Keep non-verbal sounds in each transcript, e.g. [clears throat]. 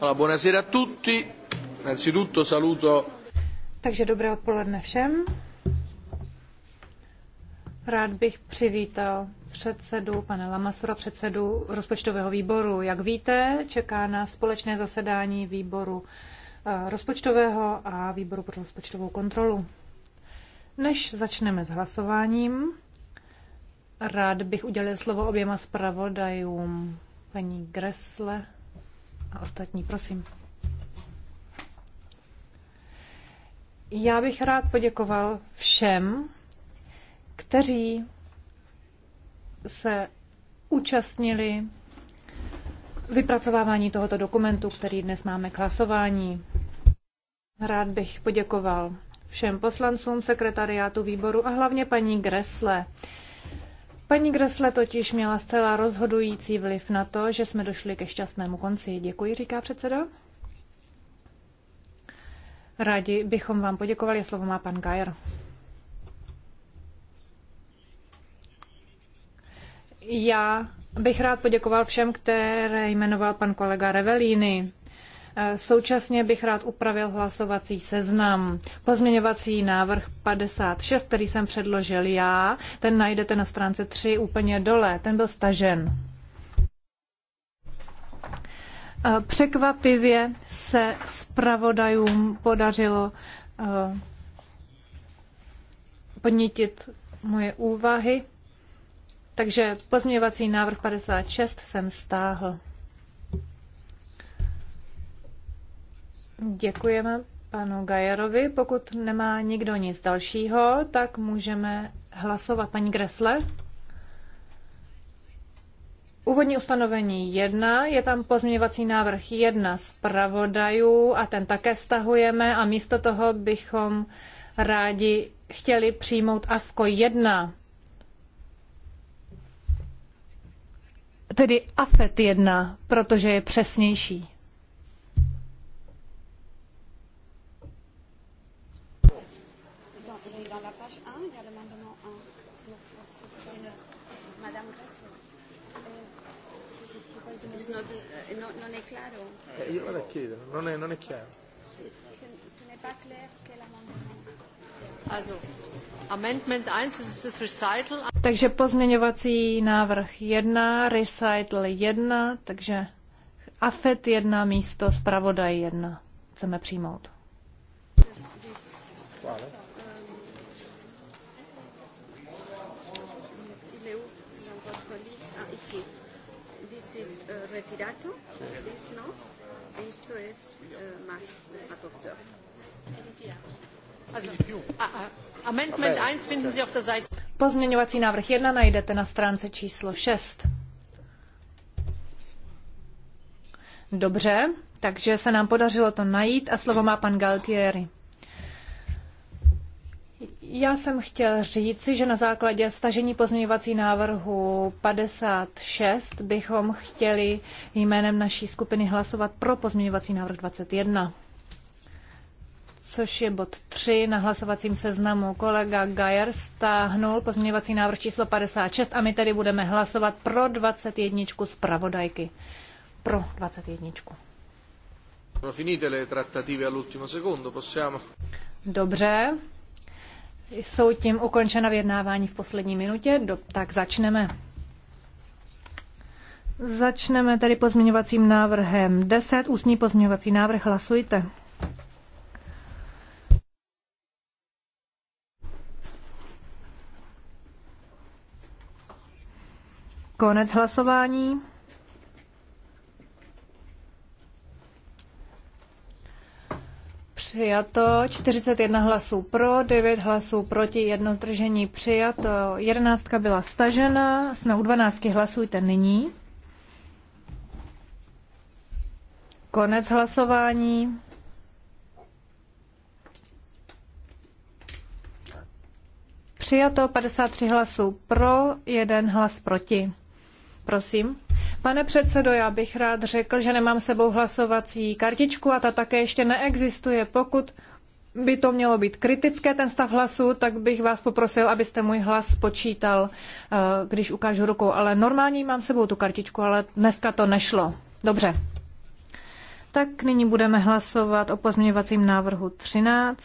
buonasera a tutti. Innanzitutto saluto. Takže dobré odpoledne všem. Rád bych přivítal předsedu, pana Lamasura, předsedu rozpočtového výboru. Jak víte, čeká na společné zasedání výboru eh, rozpočtového a výboru pro rozpočtovou kontrolu. Než začneme s hlasováním, rád bych udělil slovo oběma zpravodajům, paní Gresle a ostatní. Prosím. Já bych rád poděkoval všem, kteří se účastnili vypracovávání tohoto dokumentu, který dnes máme k hlasování. Rád bych poděkoval všem poslancům sekretariátu výboru a hlavně paní Gresle, Paní Gresle totiž měla zcela rozhodující vliv na to, že jsme došli ke šťastnému konci. Děkuji, říká předseda. Rádi bychom vám poděkovali, slovo má pan Gajer. Já bych rád poděkoval všem, které jmenoval pan kolega Revelíny. Současně bych rád upravil hlasovací seznam. Pozměňovací návrh 56, který jsem předložil já, ten najdete na stránce 3 úplně dole, ten byl stažen. Překvapivě se zpravodajům podařilo eh, podnítit moje úvahy, takže pozměňovací návrh 56 jsem stáhl. Děkujeme panu Gajerovi. Pokud nemá nikdo nic dalšího, tak můžeme hlasovat. Paní Gresle? Úvodní ustanovení 1, je tam pozměňovací návrh 1 pravodajů a ten také stahujeme a místo toho bychom rádi chtěli přijmout AFKO 1. Tedy AFET 1, protože je přesnější. non è, non è chiaro. Takže pozměňovací návrh 1, recital 1, takže AFET 1 místo zpravodaj 1 chceme přijmout. This uh, retirato Ah, pozměňovací návrh 1 najdete na stránce číslo 6. Dobře, takže se nám podařilo to najít a slovo má pan Galtieri. Já jsem chtěl říci, že na základě stažení pozměňovací návrhu 56 bychom chtěli jménem naší skupiny hlasovat pro pozměňovací návrh 21 což je bod 3 na hlasovacím seznamu. Kolega Gajer stáhnul pozměňovací návrh číslo 56 a my tedy budeme hlasovat pro 21 zpravodajky. Pro 21. Finite le trattative all'ultimo secondo, possiamo... Dobře, jsou tím ukončena vyjednávání v poslední minutě, do, tak začneme. Začneme tedy pozměňovacím návrhem 10, ústní pozměňovací návrh, hlasujte. Konec hlasování. Přijato 41 hlasů pro, 9 hlasů proti, jedno zdržení přijato. 11 byla stažena, jsme u 12 hlasujte nyní. Konec hlasování. Přijato 53 hlasů pro, jeden hlas proti. Prosím. Pane předsedo, já bych rád řekl, že nemám sebou hlasovací kartičku a ta také ještě neexistuje. Pokud by to mělo být kritické, ten stav hlasu, tak bych vás poprosil, abyste můj hlas počítal, eh, když ukážu rukou. Ale normální mám sebou tu kartičku, ale dneska to nešlo. Dobře. Tak nyní budeme hlasovat o pozměňovacím návrhu 13.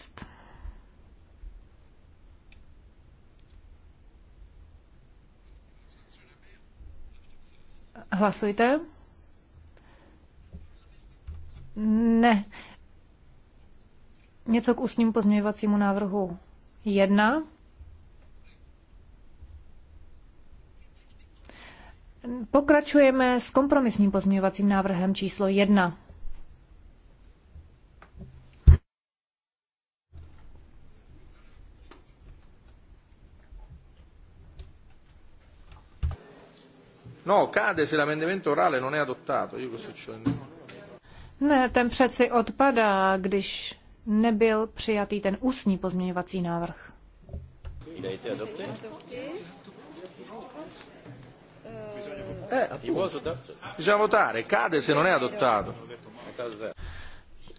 Hlasujte. Ne. Něco k ústnímu pozměňovacímu návrhu Jedna. Pokračujeme s kompromisním pozměňovacím návrhem číslo jedna. No, cade se l'amendamento orale non è adottato. Io cosa c'ho ne, ten přeci odpadá, když nebyl přijatý ten ústní pozměňovací návrh. Eh,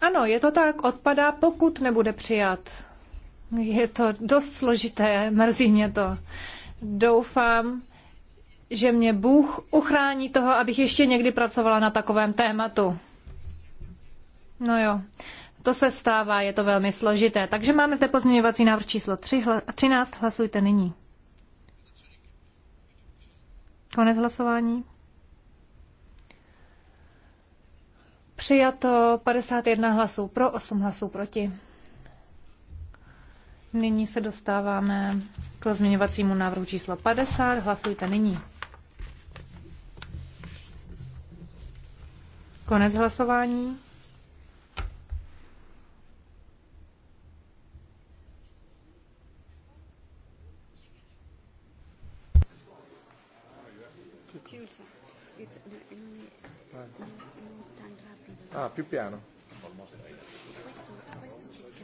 ano, je to tak, odpadá, pokud nebude přijat. Je to dost složité, mrzí mě to. Doufám, že mě Bůh uchrání toho, abych ještě někdy pracovala na takovém tématu. No jo, to se stává, je to velmi složité. Takže máme zde pozměňovací návrh číslo 3, 13, hlasujte nyní. Konec hlasování. Přijato 51 hlasů pro, 8 hlasů proti. Nyní se dostáváme k pozměňovacímu návrhu číslo 50. Hlasujte nyní. Konec hlasování. Ah, più piano. Questo, questo ci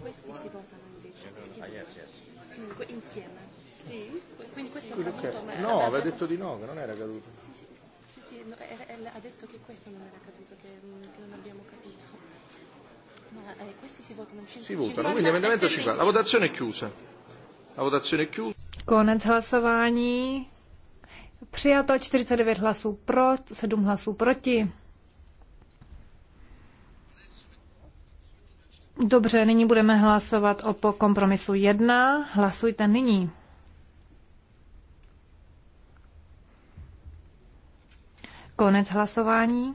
Questi si votano invece. Ah, yes, yes. Insieme. Sì? Quindi questo è caduto. No, aveva detto di no, che non era caduto sì, no, ha detto che questo non era capito, mm, che non abbiamo capito. Ma eh, questi si votano 50. Si votano, quindi emendamento 50. E La votazione è chiusa. La votazione è chiusa. Konec hlasování. Přijato 49 hlasů pro, 7 hlasů proti. Dobře, nyní budeme hlasovat o kompromisu 1. Hlasujte nyní. Konec hlasování.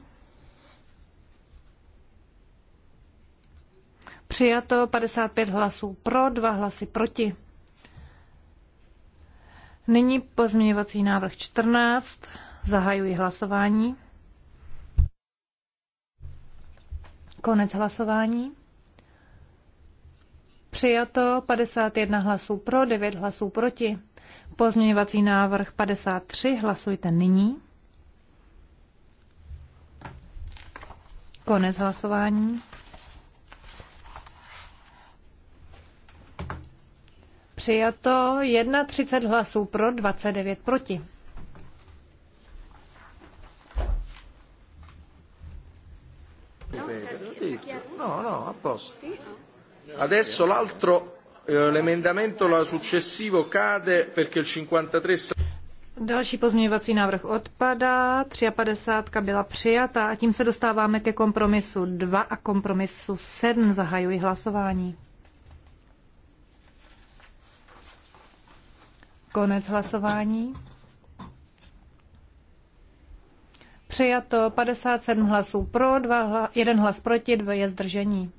Přijato 55 hlasů pro, 2 hlasy proti. Nyní pozměňovací návrh 14. Zahajuji hlasování. Konec hlasování. Přijato 51 hlasů pro, 9 hlasů proti. Pozměňovací návrh 53. Hlasujte nyní. Konec hlasování. Přijato 31 hlasů pro, 29 proti. No, no, a posto. Adesso l'altro, eh, l'emendamento successivo cade perché il 53... Další pozměňovací návrh odpadá, 53 byla přijata a tím se dostáváme ke kompromisu 2 a kompromisu 7. Zahajuji hlasování. Konec hlasování. Přijato 57 hlasů pro, 1 hlas proti, 2 je zdržení.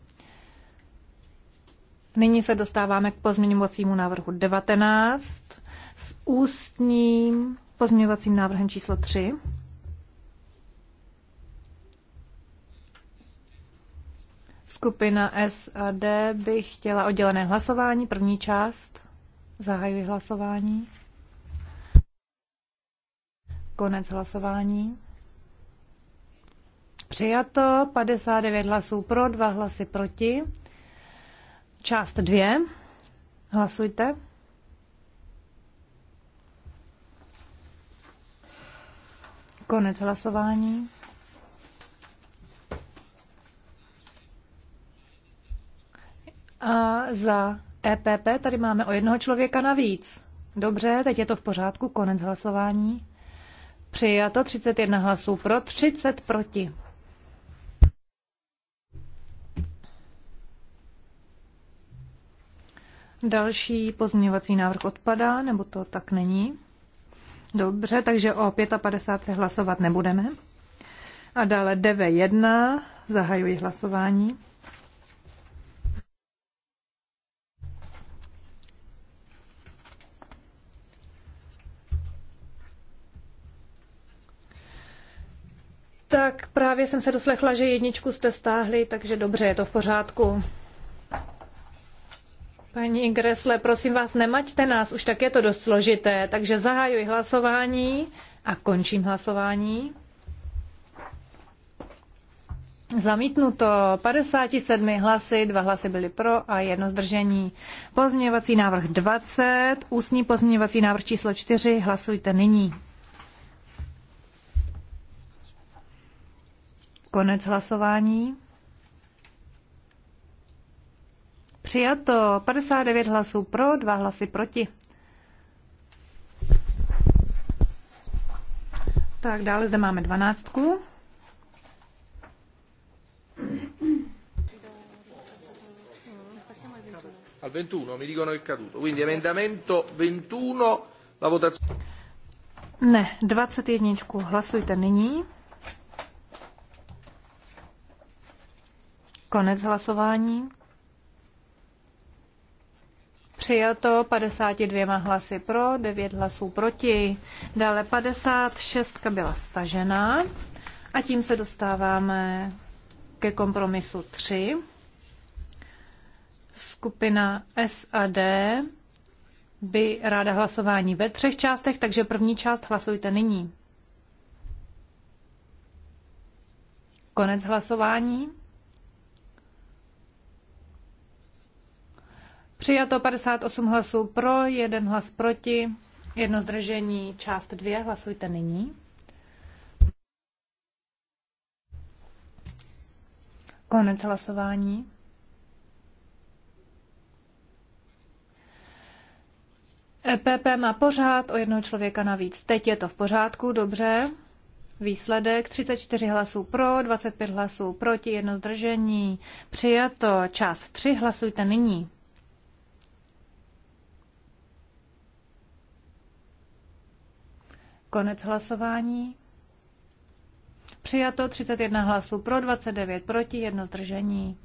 Nyní se dostáváme k pozměňovacímu návrhu 19 ústním pozměňovacím návrhem číslo 3. Skupina S a D by chtěla oddělené hlasování, první část. Zahajuji hlasování. Konec hlasování. Přijato 59 hlasů pro, 2 hlasy proti. Část 2. Hlasujte. Konec hlasování. A za EPP tady máme o jednoho člověka navíc. Dobře, teď je to v pořádku, konec hlasování. Přijato 31 hlasů pro, 30 proti. Další pozměňovací návrh odpadá, nebo to tak není? Dobře, takže o 55 hlasovat nebudeme. A dále DV1, zahajuji hlasování. Tak právě jsem se doslechla, že jedničku jste stáhli, takže dobře, je to v pořádku. Paní Gresle, prosím vás, nemaťte nás, už tak je to dost složité, takže zahajuji hlasování a končím hlasování. Zamítnuto 57 hlasy, dva hlasy byly pro a jedno zdržení. Pozměňovací návrh 20, ústní pozměňovací návrh číslo 4, hlasujte nyní. Konec hlasování. Přijato 59 hlasů pro, 2 hlasy proti. Tak dále zde máme dvanáctku. Al 21, mi dicono che è caduto. Quindi emendamento 21, la votazione. Ne, 21. Hlasujte nyní. Konec hlasování. Přijato 52 hlasy pro, 9 hlasů proti. Dále 56 byla stažena. A tím se dostáváme ke kompromisu 3. Skupina SAD by ráda hlasování ve třech částech, takže první část hlasujte nyní. Konec hlasování. Přijato 58 hlasů pro, jeden hlas proti, jedno zdržení, část 2. Hlasujte nyní. Konec hlasování. EPP má pořád o jednoho člověka navíc. Teď je to v pořádku, dobře. Výsledek 34 hlasů pro, 25 hlasů proti, jedno zdržení. Přijato. Část 3 hlasujte nyní. Konec hlasování. Přijato 31 hlasů pro, 29 proti, jedno zdržení.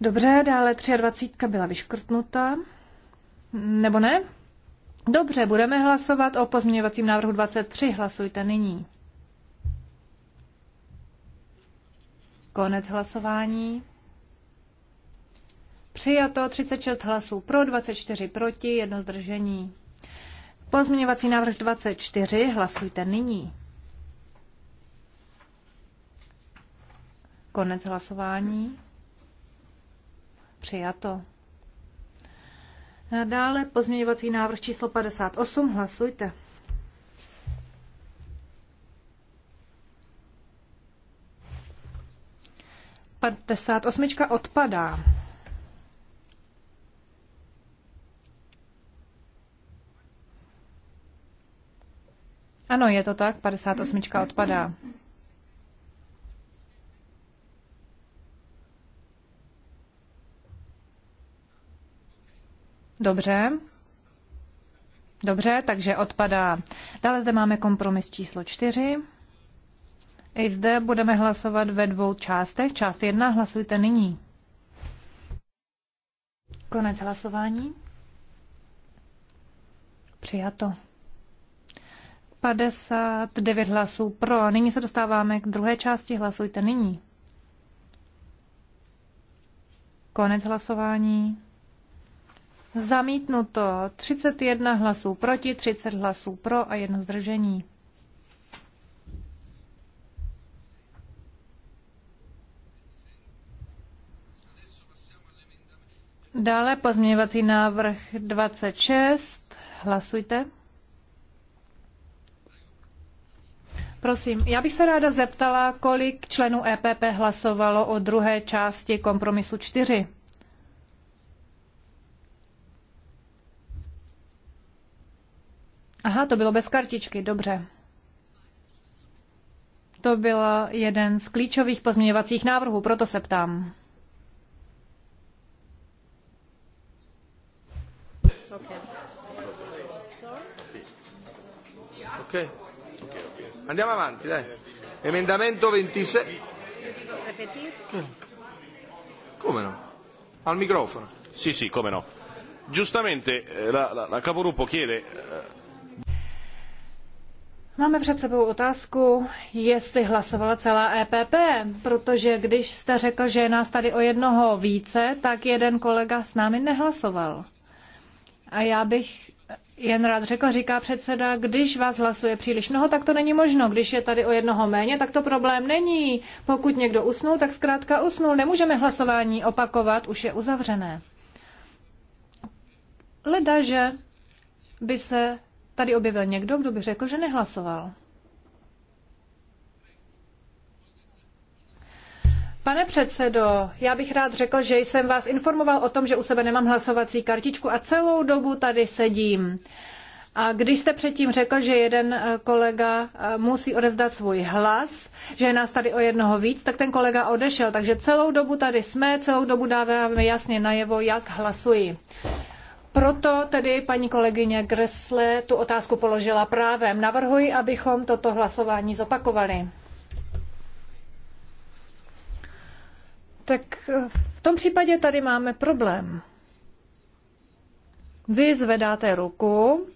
Dobře, dále 23 byla vyškrtnuta. Nebo ne? Dobře, budeme hlasovat o pozměňovacím návrhu 23. Hlasujte nyní. Konec hlasování. Přijato 36 hlasů pro, 24 proti, jedno zdržení. Pozměňovací návrh 24, hlasujte nyní. Konec hlasování. Přijato. Dále pozměňovací návrh číslo 58, hlasujte. Padesát osmička odpadá. Ano, je to tak, 58 odpadá. Dobře. Dobře, takže odpadá. Dále zde máme kompromis číslo 4. I zde budeme hlasovat ve dvou částech. Část 1 hlasujte nyní. Konec hlasování. Přijato. 59 hlasů pro. Nyní se dostáváme k druhé části. Hlasujte nyní. Konec hlasování. Zamítnuto 31 hlasů proti, 30 hlasů pro a jedno zdržení. Dále pozměňovací návrh 26. Hlasujte. Prosím, já bych se ráda zeptala, kolik členů EPP hlasovalo o druhé části kompromisu 4. Aha, to bylo bez kartičky, dobře. To byl jeden z klíčových pozměňovacích návrhů, proto se ptám. Okay. Okay. Andiamo avanti, dai. Emendamento 26. Come no? Al microfono. Sì, sì, come no. Giustamente eh, la, la, la capogruppo chiede eh, Máme před sebou otázku, jestli hlasovala celá EPP, protože když jste řekl, že je nás tady o jednoho více, tak jeden kolega s námi nehlasoval. A já bych jen rád řekl, říká předseda, když vás hlasuje příliš mnoho, tak to není možno. Když je tady o jednoho méně, tak to problém není. Pokud někdo usnul, tak zkrátka usnul. Nemůžeme hlasování opakovat, už je uzavřené. Leda, že by se tady objevil někdo, kdo by řekl, že nehlasoval. Pane předsedo, já bych rád řekl, že jsem vás informoval o tom, že u sebe nemám hlasovací kartičku a celou dobu tady sedím. A když jste předtím řekl, že jeden eh, kolega eh, musí odevzdat svůj hlas, že je nás tady o jednoho víc, tak ten kolega odešel. Takže celou dobu tady jsme, celou dobu dáváme jasně najevo, jak hlasuji. Proto tedy paní kolegyně Gressle tu otázku položila právem. Navrhuji, abychom toto hlasování zopakovali. tak eh, v tom případě tady máme problém. Vy zvedáte ruku,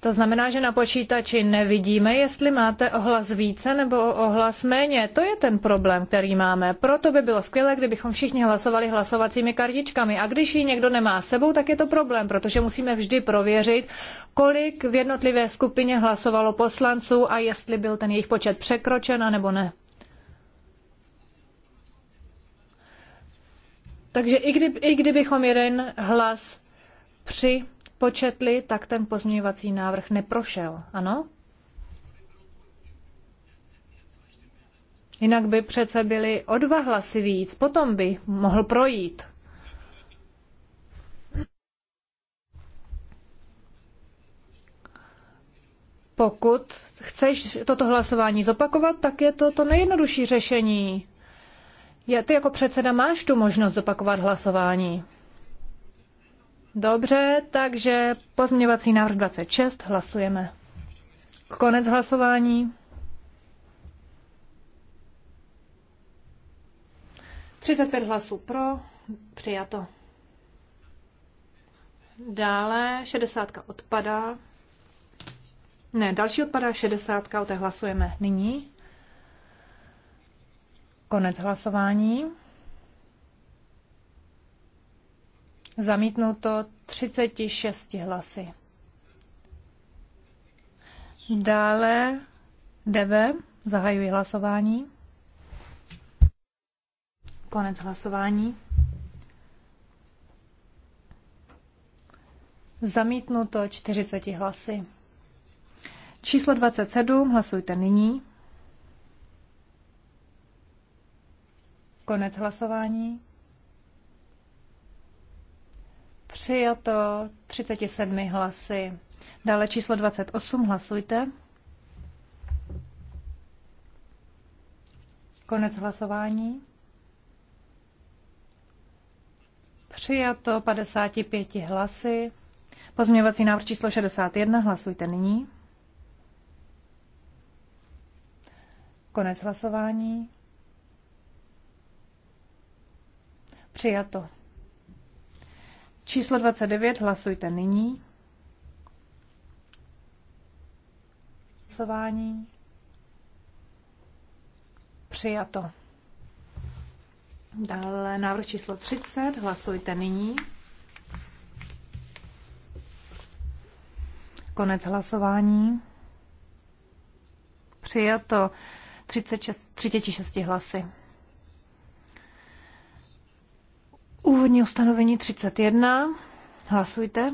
to znamená, že na počítači nevidíme, jestli máte ohlas více nebo ohlas méně. To je ten problém, který máme. Proto by bylo skvělé, kdybychom všichni hlasovali hlasovacími kartičkami. A když ji někdo nemá s sebou, tak je to problém, protože musíme vždy prověřit, kolik v jednotlivé skupině hlasovalo poslanců a jestli byl ten jejich počet překročen a nebo ne. Takže i, kdyby, i kdybychom jeden hlas připočetli, tak ten pozměňovací návrh neprošel, ano? Jinak by přece byly o dva hlasy víc, potom by mohl projít. Pokud chceš toto hlasování zopakovat, tak je to to nejjednodušší řešení. Já ty jako předseda máš tu možnost zopakovat hlasování. Dobře, takže pozměňovací návrh 26 hlasujeme. Konec hlasování. pět hlasů pro, přijato. Dále šedesátka odpadá. Ne, další odpadá šedesátka o té hlasujeme nyní. Konec hlasování. Zamítnuto 36 hlasy. Dále Deve, zahajuji hlasování. Konec hlasování. Zamítnuto 40 hlasy. Číslo 27, hlasujte nyní. Konec hlasování. Přijato 37 hlasy. Dále číslo 28, hlasujte. Konec hlasování. Přijato 55 hlasy. Pozměňovací návrh číslo 61, hlasujte nyní. Konec hlasování. Přijato. Číslo 29, hlasujte nyní. Hlasování. Přijato. Dále návrh číslo 30, hlasujte nyní. Konec hlasování. Přijato 36, 36 hlasy. Úvodní ustanovení 31. Hlasujte.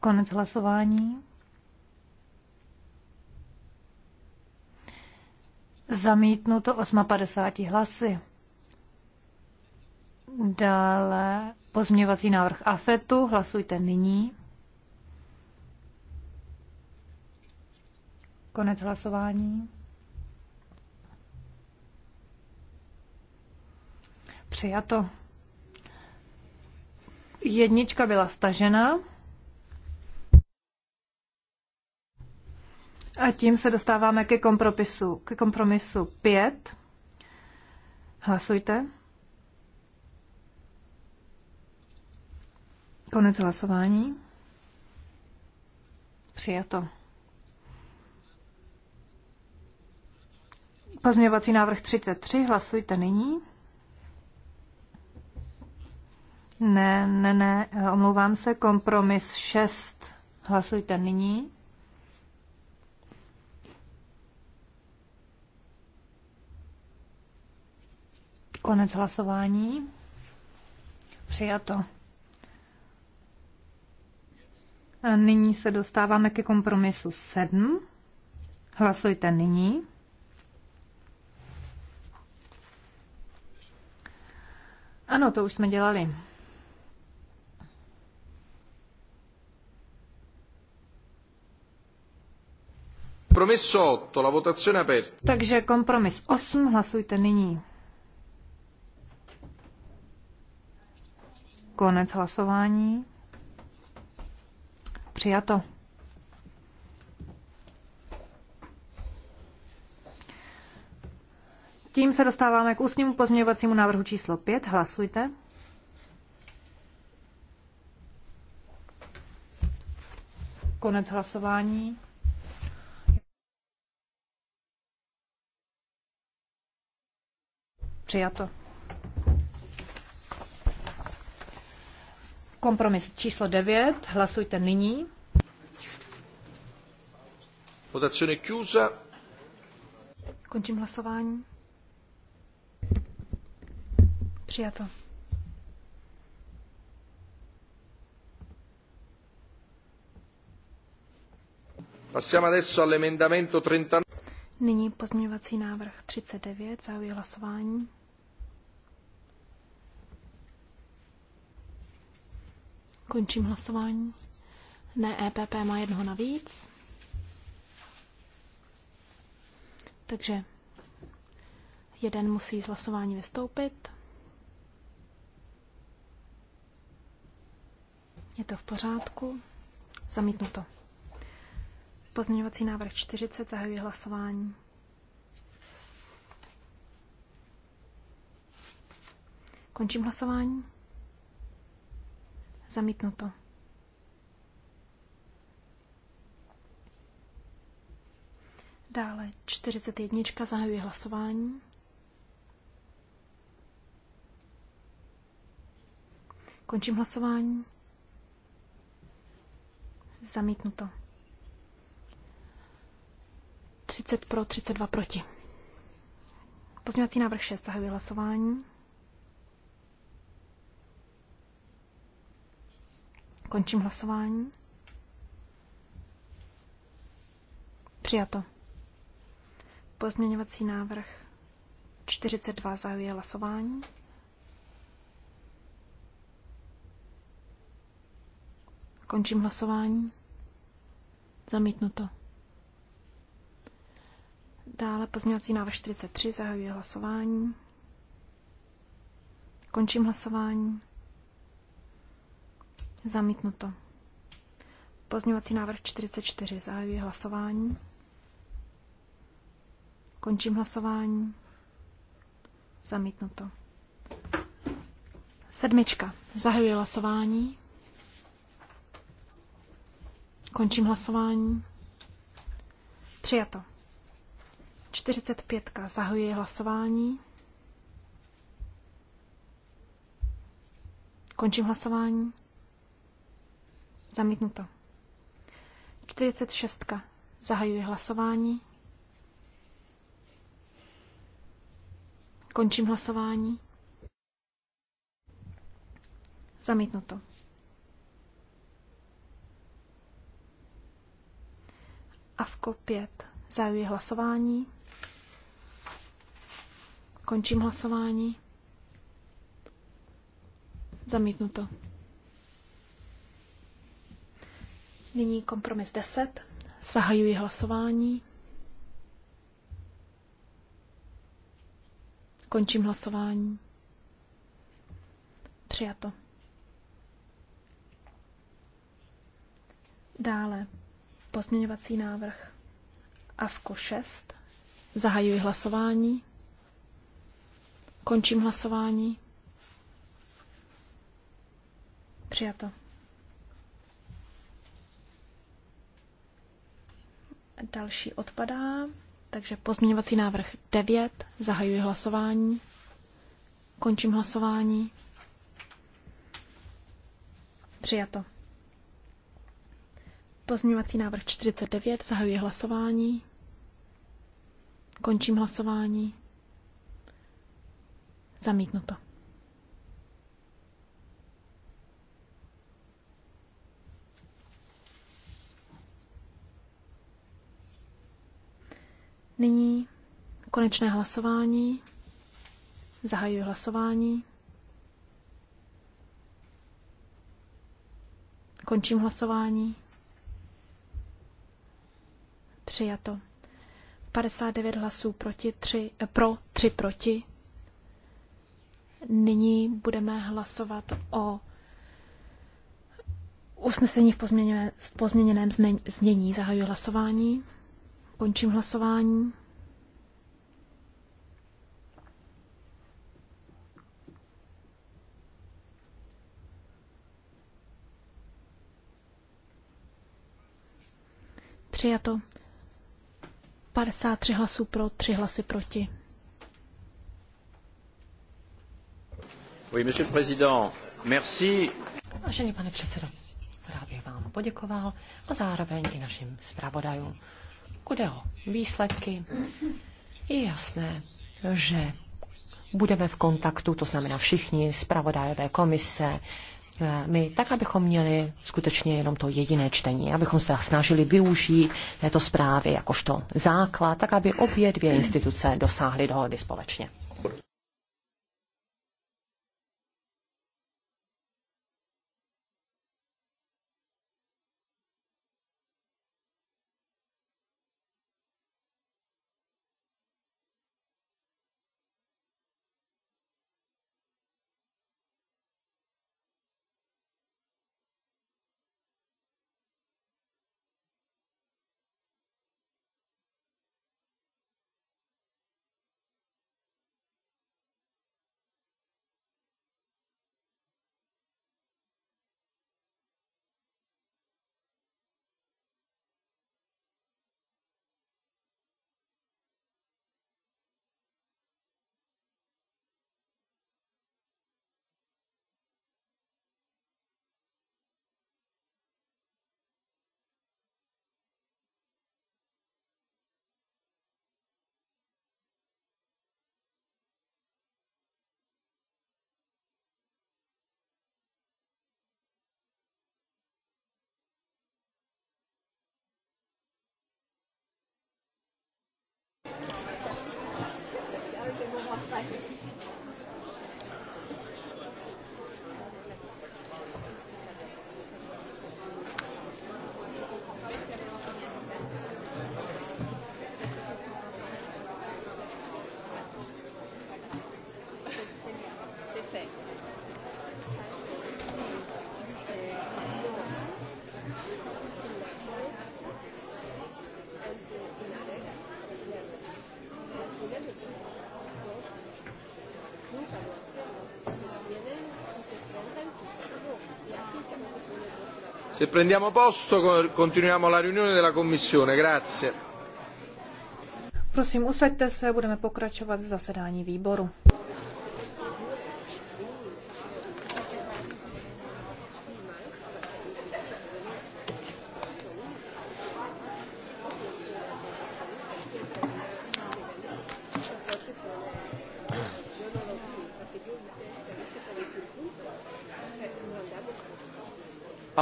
Konec hlasování. Zamítnuto 850 hlasy. Dále pozměňovací návrh AFETu. Hlasujte nyní. Konec hlasování. Přijato. Jednička byla stažena. A tím se dostáváme ke kompromisu, ke kompromisu 5. Hlasujte. Konec hlasování. Přijato. Pozměňovací návrh 33. Hlasujte nyní. Ne, ne, ne, omlouvám se, kompromis 6. Hlasujte nyní. Konec hlasování. Přijato. A nyní se dostáváme ke kompromisu 7. Hlasujte nyní. Ano, to už jsme dělali. 8, la votazione aperta. Takže kompromis 8, hlasujte nyní. Konec hlasování. Přijato. Tím se dostáváme k ústnímu pozměňovacímu návrhu číslo 5. Hlasujte. Konec hlasování. Přijato. Kompromis číslo 9. Hlasujte nyní. Votazione chiusa. Končím hlasování. Přijato. Passiamo adesso all'emendamento 39. Nyní pozměňovací návrh 39. Zahajuji hlasování. Končím hlasování. Ne, EPP má jednoho navíc. Takže jeden musí z hlasování vystoupit. Je to v pořádku. Zamítnuto. Pozměňovací návrh 40 zahajuje hlasování. Končím hlasování. Zamítnuto. Dále 41. Zahajuji hlasování. Končím hlasování. Zamítnuto. 30 pro, 32 proti. Pozměňovací návrh 6. Zahajuji hlasování. Končím hlasování. Přijato. Pozměňovací návrh 42 zahajuje hlasování. Končím hlasování. Zamítnuto. Dále pozměňovací návrh 43 zahajuje hlasování. Končím hlasování. Zamítnuto. Pozměňovací návrh 44. Zahajuji hlasování. Končím hlasování. Zamítnuto. Sedmička. Zahajuji hlasování. Končím hlasování. Přijato. 45. Zahajuji hlasování. Končím hlasování. Zamítnuto. 46. Zahajuji hlasování. Končím hlasování. Zamítnuto. Avko 5. Zahajuji hlasování. Končím hlasování. Zamítnuto. Nyní kompromis 10. Zahajuji hlasování. Končím hlasování. Přijato. Dále pozměňovací návrh AVKO 6. Zahajuji hlasování. Končím hlasování. Přijato. Další odpadá, takže pozměňovací návrh 9, zahajuji hlasování, končím hlasování. Přijato. Pozměňovací návrh 49, zahajuji hlasování, končím hlasování. Zamítnuto. Nyní konečné hlasování. Zahajuji hlasování. Končím hlasování. Přijato. 59 hlasů proti, 3, eh, pro, 3 proti. Nyní budeme hlasovat o usnesení v pozměněném znění. Zahajuji hlasování. Končím hlasování. Přijato. 53 hlasů pro, 3 hlasy proti. Oui, monsieur le président, merci. Vážený pane předsedo, rád bych vám poděkoval a zároveň i našim zpravodajům. Pokud je o výsledky, je jasné, že budeme v kontaktu, to znamená všichni, zpravodajové komise, eh, my tak, abychom měli skutečně jenom to jediné čtení, abychom se snažili využít této zprávy jakožto základ, tak aby obě dvě instituce dosáhly dohody společně. Se prendiamo posto continuiamo la riunione della commissione. Grazie. Prosím, usaďte se, budeme pokračovat v zasedání výboru.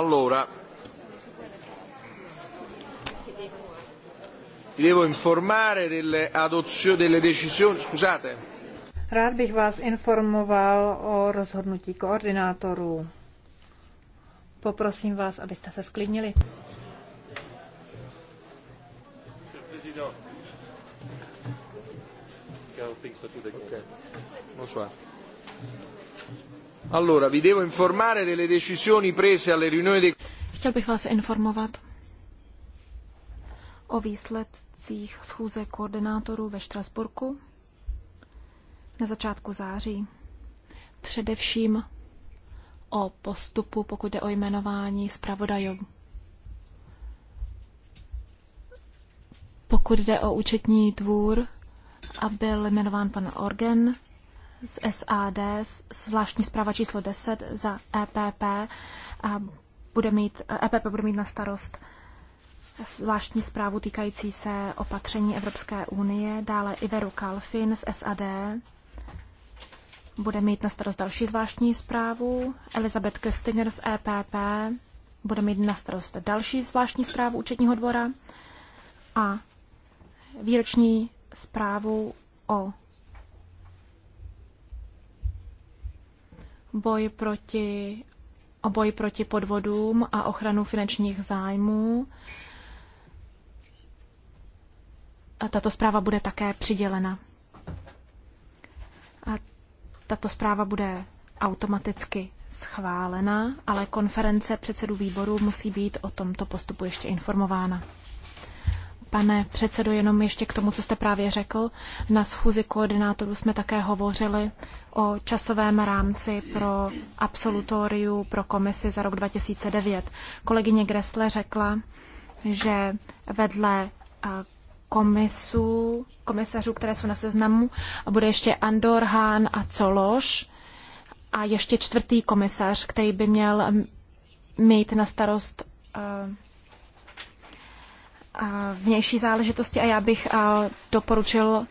Allora, devo informare delle adozioni delle decisioni, scusate. Rád bych vás informoval o rozhodnutí koordinátorů. Poprosím vás, abyste se sklidnili. Okay. Allora, Chtěl bych vás informovat o výsledcích schůze koordinátorů ve Štrasburku na začátku září. Především o postupu, pokud jde o jmenování zpravodajů. Pokud jde o účetní dvůr, a byl jmenován pan Orgen, z SAD, zvláštní zpráva číslo 10 za EPP, a bude mít, EPP bude mít na starost zvláštní zprávu týkající se opatření Evropské unie, dále Iveru Kalfin z SAD, bude mít na starost další zvláštní zprávu, Elizabeth Köstinger z EPP bude mít na starost další zvláštní zprávu účetního dvora a výroční zprávu o boj proti, o boj proti podvodům a ochranu finančních zájmů. A tato zpráva bude také přidělena. A tato zpráva bude automaticky schválena, ale konference předsedů výboru musí být o tomto postupu ještě informována. Pane předsedo, jenom ještě k tomu, co jste právě řekl. Na schůzi koordinátorů jsme také hovořili o časovém rámci pro absolutoriu pro komisi za rok 2009. Kolegyně Gressle řekla, že vedle eh, komisu komisařů, které jsou na seznamu, bude ještě Andor, Hán a Cološ a ještě čtvrtý komisař, který by měl mm, mít na starost eh, eh, vnější záležitosti a já bych doporučil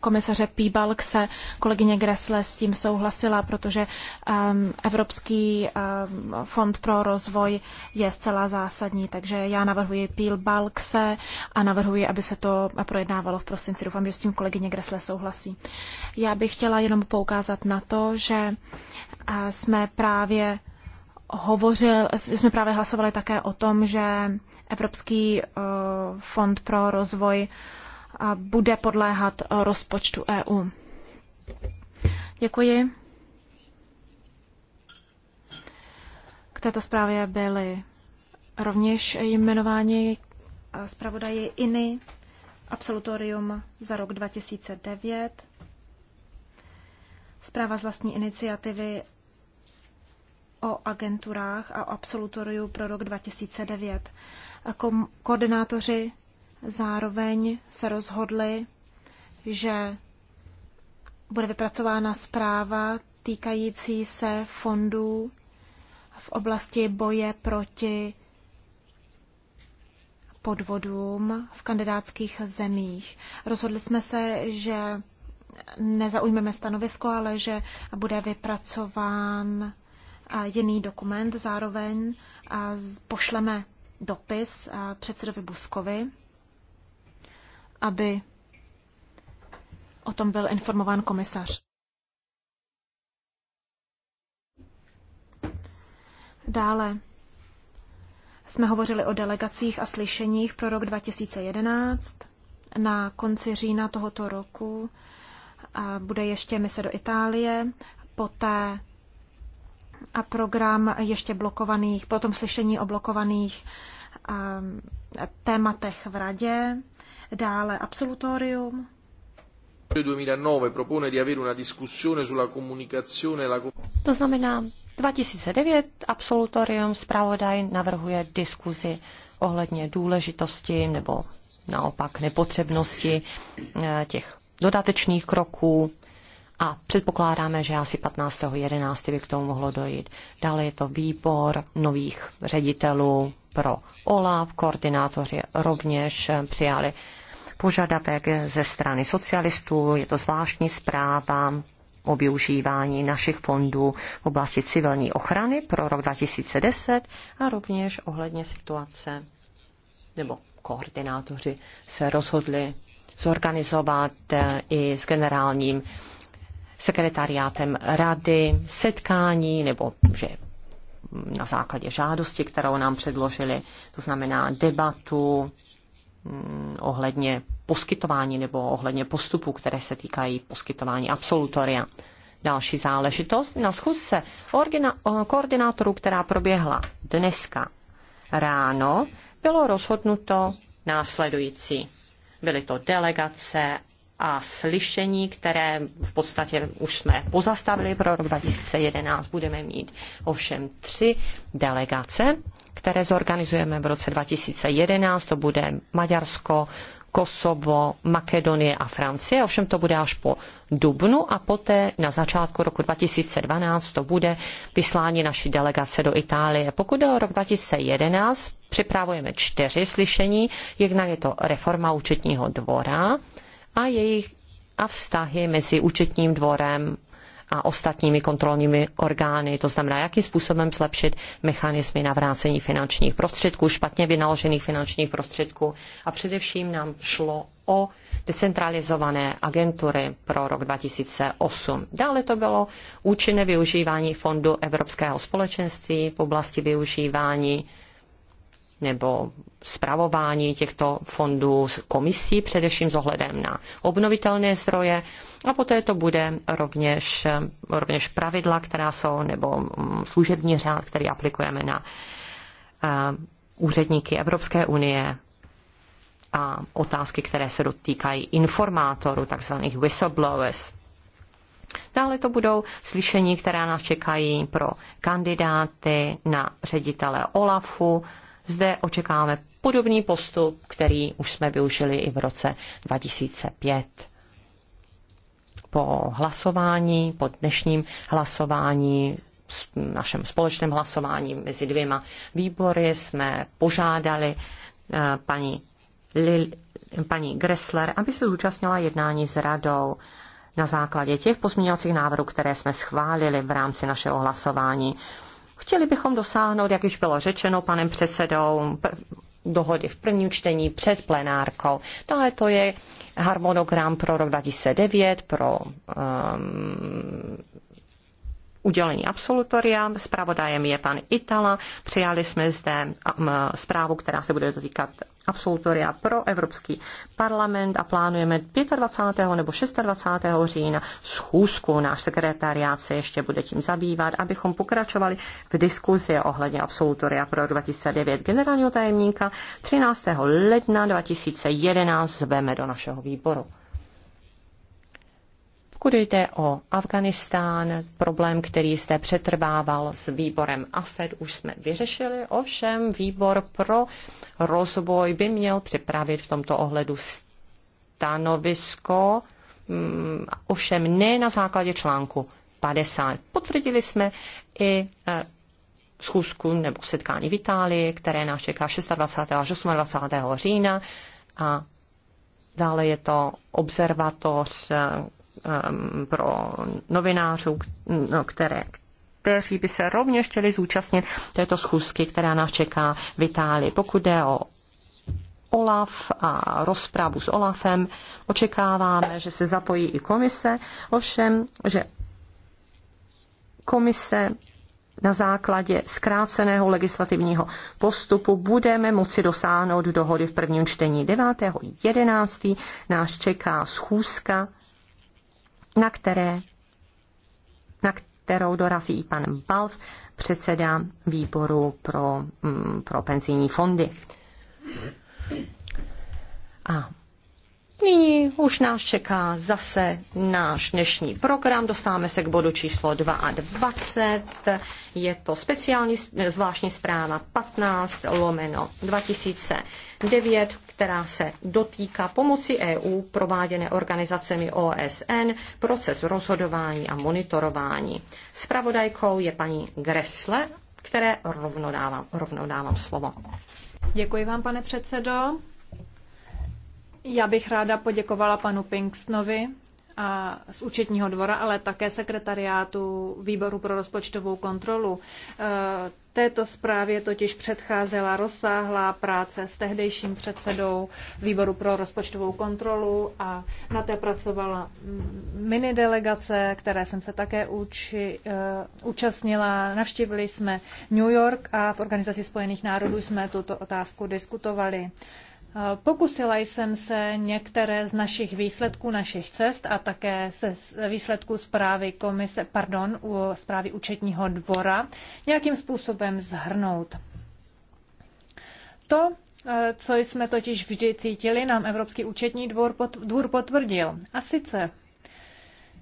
komisaře Píbalk se kolegyně Gressle s tím souhlasila, protože ehm, Evropský ehm, fond pro rozvoj je zcela zásadní, takže já navrhuji Píbalkse a navrhuji, aby se to projednávalo v prosinci. Doufám, že s tím kolegyně Gressle souhlasí. Já bych chtěla jenom poukázat na to, že jsme právě hovořil, jsme právě hlasovali také o tom, že Evropský eh, fond pro rozvoj bude podléhat rozpočtu EU. Děkuji. K této zprávě byly rovněž jmenováni zpravodaji INY, absolutorium za rok 2009, zpráva z vlastní iniciativy o agenturách a absolutoriu pro rok 2009. Ko- koordinátoři Zároveň se rozhodli, že bude vypracována zpráva týkající se fondů v oblasti boje proti podvodům v kandidátských zemích. Rozhodli jsme se, že nezaujmeme stanovisko, ale že bude vypracován jiný dokument. Zároveň pošleme dopis předsedovi Buskovi aby o tom byl informován komisař. Dále jsme hovořili o delegacích a slyšeních pro rok 2011. Na konci října tohoto roku bude ještě mise do Itálie, poté a program ještě blokovaných, potom slyšení o blokovaných tématech v radě Dále absolutorium. 2009 propone di avere una discussione sulla comunicazione la... To znamená 2009 absolutorium zpravodaj navrhuje diskuzi ohledně důležitosti nebo naopak nepotřebnosti eh, těch dodatečných kroků a předpokládáme, že asi 15.11. by k tomu mohlo dojít. Dále je to výbor nových ředitelů pro OLAV, koordinátoři rovněž přijali požadavek ze strany socialistů, je to zvláštní zpráva o využívání našich fondů v oblasti civilní ochrany pro rok 2010 a rovněž ohledně situace nebo koordinátoři se rozhodli zorganizovat eh, i s generálním sekretariátem rady setkání nebo že na základě žádosti, kterou nám předložili, to znamená debatu Mm, ohledně poskytování nebo ohledně postupů, které se týkají poskytování absolutoria. Další záležitost na schůzce koordinátorů, která proběhla dneska ráno, bylo rozhodnuto následující. Byly to delegace a slyšení, které v podstatě už jsme pozastavili pro rok 2011. Budeme mít ovšem tři delegace které zorganizujeme v roce 2011. To bude Maďarsko, Kosovo, Makedonie a Francie. Ovšem to bude až po dubnu a poté na začátku roku 2012 to bude vyslání naší delegace do Itálie. Pokud o rok 2011, připravujeme čtyři slyšení. Jedna je to reforma účetního dvora a jejich a vztahy mezi účetním dvorem a ostatními kontrolními orgány. To znamená, jakým způsobem zlepšit mechanismy navrácení finančních prostředků, špatně vynaložených finančních prostředků. A především nám šlo o decentralizované agentury pro rok 2008. Dále to bylo účinné využívání fondu Evropského společenství v oblasti využívání nebo zpravování těchto fondů komisí, především s ohledem na obnovitelné zdroje a poté to bude rovněž, rovněž pravidla, která jsou, nebo mm, služební řád, který aplikujeme na eh, úředníky Evropské unie a otázky, které se dotýkají informátorů, takzvaných whistleblowers. Dále to budou slyšení, která nás čekají pro kandidáty na ředitele OLAFu. Zde očekáváme podobný postup, který už jsme využili i v roce 2005 po hlasování, po dnešním hlasování našem společném hlasování mezi dvěma výbory jsme požádali eh, paní, Lil, paní Gressler, aby se zúčastnila jednání s radou na základě těch pozměňovacích návrhů, které jsme schválili v rámci našeho hlasování. Chtěli bychom dosáhnout, jak již bylo řečeno panem předsedou, dohody v prvním čtení před plenárkou. Tohle to je harmonogram pro rok 2009, pro um, udělení absolutoria. Spravodajem je pan Itala. Přijali jsme zde um, zprávu, která se bude dotýkat absolutoria pro Evropský parlament a plánujeme 25. nebo 26. října schůzku. Náš sekretariát se ještě bude tím zabývat, abychom pokračovali v diskuzi ohledně absolutoria pro 2009 generálního tajemníka. 13. ledna 2011 zveme do našeho výboru. Pokud jde o Afganistán, problém, který zde přetrvával s výborem AFED, už jsme vyřešili, ovšem výbor pro rozvoj by měl připravit v tomto ohledu stanovisko, mm, ovšem ne na základě článku 50. Potvrdili jsme i e, schůzku nebo setkání v Itálii, které nás čeká 26. až 28. října a dále je to observatoř e, Um, pro novinářů, no, které, kteří by se rovněž chtěli zúčastnit této schůzky, která nás čeká v Itálii. Pokud jde o OLAF a rozprávu s OLAFem, očekáváme, že se zapojí i komise, ovšem, že komise na základě zkráceného legislativního postupu budeme moci dosáhnout dohody v prvním čtení 9.11. Nás čeká schůzka na, které, na kterou dorazí i pan Balf, předseda výboru pro, mm, pro penzijní fondy. A nyní už nás čeká zase náš dnešní program. Dostáváme se k bodu číslo 22. Je to speciální zvláštní zpráva 15 lomeno 2000. 9, která se dotýká pomoci EU prováděné organizacemi OSN, proces rozhodování a monitorování. Spravodajkou je paní Gressle, které rovnou dávám, rovnou dávám slovo. Děkuji vám, pane předsedo. Já bych ráda poděkovala panu Pinksnovi a z účetního dvora, ale také sekretariátu výboru pro rozpočtovou kontrolu. Této zprávě totiž předcházela rozsáhlá práce s tehdejším předsedou výboru pro rozpočtovou kontrolu a na té pracovala mini delegace, které jsem se také uči, uh, účastnila. Navštívili jsme New York a v Organizaci spojených národů jsme tuto otázku diskutovali. Uh, Pokusila jsem se některé z našich výsledků našich cest a také se výsledků zprávy komise, pardon, zprávy účetního dvora nějakým způsobem zhrnout. To, eh, co jsme totiž vždy cítili, nám Evropský účetní dvor, dvůr potvrdil. A sice,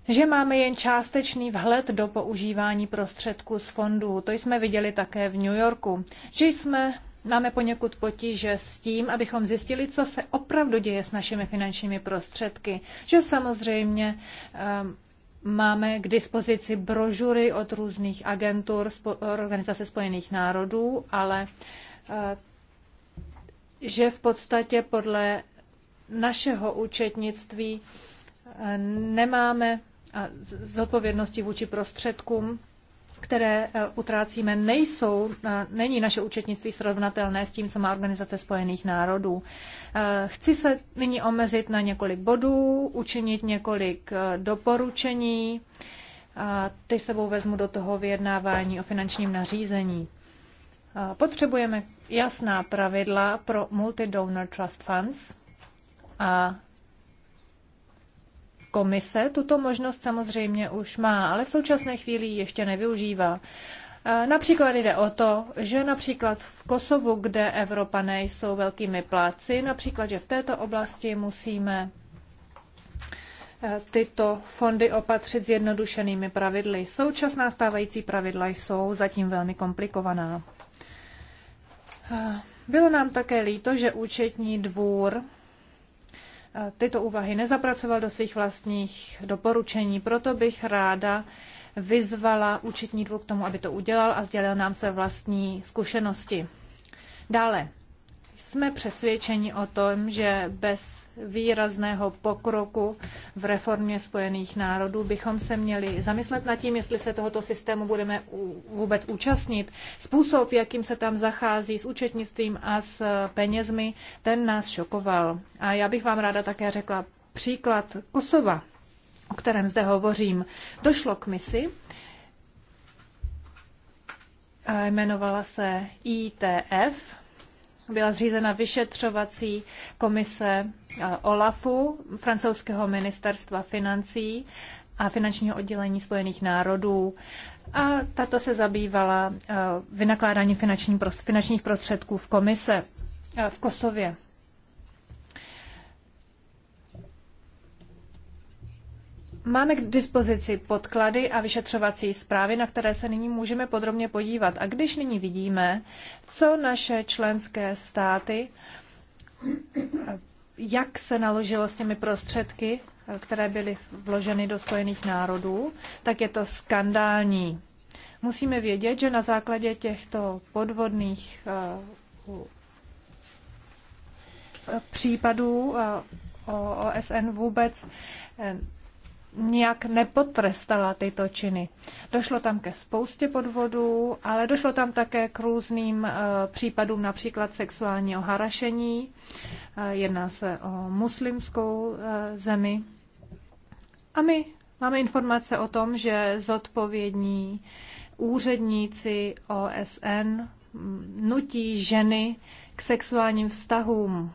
že máme jen částečný vhled do používání prostředků z fondů. To jsme viděli také v New Yorku. Že jsme máme poněkud potíže s tím, abychom zjistili, co se opravdu děje s našimi finančními prostředky. Že samozřejmě ehm, máme k dispozici brožury od různých agentur Organizace spojených národů, ale eh, že v podstatě podle našeho účetnictví eh, nemáme zodpovědnosti vůči prostředkům, které eh, utrácíme, nejsou, eh, není naše účetnictví srovnatelné s tím, co má Organizace spojených národů. Eh, chci se nyní omezit na několik bodů, učinit několik doporučení, ty sebou vezmu do toho vyjednávání o finančním nařízení. Potřebujeme jasná pravidla pro multi-donor trust funds a Komise tuto možnost samozřejmě už má, ale v současné chvíli ji ještě nevyužívá. E, například jde o to, že například v Kosovu, kde Evropané jsou velkými pláci, například, že v této oblasti musíme e, tyto fondy opatřit zjednodušenými pravidly. Současná stávající pravidla jsou zatím velmi komplikovaná. E, bylo nám také líto, že účetní dvůr tyto úvahy nezapracoval do svých vlastních doporučení. Proto bych ráda vyzvala účetní dvůr k tomu, aby to udělal a sdělil nám své vlastní zkušenosti. Dále jsme přesvědčeni o tom, že bez výrazného pokroku v reformě Spojených národů bychom se měli zamyslet nad tím, jestli se tohoto systému budeme vůbec účastnit. Způsob, jakým se tam zachází s účetnictvím a s penězmi, ten nás šokoval. A já bych vám ráda také řekla příklad Kosova, o kterém zde hovořím. Došlo k misi, jmenovala se ITF, byla zřízena vyšetřovací komise eh, OLAFu, francouzského ministerstva financí a finančního oddělení Spojených národů. A tato se zabývala eh, vynakládání finančních prostředků v komise eh, v Kosově. Máme k dispozici podklady a vyšetřovací zprávy, na které se nyní můžeme podrobně podívat. A když nyní vidíme, co naše členské státy, jak se naložilo s těmi prostředky, které byly vloženy do Spojených národů, tak je to skandální. Musíme vědět, že na základě těchto podvodných eh, případů eh, OSN vůbec eh, nijak nepotrestala tyto činy. Došlo tam ke spoustě podvodů, ale došlo tam také k různým eh, případům například sexuálního harašení. Eh, jedná se o muslimskou eh, zemi. A my máme informace o tom, že zodpovědní úředníci OSN mm, nutí ženy k sexuálním vztahům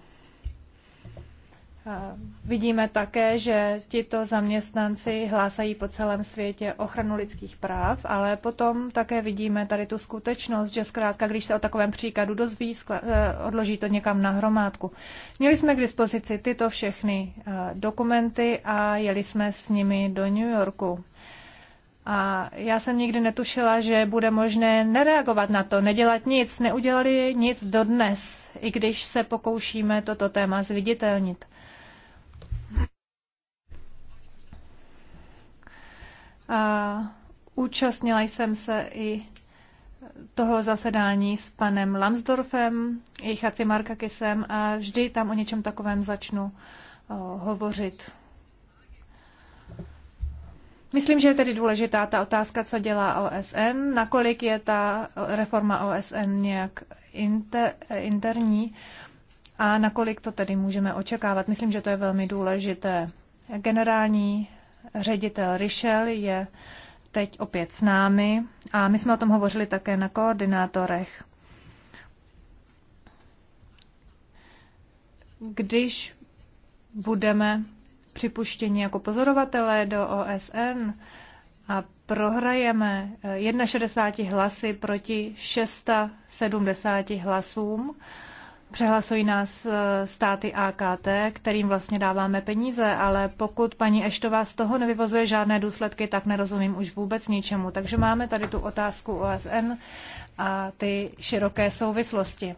Vidíme také, že tito zaměstnanci hlásají po celém světě ochranu lidských práv, ale potom také vidíme tady tu skutečnost, že zkrátka, když se o takovém příkladu dozví, eh, odloží to někam na hromádku. Měli jsme k dispozici tyto všechny eh, dokumenty a jeli jsme s nimi do New Yorku. A já jsem nikdy netušila, že bude možné nereagovat na to, nedělat nic, neudělali nic dodnes, i když se pokoušíme toto téma zviditelnit. A účastnila jsem se i toho zasedání s panem Lansdorfem, i Chaci Markakisem a vždy tam o něčem takovém začnu hovořit. Myslím, že je tedy důležitá ta otázka, co dělá OSN, nakolik je ta reforma OSN nějak inter, interní a nakolik to tedy můžeme očekávat. Myslím, že to je velmi důležité. Generální ředitel Rišel je teď opět s námi a my jsme o tom hovořili také na koordinátorech. Když budeme připuštěni jako pozorovatelé do OSN a prohrajeme eh, 61 hlasy proti 670 hlasům, Přehlasují nás eh, státy AKT, kterým vlastně dáváme peníze, ale pokud paní Eštová z toho nevyvozuje žádné důsledky, tak nerozumím už vůbec ničemu. Takže máme tady tu otázku OSN a ty široké souvislosti.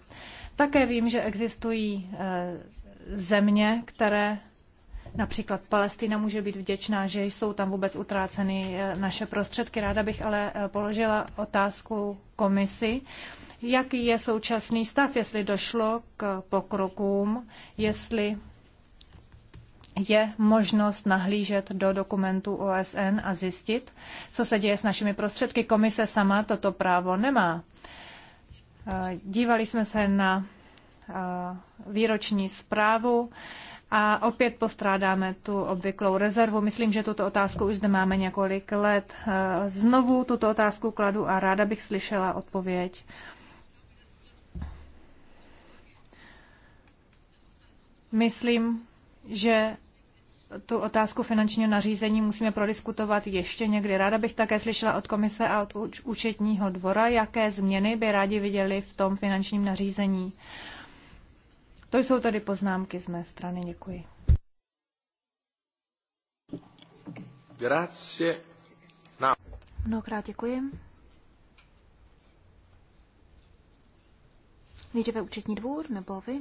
Také vím, že existují eh, země, které Například Palestina může být vděčná, že jsou tam vůbec utráceny eh, naše prostředky. Ráda bych ale položila otázku komisi jaký je současný stav, jestli došlo k pokrokům, jestli je možnost nahlížet do dokumentů OSN a zjistit, co se děje s našimi prostředky. Komise sama toto právo nemá. Dívali jsme se na výroční zprávu a opět postrádáme tu obvyklou rezervu. Myslím, že tuto otázku už zde máme několik let. Znovu tuto otázku kladu a ráda bych slyšela odpověď Myslím, že tu otázku finančního nařízení musíme prodiskutovat ještě někdy. Ráda bych také slyšela od komise a od účetního dvora, jaké změny by rádi viděli v tom finančním nařízení. To jsou tady poznámky z mé strany. Děkuji. Grazie. No. Mnohokrát děkuji. Nejdříve účetní dvůr, nebo vy?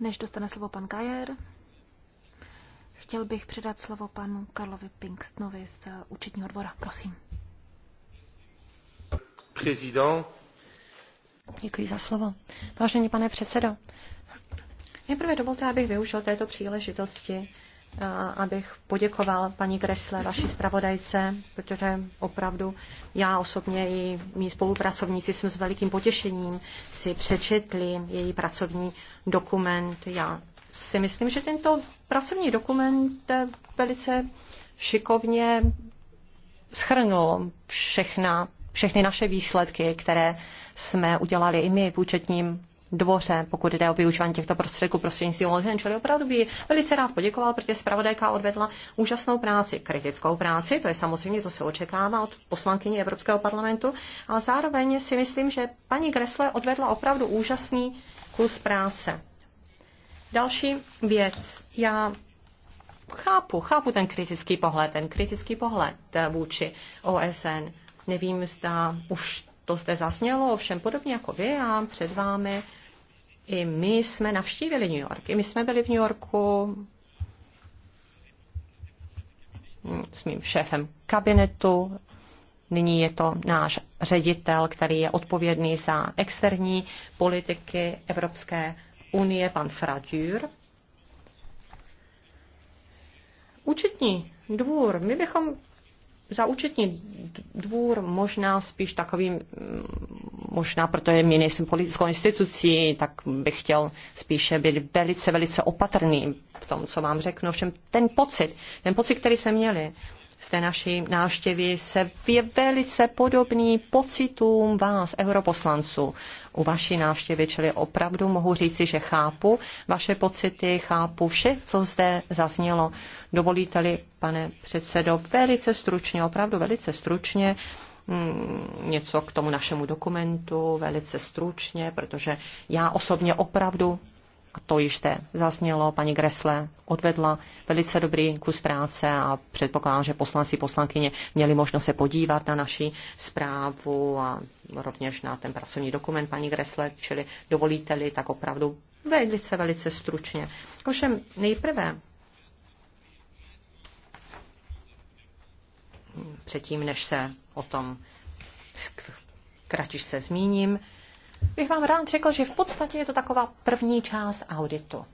Než dostane slovo pan Kajer, chtěl bych předat slovo panu Karlovi Pinkstnovi z eh, účetního dvora. Prosím. Prezident. Děkuji za slovo. Vážený pane předsedo, nejprve dovolte, abych využil této příležitosti abych poděkoval paní Gresle, vaší zpravodajce, protože opravdu já osobně i mý spolupracovníci jsme s velikým potěšením si přečetli její pracovní dokument. Já si myslím, že tento pracovní dokument velice šikovně schrnul všechna, všechny naše výsledky, které jsme udělali i my v účetním dvoře, pokud jde o využívání těchto prostředků prostřednictvím OZN, čili opravdu by velice rád poděkoval, protože zpravodajka odvedla úžasnou práci, kritickou práci, to je samozřejmě, to se očekává od poslankyně Evropského parlamentu, ale zároveň si myslím, že paní Gresle odvedla opravdu úžasný kus práce. Další věc. Já chápu, chápu ten kritický pohled, ten kritický pohled vůči OSN. Nevím, zda už to zde zaznělo, ovšem podobně jako vy a před vámi, i my jsme navštívili New York. I my jsme byli v New Yorku s mým šéfem kabinetu. Nyní je to náš ředitel, který je odpovědný za externí politiky Evropské unie, pan Fradjur. Účetní dvůr, my bychom za účetní dvůr možná spíš takovým, mm, možná protože my nejsme politickou institucí, tak bych chtěl spíše být velice, velice opatrný v tom, co vám řeknu. Všem ten pocit, ten pocit, který jsme měli, z té naší návštěvy se je velice podobný pocitům vás, europoslanců, u vaší návštěvy, čili opravdu mohu říci, že chápu vaše pocity, chápu vše, co zde zaznělo. Dovolíte-li, pane předsedo, velice stručně, opravdu velice stručně, mm, něco k tomu našemu dokumentu, velice stručně, protože já osobně opravdu a to již zde zaznělo, paní Gresle odvedla velice dobrý kus práce a předpokládám, že poslanci poslankyně měli možnost se podívat na naši zprávu a rovněž na ten pracovní dokument paní Gresle, čili dovolíte-li, tak opravdu velice, velice stručně. Ovšem nejprve předtím, než se o tom se zmíním, bych vám rád řekl, že v podstatě je to taková první část auditu.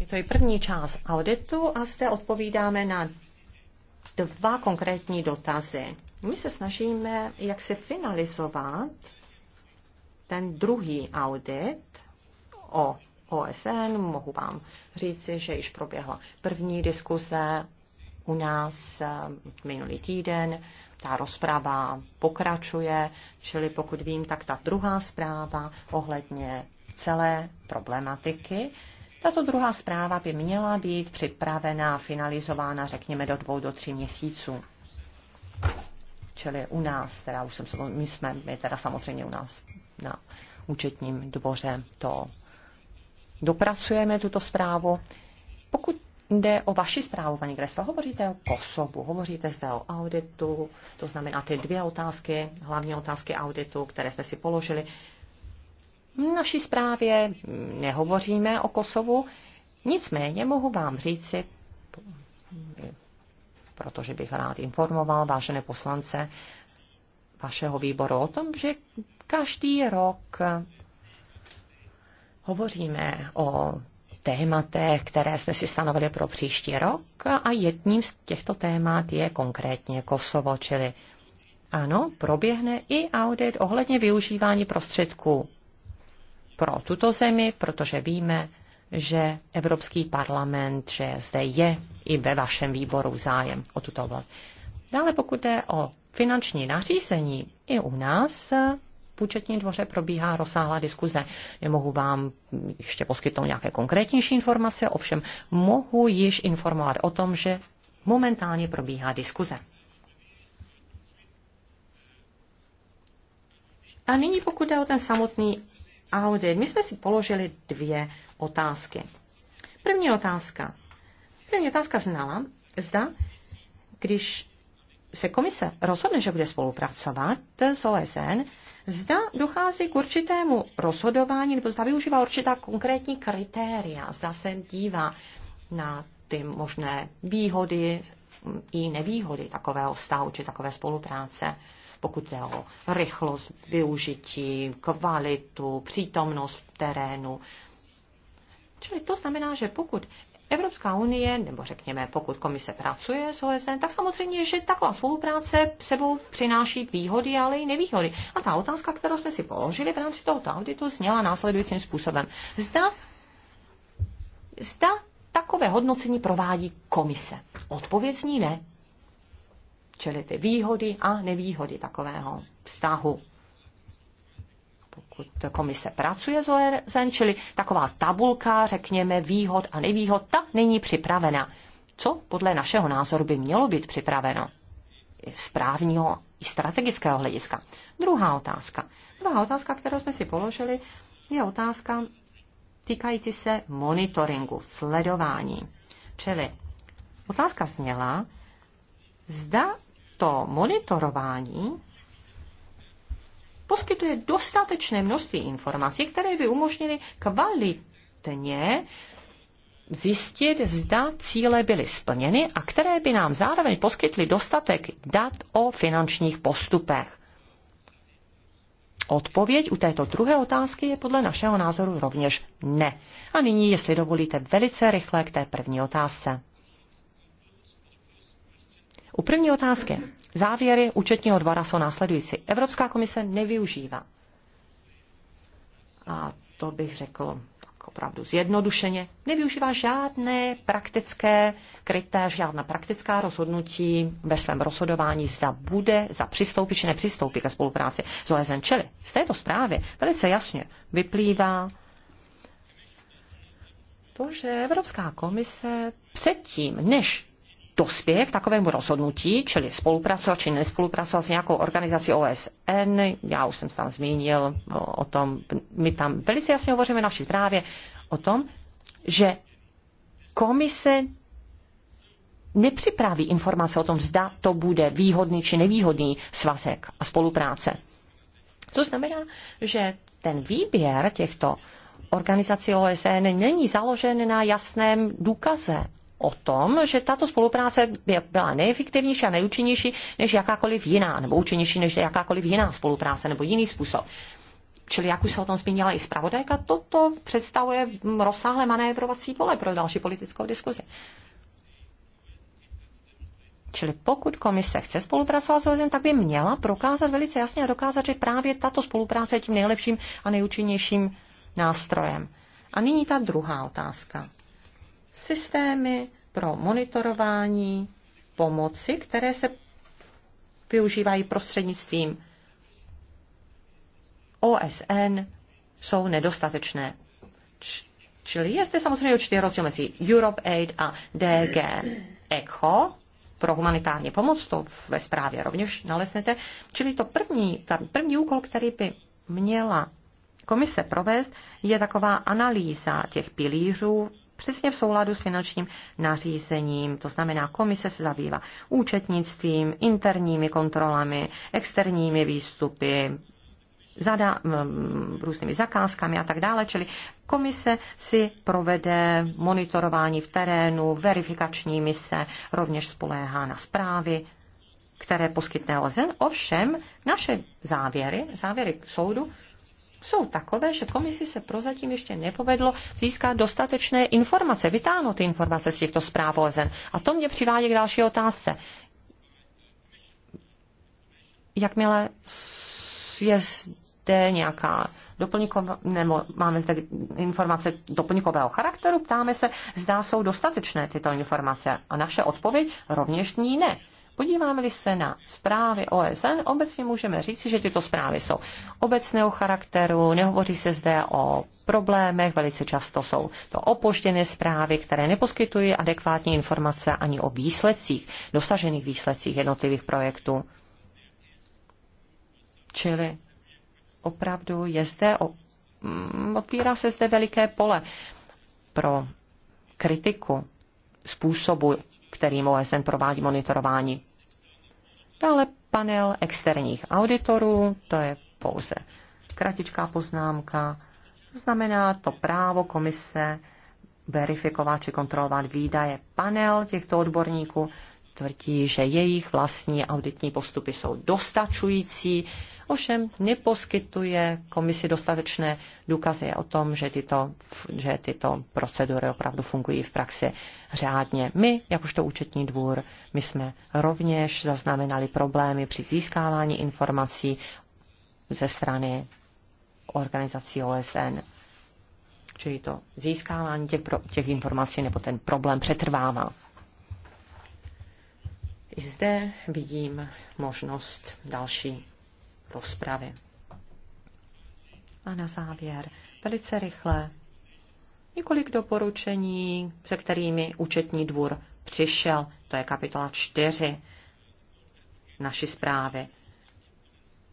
Je to i první část auditu a zde odpovídáme na dva konkrétní dotazy. My se snažíme, jak se finalizovat ten druhý audit o OSN. Mohu vám říci, že již proběhla první diskuze u nás eh, minulý týden ta rozprava pokračuje, čili pokud vím, tak ta druhá zpráva ohledně celé problematiky. Tato druhá zpráva by měla být připravená, finalizována, řekněme, do dvou, do tří měsíců. Čili u nás, teda už jsem, my jsme, my teda samozřejmě u nás na účetním dvoře to dopracujeme, tuto zprávu. Pokud jde o vaši zprávu, paní Kresla. Hovoříte o Kosovu, hovoříte zde o auditu, to znamená ty dvě otázky, hlavní otázky auditu, které jsme si položili. V naší zprávě nehovoříme o Kosovu, nicméně mohu vám říci, protože bych rád informoval vážené poslance vašeho výboru o tom, že každý rok hovoříme o tématech, které jsme si stanovili pro příští rok a jedním z těchto témat je konkrétně Kosovo, čili ano, proběhne i audit ohledně využívání prostředků pro tuto zemi, protože víme, že Evropský parlament, že zde je i ve vašem výboru zájem o tuto oblast. Dále pokud jde o finanční nařízení, i u nás Půčetní dvoře probíhá rozsáhlá diskuze. Nemohu vám ještě poskytnout nějaké konkrétnější informace, ovšem mohu již informovat o tom, že momentálně probíhá diskuze. A nyní pokud jde o ten samotný audit, my jsme si položili dvě otázky. První otázka. První otázka znala, zda, když se komise rozhodne, že bude spolupracovat s OSN, zda dochází k určitému rozhodování, nebo zda využívá určitá konkrétní kritéria, zda se dívá na ty možné výhody i nevýhody takového vztahu či takové spolupráce, pokud jde o rychlost využití, kvalitu, přítomnost v terénu. Čili to znamená, že pokud Evropská unie, nebo řekněme, pokud komise pracuje s OSN, tak samozřejmě, že taková spolupráce sebou přináší výhody, ale i nevýhody. A ta otázka, kterou jsme si položili v rámci tohoto auditu, zněla následujícím způsobem. Zda, zda takové hodnocení provádí komise. Odpověď zní ne. Čili ty výhody a nevýhody takového vztahu komise pracuje s OSN, čili taková tabulka, řekněme, výhod a nevýhod, ta není připravena. Co podle našeho názoru by mělo být připraveno? Z právního i strategického hlediska. Druhá otázka. Druhá otázka, kterou jsme si položili, je otázka týkající se monitoringu, sledování. Čili otázka zněla, zda to monitorování poskytuje dostatečné množství informací, které by umožnily kvalitně zjistit, zda cíle byly splněny a které by nám zároveň poskytly dostatek dat o finančních postupech. Odpověď u této druhé otázky je podle našeho názoru rovněž ne. A nyní, jestli dovolíte, velice rychle k té první otázce. U první otázky Závěry účetního dvora jsou následující. Evropská komise nevyužívá. A to bych řekl tak opravdu zjednodušeně, nevyužívá žádné praktické kritéř, žádná praktická rozhodnutí ve svém rozhodování, zda bude, za přistoupí či nepřistoupí ke spolupráci s OSN. Čili z této zprávy velice jasně vyplývá to, že Evropská komise předtím, než dospěje k takovému rozhodnutí, čili spolupracovat či nespolupracovat s nějakou organizací OSN. Já už jsem se tam zmínil no, o tom, my tam velice jasně hovoříme na vší zprávě o tom, že komise nepřipraví informace o tom, zda to bude výhodný či nevýhodný svazek a spolupráce. To znamená, že ten výběr těchto organizací OSN není založen na jasném důkaze o tom, že tato spolupráce byla neefektivnější a neúčinnější než jakákoliv jiná, nebo účinnější než jakákoliv jiná spolupráce nebo jiný způsob. Čili, jak už se o tom zmínila i zpravodajka, toto představuje rozsáhlé manévrovací pole pro další politickou diskuzi. Čili pokud komise chce spolupracovat s OSN, tak by měla prokázat velice jasně a dokázat, že právě tato spolupráce je tím nejlepším a nejúčinnějším nástrojem. A nyní ta druhá otázka systémy pro monitorování pomoci, které se využívají prostřednictvím OSN, jsou nedostatečné. Čili je zde samozřejmě určitý rozdíl mezi Europe Aid a DG ECHO pro humanitární pomoc, to ve zprávě rovněž naleznete. Čili to první, ta první úkol, který by měla komise provést, je taková analýza těch pilířů přesně v souladu s finančním nařízením. To znamená, komise se zabývá účetnictvím, interními kontrolami, externími výstupy, zada, různými zakázkami a tak dále. Čili komise si provede monitorování v terénu, verifikační mise, rovněž spoléhá na zprávy, které poskytne OZN. E Ovšem, naše závěry, závěry soudu, jsou takové, že komisi se prozatím ještě nepovedlo získat dostatečné informace, vytáhnout ty informace z těchto zpráv OSN. A to mě přivádí k další otázce. Jakmile je zde nějaká doplňková, nebo máme zde informace doplňkového charakteru, ptáme se, zdá jsou dostatečné tyto informace. A naše odpověď rovněž ní ne. Podíváme-li se na zprávy OSN, obecně můžeme říct, že tyto zprávy jsou obecného charakteru, nehovoří se zde o problémech, velice často jsou to opožděné zprávy, které neposkytují adekvátní informace ani o výsledcích, dosažených výsledcích jednotlivých projektů. Čili opravdu je zde, o mm, otvírá se zde veliké pole pro kritiku způsobu, kterým OSN provádí monitorování. Dále panel externích auditorů, to je pouze kratičká poznámka. To znamená to právo komise verifikovat či kontrolovat výdaje. Panel těchto odborníků tvrdí, že jejich vlastní auditní postupy jsou dostačující ovšem neposkytuje komisi dostatečné důkazy o tom, že tyto, že tyto procedury opravdu fungují v praxi řádně. My, jakožto účetní dvůr, my jsme rovněž zaznamenali problémy při získávání informací ze strany organizací OSN. Čili to získávání těch, pro, těch informací nebo ten problém přetrvává. I zde vidím možnost další rozpravy. A na závěr, velice rychle, několik doporučení, se kterými účetní dvůr přišel. To je kapitola 4 naší zprávy.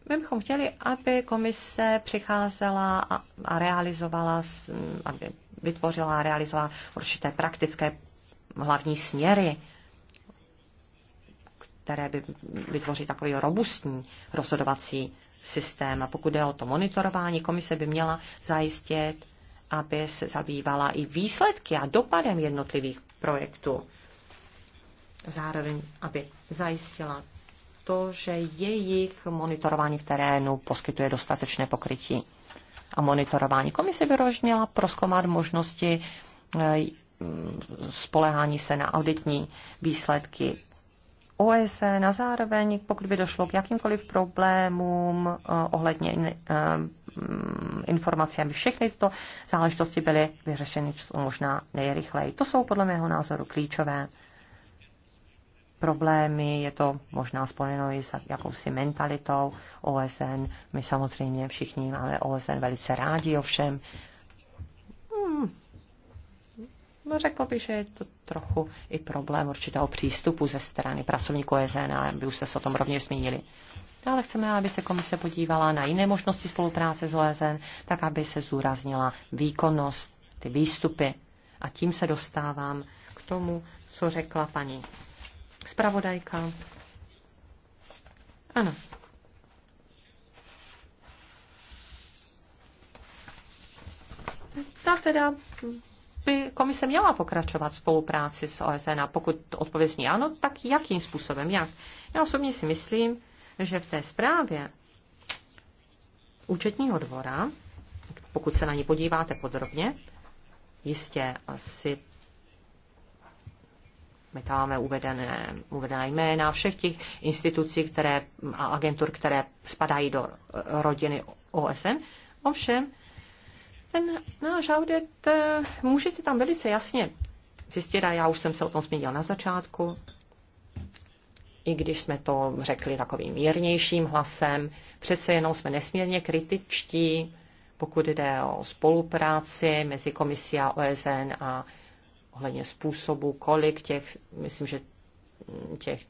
My bychom chtěli, aby komise přicházela a, a realizovala, aby vytvořila a realizovala určité praktické hlavní směry které by vytvoří takový robustní rozhodovací systém. A pokud je o to monitorování, komise by měla zajistit, aby se zabývala i výsledky a dopadem jednotlivých projektů. Zároveň, aby zajistila to, že jejich monitorování v terénu poskytuje dostatečné pokrytí a monitorování. Komise by rovněž měla proskomat možnosti eh, hm, spolehání se na auditní výsledky OSN e a zároveň, pokud by došlo k jakýmkoliv problémům eh, ohledně eh, mm, informací, aby všechny tyto záležitosti byly vyřešeny co možná nejrychleji. To jsou podle mého názoru klíčové problémy, je to možná spojeno i s jakousi mentalitou OSN. My samozřejmě všichni máme OSN velice rádi, ovšem No, Řekl bych, že je to trochu i problém určitého přístupu ze strany pracovníků OSN, a by už jste se o tom rovněž zmínili. Ale chceme, aby se komise podívala na jiné možnosti spolupráce s OSN, tak aby se zúraznila výkonnost, ty výstupy. A tím se dostávám k tomu, co řekla paní zpravodajka. Ano, ta teda by komise měla pokračovat v spolupráci s OSN a pokud odpověď zní ano, tak jakým způsobem, jak? Já osobně si myslím, že v té zprávě účetního dvora, pokud se na ní podíváte podrobně, jistě asi my tam máme uvedené, uvedené jména všech těch institucí které, a agentur, které spadají do rodiny OSN. Ovšem, ten náš audit eh, můžete tam velice jasně zjistit, a já už jsem se o tom zmínil na začátku, i když jsme to řekli takovým mírnějším hlasem, přece jenom jsme nesmírně kritičtí, pokud jde o spolupráci mezi komisí a OSN a ohledně způsobu, kolik těch, myslím, že hm, těch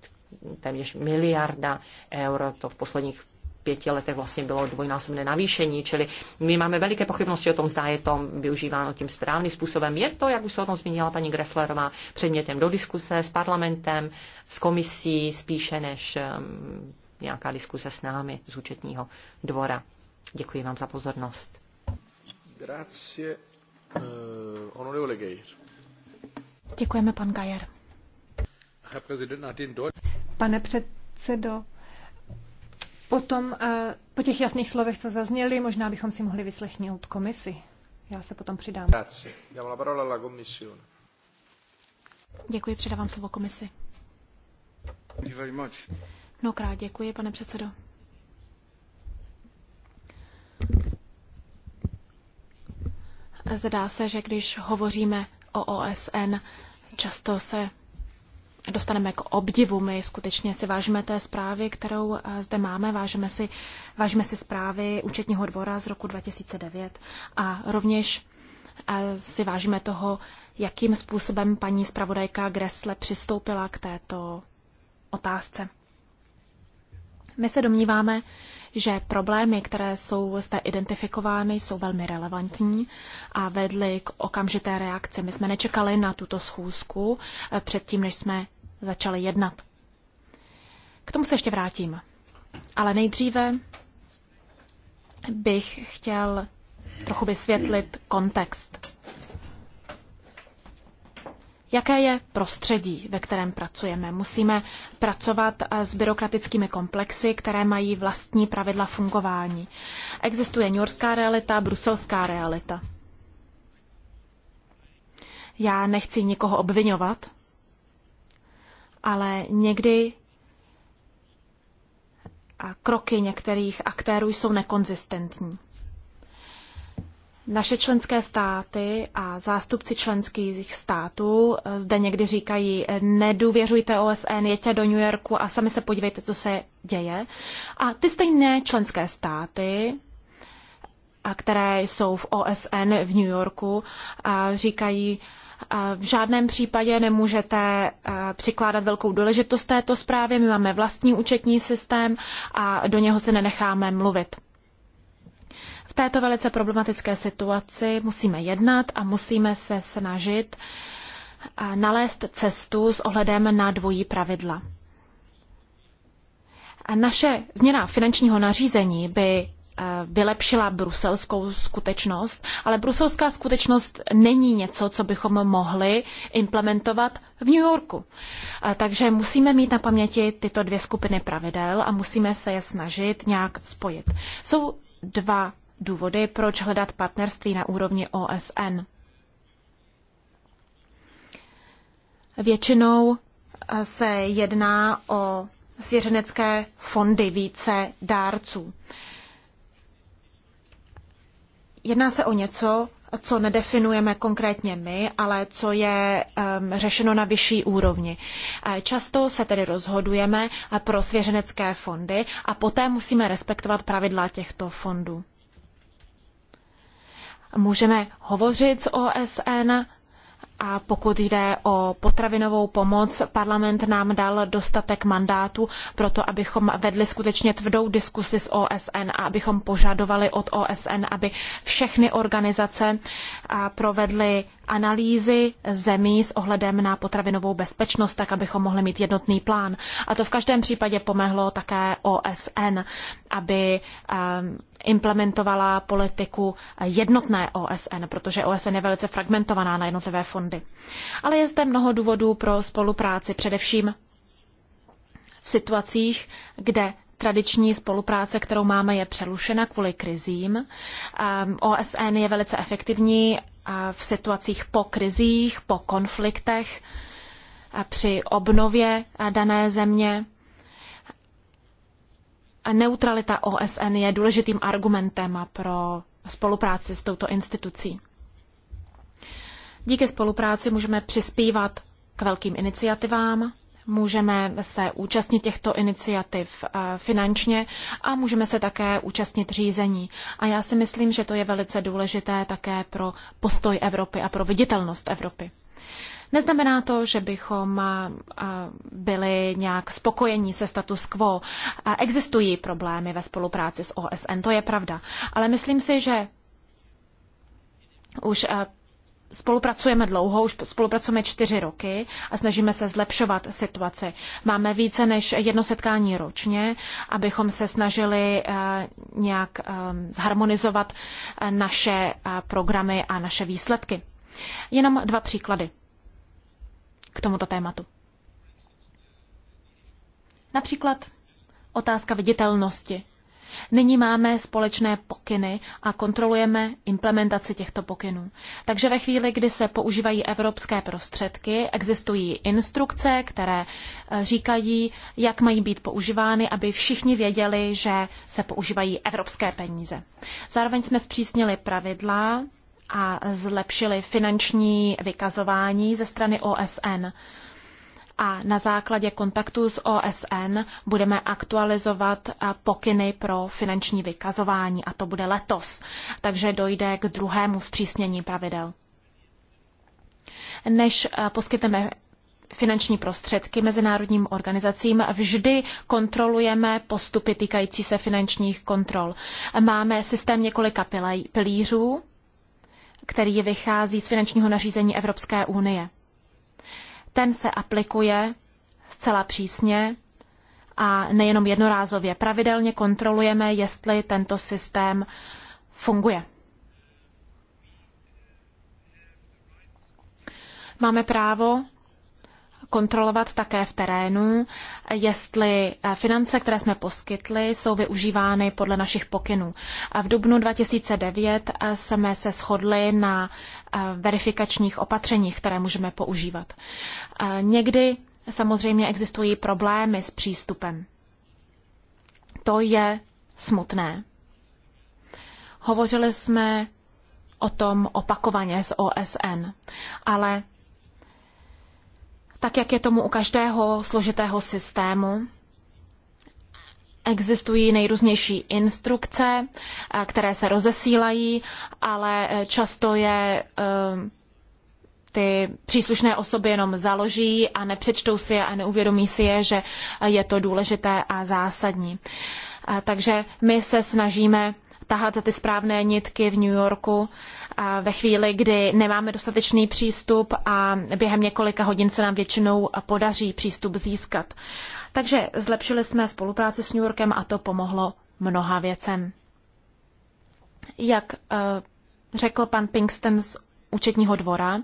téměř miliarda euro, to v posledních pěti letech vlastně bylo dvojnásobné navýšení, čili my máme veliké pochybnosti o tom, zda je to využíváno tím správným způsobem. Je to, jak už se o tom zmínila paní Gresslerová, předmětem do diskuse s parlamentem, s komisí, spíše než um, nějaká diskuse s námi z účetního dvora. Děkuji vám za pozornost. Grazie. Uh, eh, honorable Geir. Děkujeme, pan Gajer. Pane předsedo, Potom eh, po těch jasných slovech, co zazněly, možná bychom si mohli vyslechnout komisi. Já se potom přidám. Děkuji, předávám slovo komisi. Mnohokrát děkuji, pane předsedo. Zdá se, že když hovoříme o OSN, často se dostaneme k obdivu. My skutečně si vážíme té zprávy, kterou eh, zde máme, vážíme si, vážíme si zprávy účetního dvora z roku 2009 a rovněž eh, si vážíme toho, jakým způsobem paní zpravodajka Gressle přistoupila k této otázce. My se domníváme, že problémy, které jsou zde identifikovány, jsou velmi relevantní a vedly k okamžité reakci. My jsme nečekali na tuto schůzku eh, předtím, než jsme začali jednat. K tomu se ještě vrátím. Ale nejdříve bych chtěl trochu vysvětlit kontext. Jaké je prostředí, ve kterém pracujeme? Musíme pracovat eh, s byrokratickými komplexy, které mají vlastní pravidla fungování. Existuje ňorská realita, bruselská realita. Já nechci nikoho obvinovat, ale někdy kroky některých aktérů jsou nekonzistentní. Naše členské státy a zástupci členských států eh, zde někdy říkají, eh, nedůvěřujte OSN, jeďte do New Yorku a sami se podívejte, co se děje. A ty stejné členské státy, a které jsou v OSN v New Yorku, a říkají, v žádném případě nemůžete eh, přikládat velkou důležitost této zprávě. My máme vlastní účetní systém a do něho se nenecháme mluvit. V této velice problematické situaci musíme jednat a musíme se snažit eh, nalézt cestu s ohledem na dvojí pravidla. Naše změna finančního nařízení by Eh, vylepšila bruselskou skutečnost, ale bruselská skutečnost není něco, co bychom mohli implementovat v New Yorku. Eh, takže musíme mít na paměti tyto dvě skupiny pravidel a musíme se je snažit nějak spojit. Jsou dva důvody, proč hledat partnerství na úrovni OSN. Většinou eh, se jedná o svěřenecké fondy více dárců. Jedná se o něco, co nedefinujeme konkrétně my, ale co je um, řešeno na vyšší úrovni. Často se tedy rozhodujeme eh, pro svěřenecké fondy a poté musíme respektovat pravidla těchto fondů. Můžeme hovořit s OSN, a pokud jde o potravinovou pomoc, parlament nám dal dostatek mandátu, pro to, abychom vedli skutečně tvrdou diskusi s OSN a abychom požadovali od OSN, aby všechny organizace provedly analýzy zemí s ohledem na potravinovou bezpečnost, tak abychom mohli mít jednotný plán. A to v každém případě pomehlo také OSN, aby implementovala politiku jednotné OSN, protože OSN je velice fragmentovaná na jednotlivé fondy. Ale je zde mnoho důvodů pro spolupráci, především v situacích, kde tradiční spolupráce, kterou máme, je přerušena kvůli krizím. Ehm, OSN je velice efektivní v situacích po krizích, po konfliktech, při obnově dané země neutralita OSN je důležitým argumentem pro spolupráci s touto institucí. Díky spolupráci můžeme přispívat k velkým iniciativám, můžeme se účastnit těchto iniciativ eh, finančně a můžeme se také účastnit řízení. A já si myslím, že to je velice důležité také pro postoj Evropy a pro viditelnost Evropy. Neznamená to, že bychom byli nějak spokojení se status quo. Existují problémy ve spolupráci s OSN, to je pravda. Ale myslím si, že už spolupracujeme dlouho, už spolupracujeme čtyři roky a snažíme se zlepšovat situaci. Máme více než jedno setkání ročně, abychom se snažili nějak harmonizovat naše programy a naše výsledky. Jenom dva příklady k tomuto tématu. Například otázka viditelnosti. Nyní máme společné pokyny a kontrolujeme implementaci těchto pokynů. Takže ve chvíli, kdy se používají evropské prostředky, existují instrukce, které e, říkají, jak mají být používány, aby všichni věděli, že se používají evropské peníze. Zároveň jsme zpřísnili pravidla a zlepšili finanční vykazování ze strany OSN. A na základě kontaktů s OSN budeme aktualizovat pokyny pro finanční vykazování a to bude letos. Takže dojde k druhému zpřísnění pravidel. Než poskytneme finanční prostředky mezinárodním organizacím, vždy kontrolujeme postupy týkající se finančních kontrol. Máme systém několika pilířů který vychází z finančního nařízení Evropské unie. Ten se aplikuje zcela přísně a nejenom jednorázově. Pravidelně kontrolujeme, jestli tento systém funguje. Máme právo kontrolovat také v terénu, jestli eh, finance, které jsme poskytli, jsou využívány podle našich pokynů. V dubnu 2009 eh, jsme se shodli na eh, verifikačních opatřeních, které můžeme používat. Někdy samozřejmě existují problémy s přístupem. To je smutné. Hovořili jsme o tom opakovaně z OSN, ale tak jak je tomu u každého složitého systému, existují nejrůznější instrukce, eh, které se rozesílají, ale eh, často je eh, ty příslušné osoby jenom založí a nepřečtou si je a neuvědomí si je, že je to důležité a zásadní. Takže my se snažíme tahat za ty správné nitky v New Yorku ve chvíli, kdy nemáme dostatečný přístup a během několika hodin se nám většinou podaří přístup získat. Takže zlepšili jsme spolupráci s New Yorkem a to pomohlo mnoha věcem. Jak eh, řekl pan Pinkston z účetního dvora,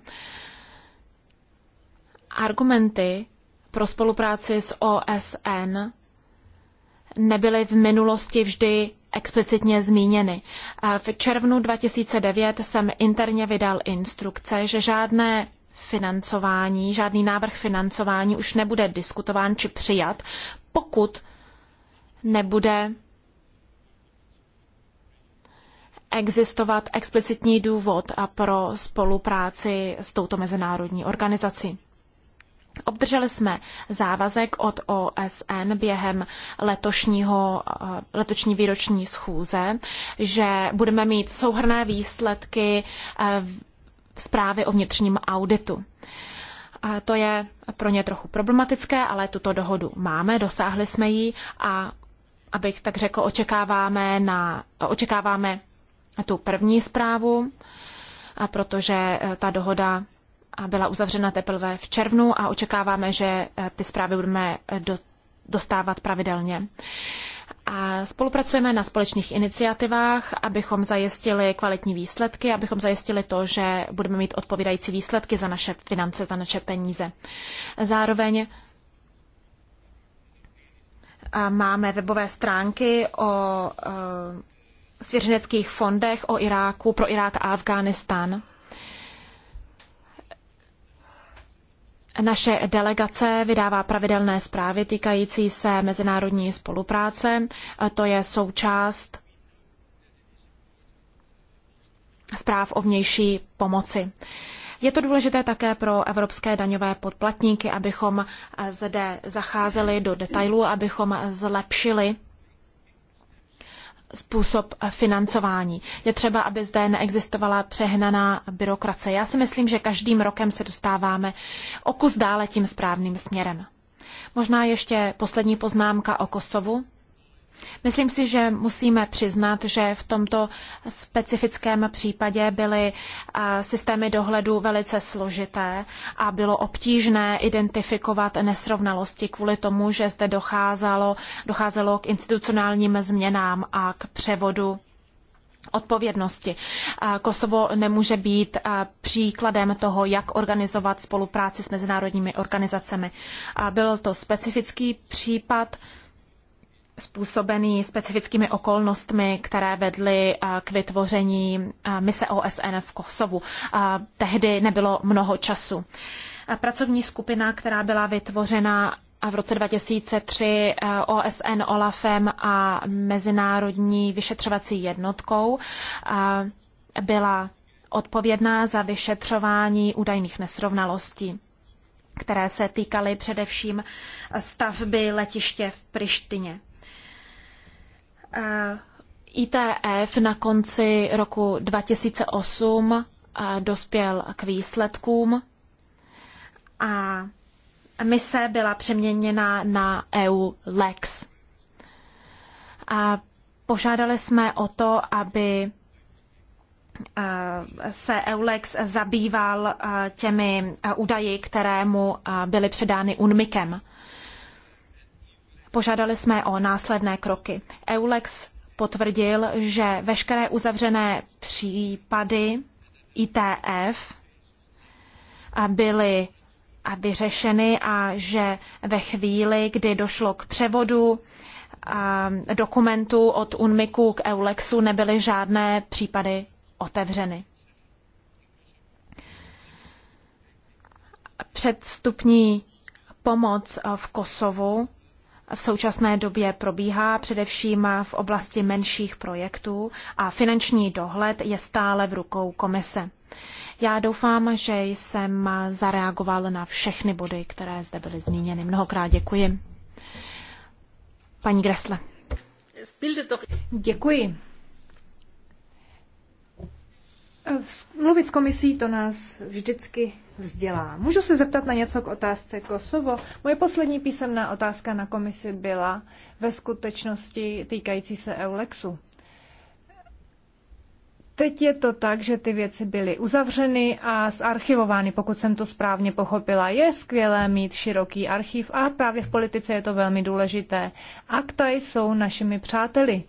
argumenty pro spolupráci s OSN nebyly v minulosti vždy explicitně zmíněny. V červnu 2009 jsem interně vydal instrukce, že žádné financování, žádný návrh financování už nebude diskutován či přijat, pokud nebude existovat explicitní důvod pro spolupráci s touto mezinárodní organizací. Obdrželi jsme závazek od OSN během letošního, eh, letošní výroční schůze, že budeme mít souhrné výsledky eh, zprávy o vnitřním auditu. A to je pro ně trochu problematické, ale tuto dohodu máme, dosáhli jsme ji a abych tak řekl, očekáváme, na, očekáváme tu první zprávu, a protože eh, ta dohoda byla uzavřena teprve v červnu a očekáváme, že eh, ty zprávy budeme eh, do, dostávat pravidelně. A spolupracujeme na společných iniciativách, abychom zajistili kvalitní výsledky, abychom zajistili to, že budeme mít odpovídající výsledky za naše finance, za naše peníze. Zároveň eh, máme webové stránky o svěřeneckých fondech o Iráku, pro Irák a Afghánistán. Naše delegace vydává pravidelné zprávy týkající se mezinárodní spolupráce. To je součást zpráv o vnější pomoci. Je to důležité také pro evropské daňové podplatníky, abychom zde zacházeli do detailů, abychom zlepšili způsob eh, financování. Je třeba, aby zde neexistovala přehnaná byrokracie. Já si myslím, že každým rokem se dostáváme o kus dále tím správným směrem. Možná ještě poslední poznámka o Kosovu. Myslím si, že musíme přiznat, že v tomto specifickém případě byly systémy dohledu velice složité a bylo obtížné identifikovat nesrovnalosti kvůli tomu, že zde docházelo, docházelo k institucionálním změnám a k převodu odpovědnosti. Kosovo nemůže být příkladem toho, jak organizovat spolupráci s mezinárodními organizacemi. Byl to specifický případ, způsobený specifickými okolnostmi, které vedly eh, k vytvoření eh, mise OSN v Kosovu. Eh, tehdy nebylo mnoho času. Pracovní skupina, která byla vytvořena v roce 2003 OSN, OLAFem a Mezinárodní vyšetřovací jednotkou, byla odpovědná za vyšetřování údajných nesrovnalostí které se týkaly především stavby letiště v Prištině. Eh, ITF na konci roku 2008 eh, dospěl k výsledkům a mise byla přeměněna na EU Lex. A požádali jsme o to, aby eh, se EULEX zabýval těmi údaji, které mu byly předány UNMIKem. Požádali jsme o následné kroky. Eulex potvrdil, že veškeré uzavřené případy ITF byly vyřešeny a že ve chvíli, kdy došlo k převodu dokumentů od UNMIKu k EULEXu, nebyly žádné případy otevřeny. Předvstupní pomoc v Kosovu v současné době probíhá především v oblasti menších projektů a finanční dohled je stále v rukou komise. Já doufám, že jsem zareagoval na všechny body, které zde byly zmíněny. Mnohokrát děkuji. Paní Gresle. Děkuji. Mluvit s komisí to nás vždycky vzdělá. Můžu se zeptat na něco k otázce Kosovo? Moje poslední písemná otázka na komisi byla ve skutečnosti týkající se Eulexu. Teď je to tak, že ty věci byly uzavřeny a zarchivovány, pokud jsem to správně pochopila. Je skvělé mít široký archiv a právě v politice je to velmi důležité. Akta jsou našimi přáteli.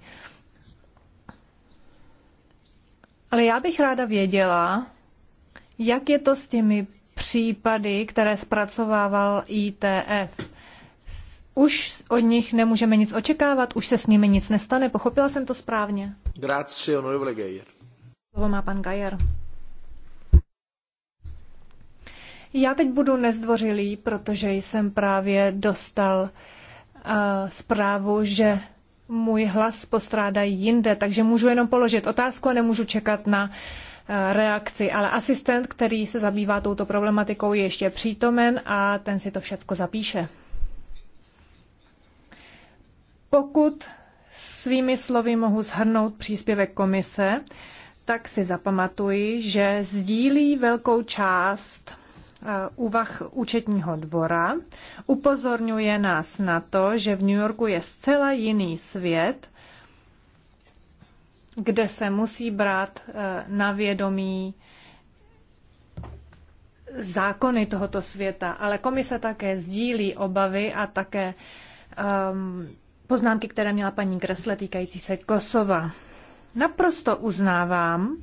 Ale já bych ráda věděla, jak je to s těmi případy, které zpracovával ITF. Už od nich nemůžeme nic očekávat, už se s nimi nic nestane. Pochopila jsem to správně. Grazie, onorevole Geyer. Slovo má pan Geyer. Já teď budu nezdvořilý, protože jsem právě dostal uh, zprávu, že můj hlas postrádají jinde, takže můžu jenom položit otázku a nemůžu čekat na uh, reakci, ale asistent, který se zabývá touto problematikou, je ještě přítomen a ten si to všechno zapíše. Pokud svými slovy mohu shrnout příspěvek komise, tak si zapamatuji, že sdílí velkou část eh, úvah účetního dvora, upozorňuje nás na to, že v New Yorku je zcela jiný svět kde se musí brát eh, na vědomí zákony tohoto světa. Ale komise také sdílí obavy a také um, poznámky, které měla paní Kresle týkající se Kosova. Naprosto uznávám,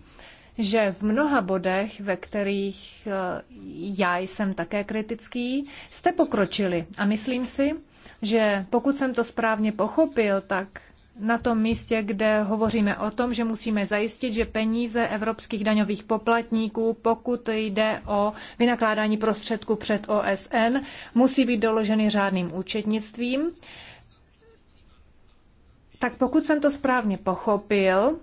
že v mnoha bodech, ve kterých eh, já jsem také kritický, jste pokročili. A myslím si, že pokud jsem to správně pochopil, tak na tom místě, kde hovoříme o tom, že musíme zajistit, že peníze evropských daňových poplatníků, pokud jde o vynakládání prostředků před OSN, musí být doloženy řádným účetnictvím. Tak pokud jsem to správně pochopil,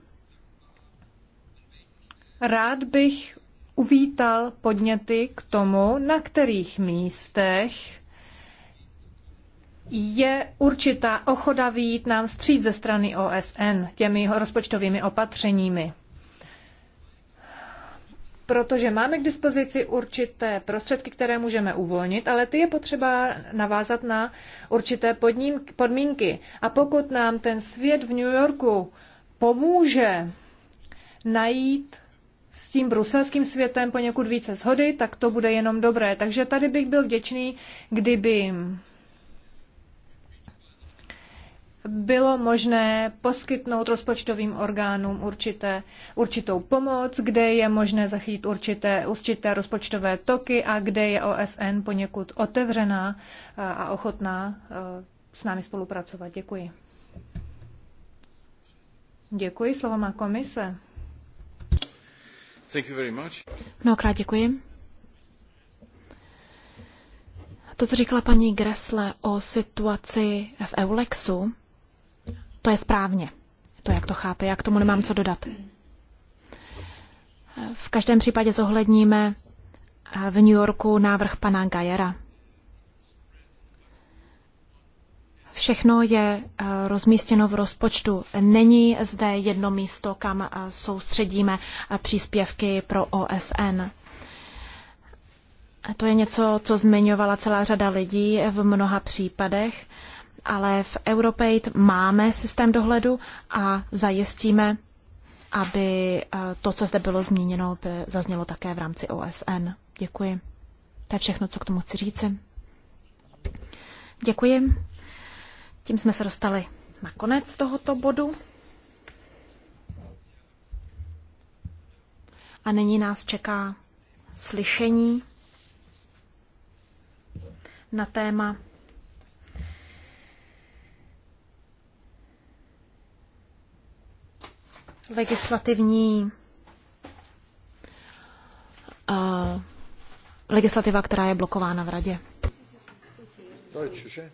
rád bych uvítal podněty k tomu, na kterých místech je určitá ochota výjít nám vstříc ze strany OSN těmi rozpočtovými opatřeními. Protože máme k dispozici určité prostředky, které můžeme uvolnit, ale ty je potřeba navázat na určité podmínky. A pokud nám ten svět v New Yorku pomůže najít s tím bruselským světem poněkud více shody, tak to bude jenom dobré. Takže tady bych byl vděčný, kdyby bylo možné poskytnout rozpočtovým orgánům určité, určitou pomoc, kde je možné zachytit určité, určité rozpočtové toky a kde je OSN poněkud otevřená eh, a ochotná eh, s námi spolupracovat. Děkuji. Děkuji, slovo má komise. Thank you very much. Mnohokrát děkuji. To, co říkala paní Gresle o situaci v Eulexu, to je správně. To, jak to chápe, já k tomu nemám co dodat. V každém případě zohledníme eh, v New Yorku návrh pana Gajera. Všechno je eh, rozmístěno v rozpočtu. Není zde jedno místo, kam eh, soustředíme příspěvky pro OSN. To je něco, co zmiňovala celá řada lidí v mnoha případech ale v Europaid máme systém dohledu a zajistíme, aby eh, to, co zde bylo zmíněno, by zaznělo také v rámci OSN. Děkuji. To je všechno, co k tomu chci říci. Děkuji. Tím jsme se dostali na konec tohoto bodu. A nyní nás čeká slyšení na téma legislativní legislativa, která je blokována v radě. Deutsche, že?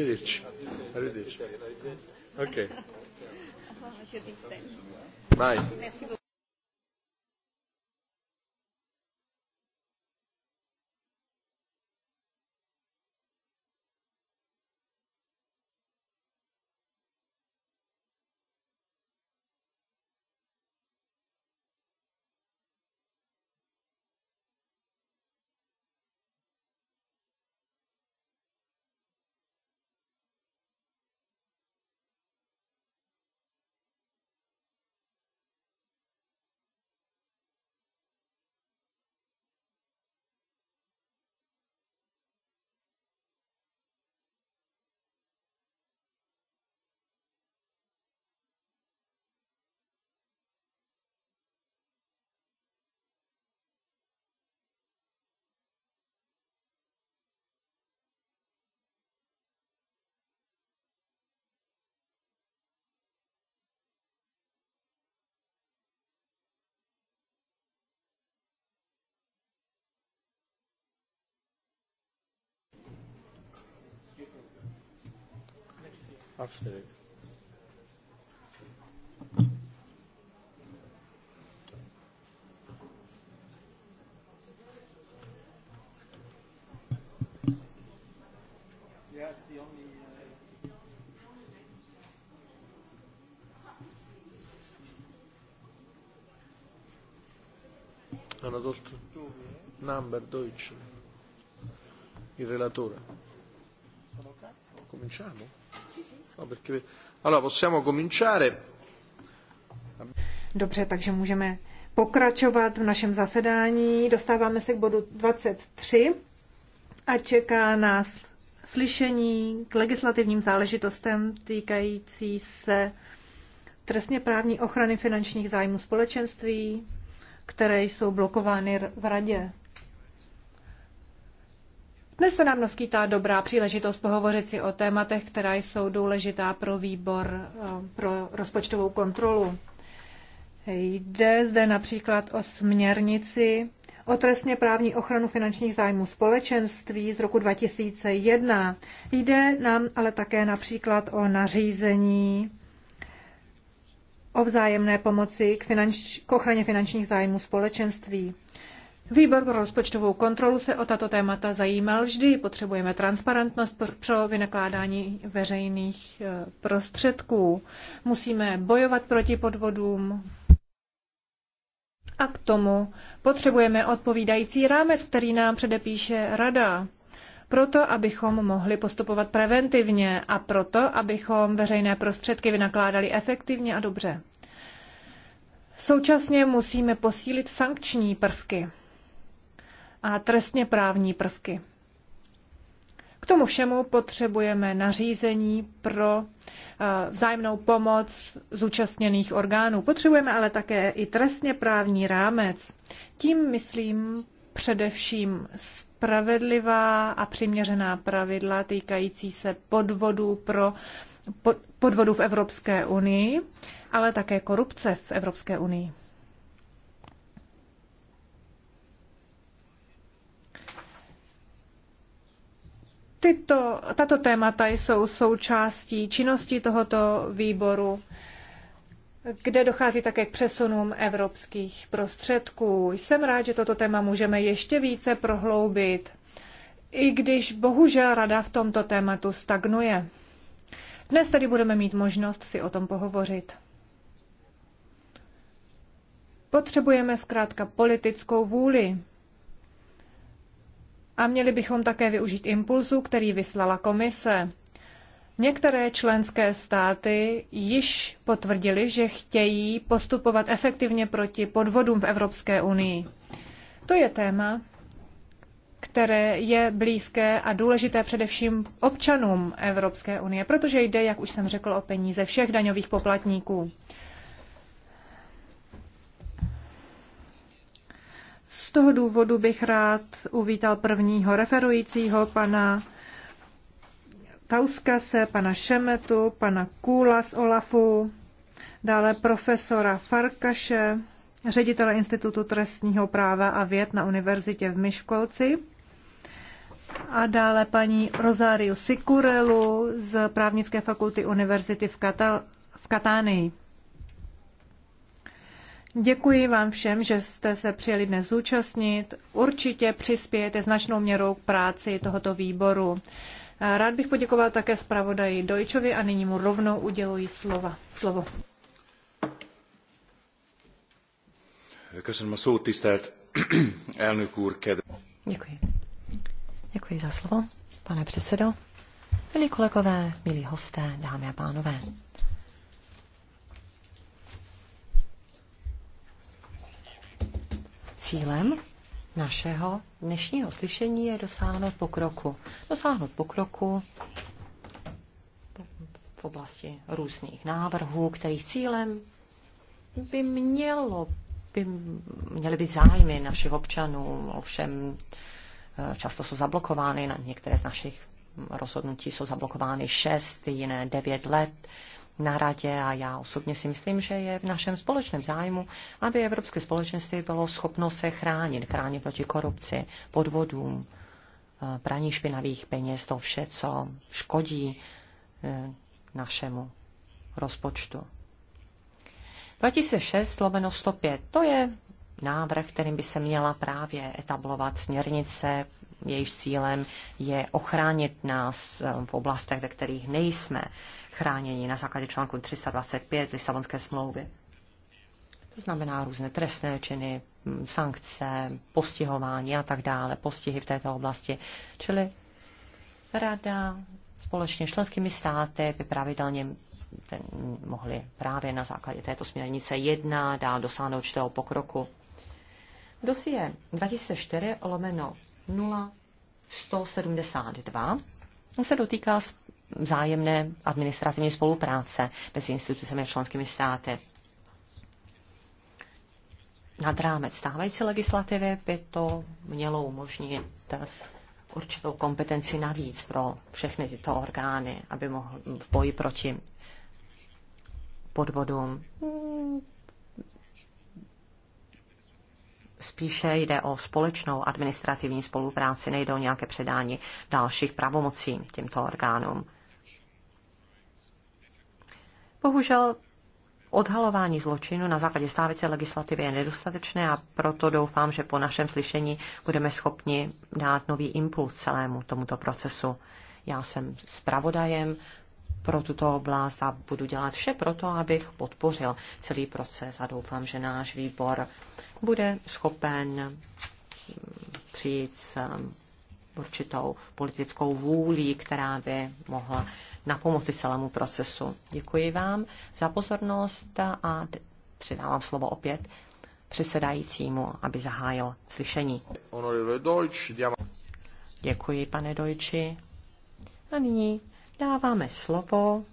arrivederci. Arrivederci. Ok. Vai. [laughs] After. Yeah, uh, Hanno tolto number 12, il relatore. Cominciamo? Sì, sì. No, perché... Allora, possiamo cominciare. Dobře, takže můžeme pokračovat v našem zasedání. Dostáváme se k bodu 23 a čeká nás slyšení k legislativním záležitostem týkající se trestně právní ochrany finančních zájmů společenství, které jsou blokovány v Radě. Dnes se nám naskýtá dobrá příležitost pohovořit si o tématech, která jsou důležitá pro výbor eh, pro rozpočtovou kontrolu. Jde zde například o směrnici o trestně právní ochranu finančních zájmů společenství z roku 2001. Jde nám ale také například o nařízení o vzájemné pomoci k, finanč, k ochraně finančních zájmů společenství. Výbor pro rozpočtovou kontrolu se o tato témata zajímal vždy. Potřebujeme transparentnost pro vynakládání veřejných eh, prostředků. Musíme bojovat proti podvodům. A k tomu potřebujeme odpovídající rámec, který nám předepíše Rada. Proto, abychom mohli postupovat preventivně a proto, abychom veřejné prostředky vynakládali efektivně a dobře. Současně musíme posílit sankční prvky a trestně právní prvky. K tomu všemu potřebujeme nařízení pro eh, vzájemnou pomoc zúčastněných orgánů. Potřebujeme ale také i trestně právní rámec. Tím myslím především spravedlivá a přiměřená pravidla týkající se podvodů pro podvodů v Evropské unii, ale také korupce v Evropské unii. Tyto, tato témata jsou součástí činnosti tohoto výboru, kde dochází také k přesunům evropských prostředků. Jsem rád, že toto téma můžeme ještě více prohloubit, i když bohužel rada v tomto tématu stagnuje. Dnes tedy budeme mít možnost si o tom pohovořit. Potřebujeme zkrátka politickou vůli a měli bychom také využít impulzu, který vyslala komise. Některé členské státy již potvrdili, že chtějí postupovat efektivně proti podvodům v Evropské unii. To je téma, které je blízké a důležité především občanům Evropské unie, protože jde, jak už jsem řekl, o peníze všech daňových poplatníků. Z toho důvodu bych rád uvítal prvního referujícího pana Tauskase, pana Šemetu, pana Kůla z Olafu, dále profesora Farkaše, ředitele Institutu trestního práva a věd na univerzitě v Myškolci a dále paní Rosario Sikurelu z právnické fakulty univerzity v, Katal- v Katánii. Děkuji vám všem, že jste se přijeli dnes zúčastnit. Určitě přispějete značnou měrou k práci tohoto výboru. Rád bych poděkoval také zpravodaji Dojčovi a nyní mu rovnou uděluji slova. slovo. Köszönöm a szót, tisztelt [clears throat] elnök úr, Děkuji. Děkuji za slovo, pane předsedo. Milí kolegové, milí hosté, dámy a pánové. Cílem našeho dnešního slyšení je dosáhnout pokroku. Dosáhnout pokroku v oblasti různých návrhů, kterých cílem by mělo by měly být zájmy našich občanů, ovšem eh, často jsou zablokovány, na některé z našich rozhodnutí jsou zablokovány 6, jiné 9 let, na radě a já osobně si myslím, že je v našem společném zájmu, aby Evropské společenství bylo schopno se chránit, chránit proti korupci, podvodům, eh, praní špinavých peněz, to vše, co škodí eh, našemu rozpočtu. 2006 lomeno 105, to je návrh, kterým by se měla právě etablovat směrnice, jejíž cílem je ochránit nás eh, v oblastech, ve kterých nejsme chránění na základě článku 325 Lisabonské smlouvy. To znamená různé trestné činy, sankce, postihování a tak dále, postihy v této oblasti. Čili rada společně s členskými státy by pravidelně ten, mohli právě na základě této směrnice jedna dál dosáhnout určitého pokroku. Dosie 2004 lomeno 0172 se dotýká vzájemné administrativní spolupráce mezi institucemi a členskými státy. Nad rámec stávající legislativy by to mělo umožnit určitou kompetenci navíc pro všechny tyto orgány, aby mohl v boji proti podvodům. Spíše jde o společnou administrativní spolupráci, nejde o nějaké předání dalších pravomocí těmto orgánům. Bohužel Odhalování zločinu na základě stávající legislativy je nedostatečné a proto doufám, že po našem slyšení budeme schopni dát nový impuls celému tomuto procesu. Já jsem zpravodajem pro tuto oblast a budu dělat vše pro to, abych podpořil celý proces a doufám, že náš výbor bude schopen přijít s určitou politickou vůlí, která by mohla na pomoci celému procesu. Děkuji vám za pozornost a předávám slovo opět předsedajícímu, aby zahájil slyšení. Děkuji, pane Dojči. A nyní dáváme slovo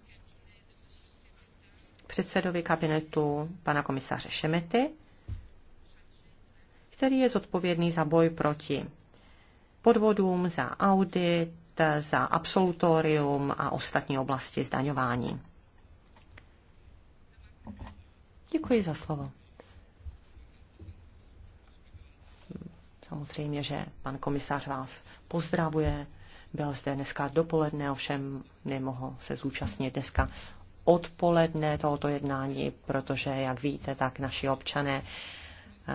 předsedovi kabinetu pana komisaře Šemety, který je zodpovědný za boj proti podvodům, za audit, za absolutorium a ostatní oblasti zdaňování. Děkuji za slovo. Samozřejmě, že pan komisař vás pozdravuje. Byl zde dneska dopoledne, ovšem nemohl se zúčastnit dneska odpoledne tohoto jednání, protože, jak víte, tak naši občané eh,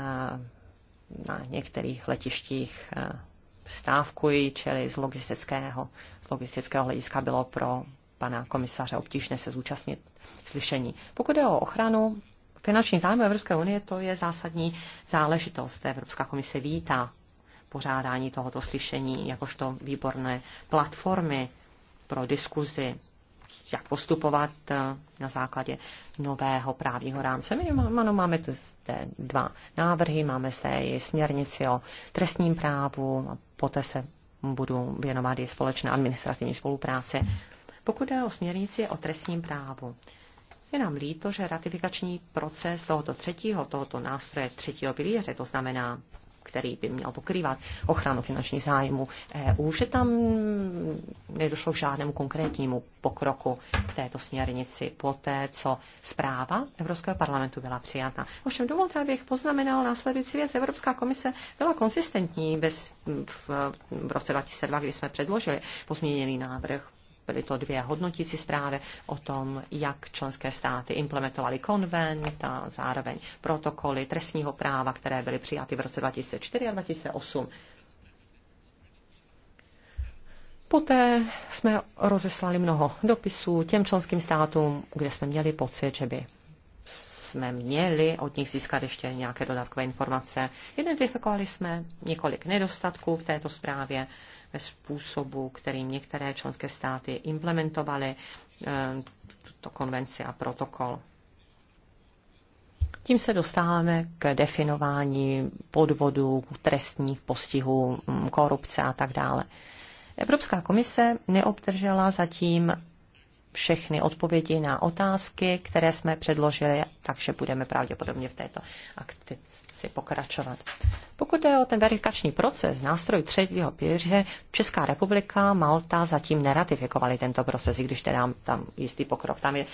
na některých letištích eh, stávkuji, čili z logistického, z logistického hlediska bylo pro pana komisaře obtížné se zúčastnit slyšení. Pokud je o ochranu finanční zájmu Evropské unie, to je zásadní záležitost. Evropská komise vítá pořádání tohoto slyšení jakožto výborné platformy pro diskuzi jak postupovat eh, na základě nového právního rámce. My ano, máme tu zde dva návrhy, máme zde i směrnici o trestním právu a poté se budu věnovat i společné administrativní spolupráce. Pokud jde o směrnici o trestním právu, je nám líto, že ratifikační proces tohoto třetího, tohoto nástroje třetího pilíře, to znamená který by měl pokrývat ochranu finančních zájmů EU, že tam nedošlo k žádnému konkrétnímu pokroku k této směrnici po té, co zpráva Evropského parlamentu byla přijata. Ovšem dovolte, abych poznamenal následující věc. Evropská komise byla konsistentní bez, v, v roce 2002, kdy jsme předložili pozměněný návrh byly to dvě hodnotící zprávy o tom, jak členské státy implementovaly konvent a zároveň protokoly trestního práva, které byly přijaty v roce 2004 a 2008. Poté jsme rozeslali mnoho dopisů těm členským státům, kde jsme měli pocit, že by jsme měli od nich získat ještě nějaké dodatkové informace. Identifikovali jsme několik nedostatků v této zprávě ve způsobu, kterým některé členské státy implementovaly eh, tuto konvenci a protokol. Tím se dostáváme k definování podvodů, trestních postihů, mm, korupce a tak dále. Evropská komise neobdržela zatím všechny odpovědi na otázky, které jsme předložili, takže budeme pravděpodobně v této akci si pokračovat. Pokud jde o ten verifikační proces, nástroj třetího pilíře, Česká republika, Malta zatím neratifikovali tento proces, i když teda tam jistý pokrok. Tam je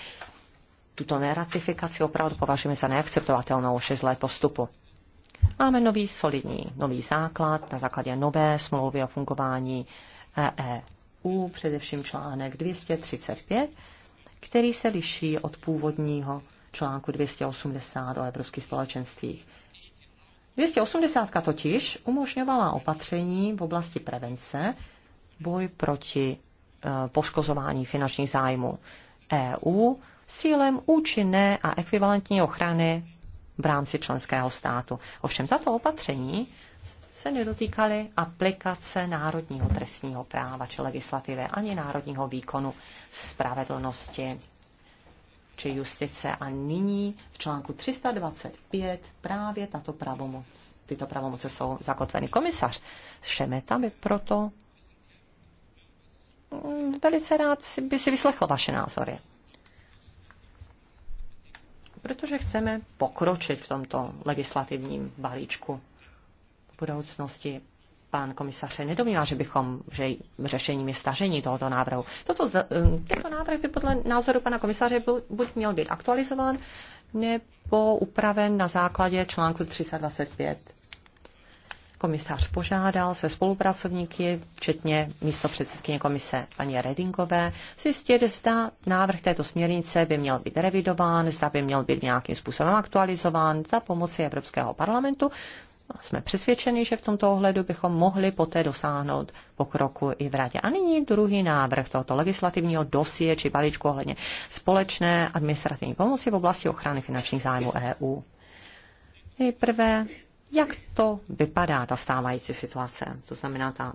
tuto neratifikaci opravdu považujeme za neakceptovatelnou 6 let postupu. Máme nový solidní, nový základ na základě nové smlouvy o fungování EU, e především článek 235, který se liší od původního článku 280 o evropských společenstvích. 280 totiž umožňovala opatření v oblasti prevence, boj proti eh, poškozování finančních zájmů EU sílem účinné a ekvivalentní ochrany v rámci členského státu. Ovšem tato opatření se nedotýkaly aplikace národního trestního práva či legislativy ani národního výkonu spravedlnosti či justice. A nyní v článku 325 právě tato pravomoc, tyto pravomoce jsou zakotveny. Komisař Šemeta by proto mm, velice rád by si vyslechl vaše názory. Protože chceme pokročit v tomto legislativním balíčku v budoucnosti pan komisař se nedomnívá, že bychom, že řešením je stažení tohoto návrhu. Toto, um, tento návrh by podle názoru pana komisaře byl, buď měl být aktualizován, nebo upraven na základě článku 325. Komisař požádal své spolupracovníky, včetně místo předsedkyně komise paní Redingové, zjistit, zda návrh této směrnice by měl být revidován, zda by měl být nějakým způsobem aktualizován za pomoci Evropského parlamentu, jsme přesvědčeni, že v tomto ohledu bychom mohli poté dosáhnout pokroku i v radě. A nyní druhý návrh tohoto legislativního dosie či balíčku ohledně společné administrativní pomoci v oblasti ochrany finančních zájmů EU. Nejprve, jak to vypadá, ta stávající situace, to znamená ta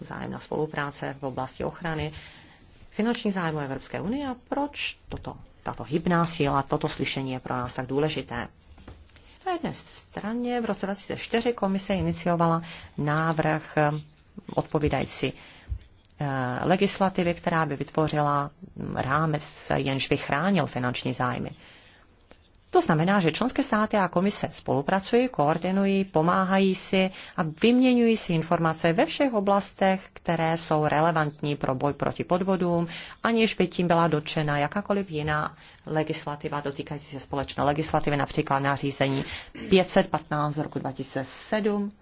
zájemná spolupráce v oblasti ochrany finančních zájmů Evropské unie a proč toto, tato hybná síla, toto slyšení je pro nás tak důležité. Na jedné straně v roce 2004 komise iniciovala návrh eh, odpovídající eh, legislativy, která by vytvořila rámec, jenž by chránil finanční zájmy. To znamená, že členské státy a komise spolupracují, koordinují, pomáhají si a vyměňují si informace ve všech oblastech, které jsou relevantní pro boj proti podvodům, aniž by tím byla dotčena jakákoliv jiná legislativa dotýkající se společné legislativy, například nařízení 515 z roku 2007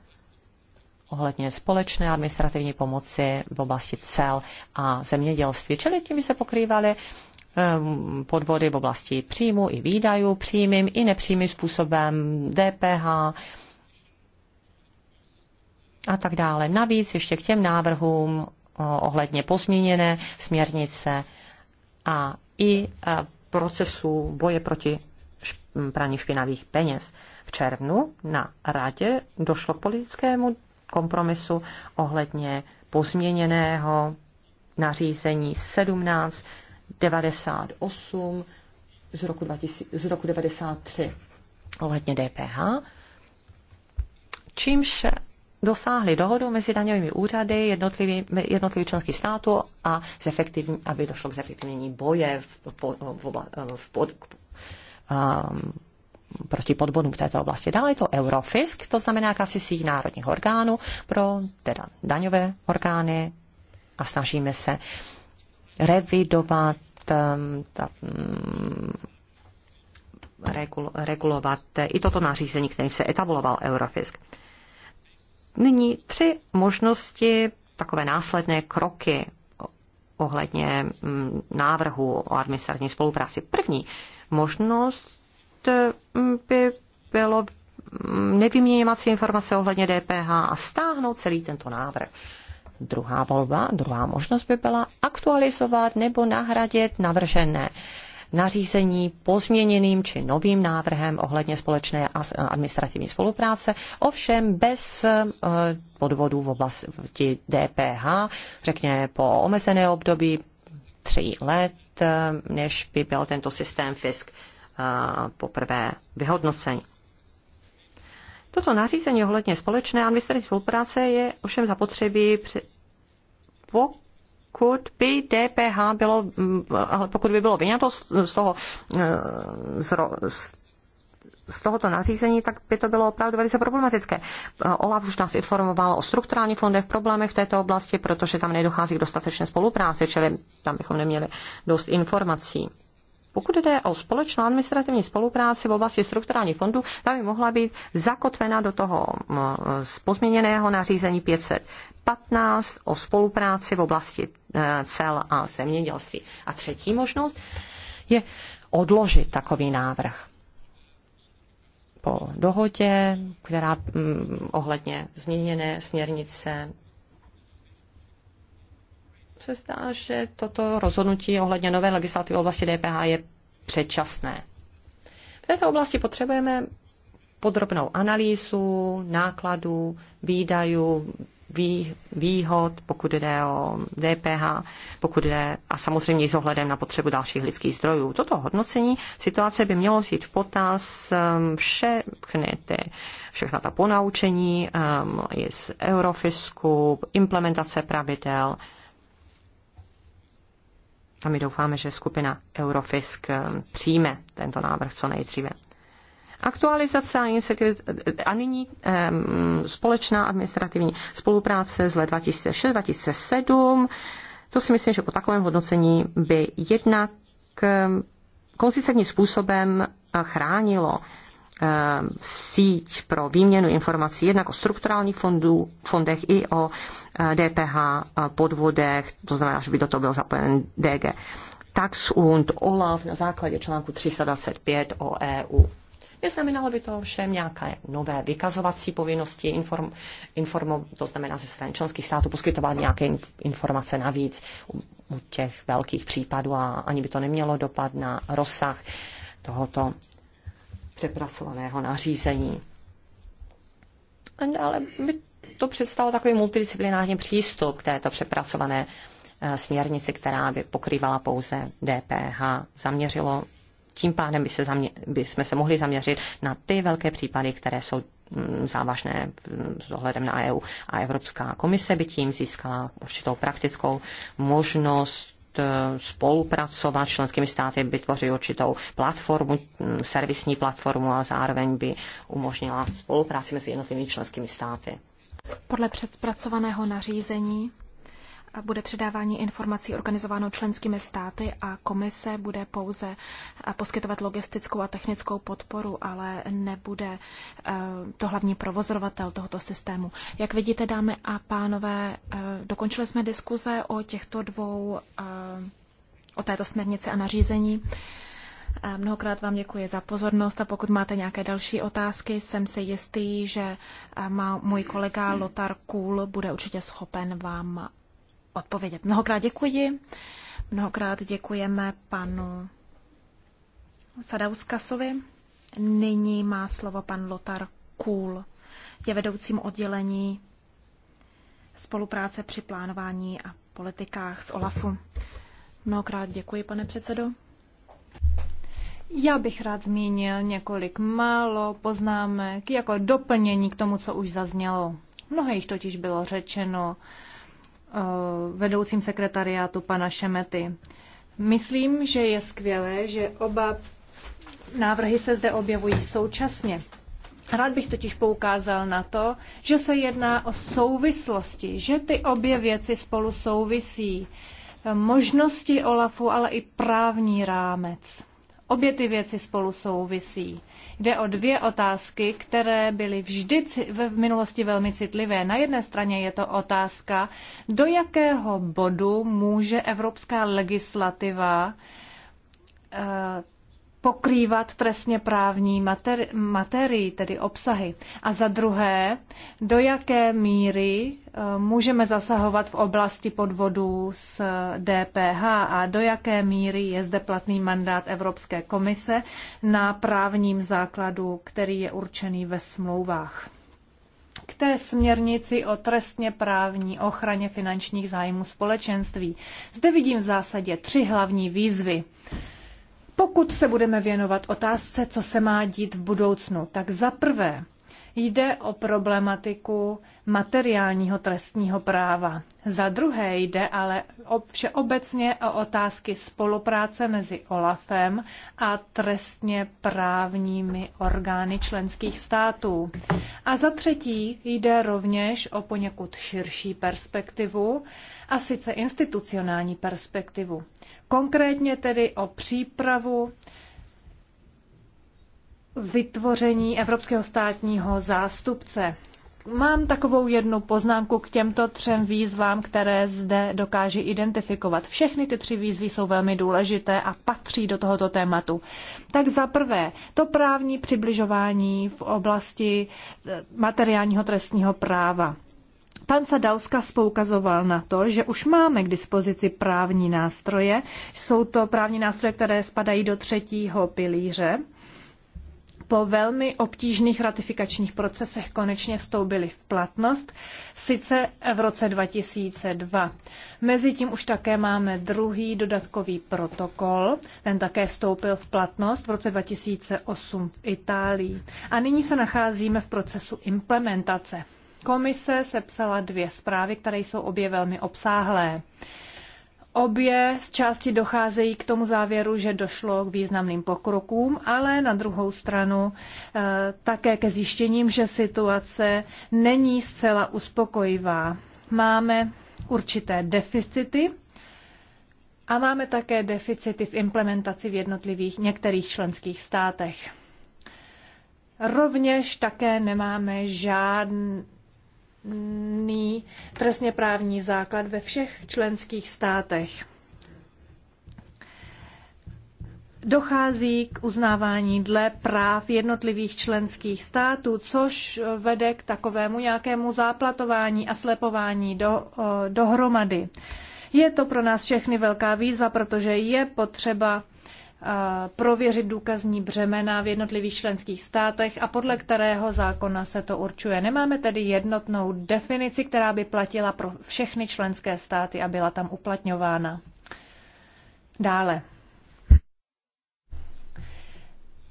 ohledně společné administrativní pomoci v oblasti cel a zemědělství. Čili tím by se pokrývaly Ehm, podvody v oblasti příjmu i výdajů, přímým i nepřímým způsobem, DPH, a tak dále. Navíc ještě k těm návrhům ohledně pozměněné směrnice a i e, procesu boje proti praní špinavých peněz. V červnu na radě došlo k politickému kompromisu ohledně pozměněného nařízení 17 98 z roku, 2000, z roku 93 ohledně DPH, čímž dosáhli dohodu mezi daňovými úřady jednotlivých členských států a zefektivní, aby došlo k zefektivnění boje v, v, v, v pod, um, proti podvodům v této oblasti. Dále je to Eurofisk, to znamená jakási síť národních orgánů pro teda daňové orgány a snažíme se revidovat, ehm, mm, regulovat i toto nařízení, které se etabloval Eurofisk. Nyní tři možnosti, takové následné kroky ohledně mm, návrhu o administrativní spolupráci. První možnost mm, by bylo nevyměňovat si informace ohledně DPH a stáhnout celý tento návrh. Druhá volba, druhá možnost by byla aktualizovat nebo nahradit navržené nařízení pozměněným či novým návrhem ohledně společné administrativní spolupráce, ovšem bez eh, podvodů v oblasti DPH, řekněme po omezené období tří let, eh, než by byl tento systém FISK eh, poprvé vyhodnocen. Toto nařízení ohledně společné administrativní spolupráce je ovšem zapotřebí pokud by DPH bylo, mm, ale pokud by bylo vyňato z toho, eh, z, z tohoto nařízení, tak by to bylo opravdu velice problematické. Olaf už nás informoval o strukturálních fondech, problémech v této oblasti, protože tam nedochází k dostatečné spolupráci, čili tam bychom neměli dost informací. Pokud jde o společnou administrativní spolupráci v oblasti strukturálních fondů, ta by mohla být zakotvena do toho mm, z pozměněného nařízení 500 15 o spolupráci v oblasti eh, cel a zemědělství. A třetí možnost je odložit takový návrh po dohodě, která mm, ohledně změněné směrnice se zdá, že toto rozhodnutí ohledně nové legislativy v oblasti DPH je předčasné. V této oblasti potřebujeme podrobnou analýzu nákladů, výdajů, vý, výhod, pokud jde o DPH, pokud jde a samozřejmě i s ohledem na potřebu dalších lidských zdrojů. Toto hodnocení situace by mělo vzít v potaz um, všechny ty, všechna ta ponaučení um, i z Eurofisku, implementace pravidel, a my doufáme, že skupina Eurofisk um, přijme tento návrh co nejdříve aktualizace a, a nyní um, společná administrativní spolupráce z let 2006-2007. To si myslím, že po takovém hodnocení by jednak um, konzistentním způsobem eh, chránilo síť pro výměnu informací jednak o strukturálních fondů, fondech i o DPH eh, eh, podvodech, to znamená, že by do toho byl zapojen DG. Tax und OLAF na základě článku 325 o EU. Neznamenalo by to ovšem nějaké nové vykazovací povinnosti, inform, inform, to znamená ze strany členských států poskytovat nějaké informace navíc u, u těch velkých případů a ani by to nemělo dopad na rozsah tohoto přepracovaného nařízení. ale by to představilo takový multidisciplinární přístup k této přepracované eh, směrnici, která by pokrývala pouze DPH. Zaměřilo tím pádem by, se zamě- by jsme se mohli zaměřit na ty velké případy, které jsou mm, závažné mm, s ohledem na EU. A Evropská komise by tím získala určitou praktickou možnost eh, spolupracovat s členskými státy, By vytvoří určitou platformu, mm, servisní platformu a zároveň by umožnila spolupráci mezi jednotlivými členskými státy. Podle předpracovaného nařízení bude předávání informací organizováno členskými státy a komise bude pouze eh, poskytovat logistickou a technickou podporu, ale nebude eh, to hlavní provozovatel tohoto systému. Jak vidíte, dámy a pánové, eh, dokončili jsme diskuze o těchto dvou, o této směrnici a nařízení. Mnohokrát vám děkuji za pozornost a pokud máte nějaké další otázky, jsem si jistý, že má můj kolega Lotar Kůl bude určitě schopen vám odpovědět. Mnohokrát děkuji. Mnohokrát děkujeme panu Sadauskasovi. Nyní má slovo pan Lotar Kůl. Je vedoucím oddělení spolupráce při plánování a politikách z OLAFu. Mnohokrát děkuji, pane předsedo. Já bych rád zmínil několik málo poznámek jako doplnění k tomu, co už zaznělo. Mnohé již totiž bylo řečeno. Eh, vedoucím sekretariátu pana Šemety. Myslím, že je skvělé, že oba návrhy se zde objevují současně. Rád bych totiž poukázal na to, že se jedná o souvislosti, že ty obě věci spolu souvisí. Možnosti Olafu, ale i právní rámec. Obě ty věci spolu souvisí. Jde o dvě otázky, které byly vždy v minulosti velmi citlivé. Na jedné straně je to otázka, do jakého bodu může evropská legislativa eh, pokrývat trestně právní materi- materii, tedy obsahy. A za druhé, do jaké míry eh, můžeme zasahovat v oblasti podvodů s DPH a do jaké míry je zde platný mandát Evropské komise na právním základu, který je určený ve smlouvách. K té směrnici o trestně právní ochraně finančních zájmů společenství. Zde vidím v zásadě tři hlavní výzvy. Pokud se budeme věnovat otázce, co se má dít v budoucnu, tak za prvé jde o problematiku materiálního trestního práva. Za druhé jde ale všeobecně o otázky spolupráce mezi OLAFem a trestně právními orgány členských států. A za třetí jde rovněž o poněkud širší perspektivu, a sice institucionální perspektivu. Konkrétně tedy o přípravu vytvoření Evropského státního zástupce. Mám takovou jednu poznámku k těmto třem výzvám, které zde dokáží identifikovat. Všechny ty tři výzvy jsou velmi důležité a patří do tohoto tématu. Tak za prvé, to právní přibližování v oblasti eh, materiálního trestního práva. Pan Sadauska spoukazoval na to, že už máme k dispozici právní nástroje. Jsou to právní nástroje, které spadají do třetího pilíře. Po velmi obtížných ratifikačních procesech konečně vstoupily v platnost, sice v roce 2002. Mezitím už také máme druhý dodatkový protokol, ten také vstoupil v platnost v roce 2008 v Itálii. A nyní se nacházíme v procesu implementace. Komise sepsala dvě zprávy, které jsou obě velmi obsáhlé. Obě z části docházejí k tomu závěru, že došlo k významným pokrokům, ale na druhou stranu eh, také ke zjištěním, že situace není zcela uspokojivá. Máme určité deficity a máme také deficity v implementaci v jednotlivých některých členských státech. Rovněž také nemáme žádný jednotný trestně právní základ ve všech členských státech. Dochází k uznávání dle práv jednotlivých členských států, což vede k takovému nějakému záplatování a slepování do, dohromady. Je to pro nás všechny velká výzva, protože je potřeba Eh, prověřit důkazní břemena v jednotlivých členských státech a podle kterého zákona se to určuje. Nemáme tedy jednotnou definici, která by platila pro všechny členské státy a byla tam uplatňována. Dále.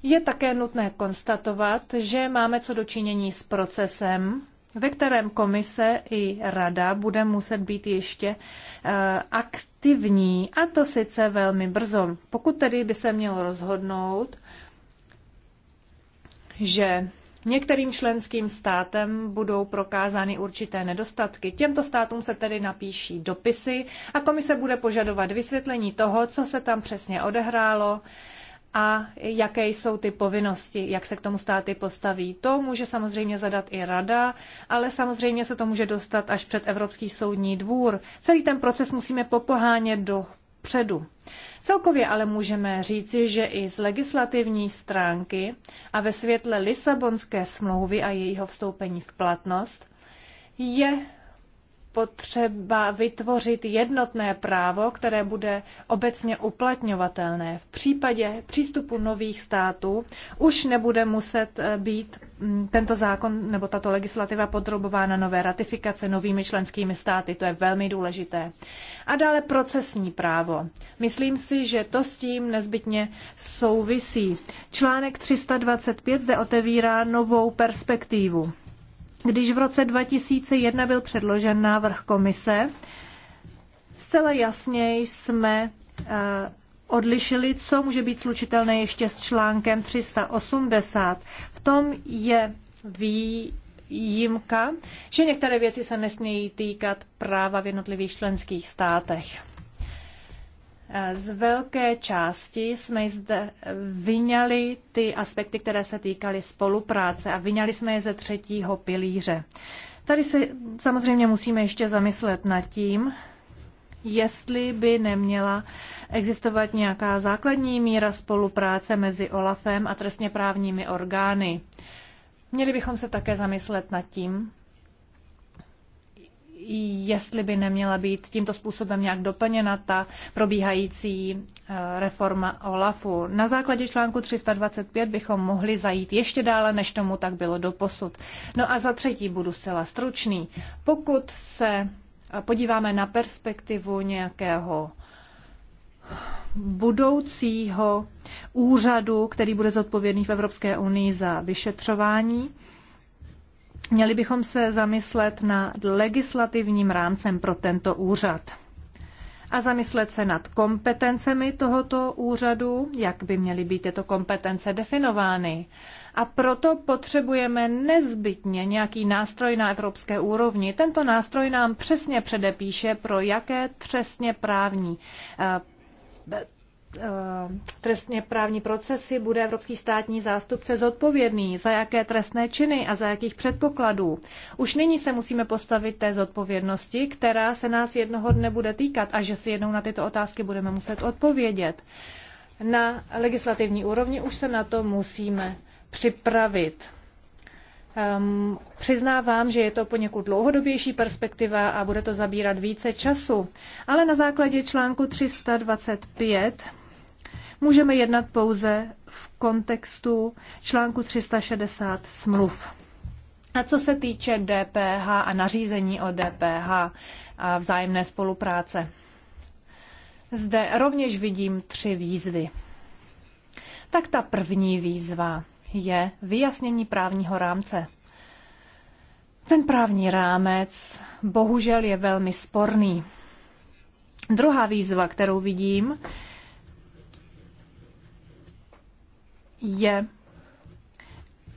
Je také nutné konstatovat, že máme co dočinění s procesem, ve kterém komise i rada bude muset být ještě eh, akt aktivní, a to sice velmi brzo. Pokud tedy by se měl rozhodnout, že Některým členským státem budou prokázány určité nedostatky. Těmto státům se tedy napíší dopisy a komise bude požadovat vysvětlení toho, co se tam přesně odehrálo a jaké jsou ty povinnosti, jak se k tomu státy postaví. To může samozřejmě zadat i rada, ale samozřejmě se to může dostat až před Evropský soudní dvůr. Celý ten proces musíme popohánět do předu. Celkově ale můžeme říci, že i z legislativní stránky a ve světle Lisabonské smlouvy a jejího vstoupení v platnost je potřeba vytvořit jednotné právo, které bude obecně uplatňovatelné. V případě přístupu nových států už nebude muset eh, být mm, tento zákon nebo tato legislativa podrobována nové ratifikace novými členskými státy. To je velmi důležité. A dále procesní právo. Myslím si, že to s tím nezbytně souvisí. Článek 325 zde otevírá novou perspektivu. Když v roce 2001 byl předložen návrh komise, zcela jasně jsme eh, odlišili, co může být slučitelné ještě s článkem 380. V tom je výjimka, že některé věci se nesmějí týkat práva v jednotlivých členských státech. Z velké části jsme zde vyňali ty aspekty, které se týkaly spolupráce a vyňali jsme je ze třetího pilíře. Tady se samozřejmě musíme ještě zamyslet nad tím, jestli by neměla existovat nějaká základní míra spolupráce mezi OLAFem a trestně právními orgány. Měli bychom se také zamyslet nad tím, jestli by neměla být tímto způsobem nějak doplněna ta probíhající eh, reforma OLAFu. Na základě článku 325 bychom mohli zajít ještě dále, než tomu tak bylo do posud. No a za třetí budu zcela stručný. Pokud se eh, podíváme na perspektivu nějakého budoucího úřadu, který bude zodpovědný v Evropské unii za vyšetřování, Měli bychom se zamyslet nad legislativním rámcem pro tento úřad a zamyslet se nad kompetencemi tohoto úřadu, jak by měly být tyto kompetence definovány. A proto potřebujeme nezbytně nějaký nástroj na evropské úrovni. Tento nástroj nám přesně předepíše, pro jaké přesně právní eh, Eh, trestně právní procesy bude evropský státní zástupce zodpovědný, za jaké trestné činy a za jakých předpokladů. Už nyní se musíme postavit té zodpovědnosti, která se nás jednoho dne bude týkat a že si jednou na tyto otázky budeme muset odpovědět. Na legislativní úrovni už se na to musíme připravit. Um, přiznávám, že je to poněkud dlouhodobější perspektiva a bude to zabírat více času, ale na základě článku 325 můžeme jednat pouze v kontextu článku 360 smluv. A co se týče DPH a nařízení o DPH a vzájemné spolupráce, zde rovněž vidím tři výzvy. Tak ta první výzva je vyjasnění právního rámce. Ten právní rámec bohužel je velmi sporný. Druhá výzva, kterou vidím, je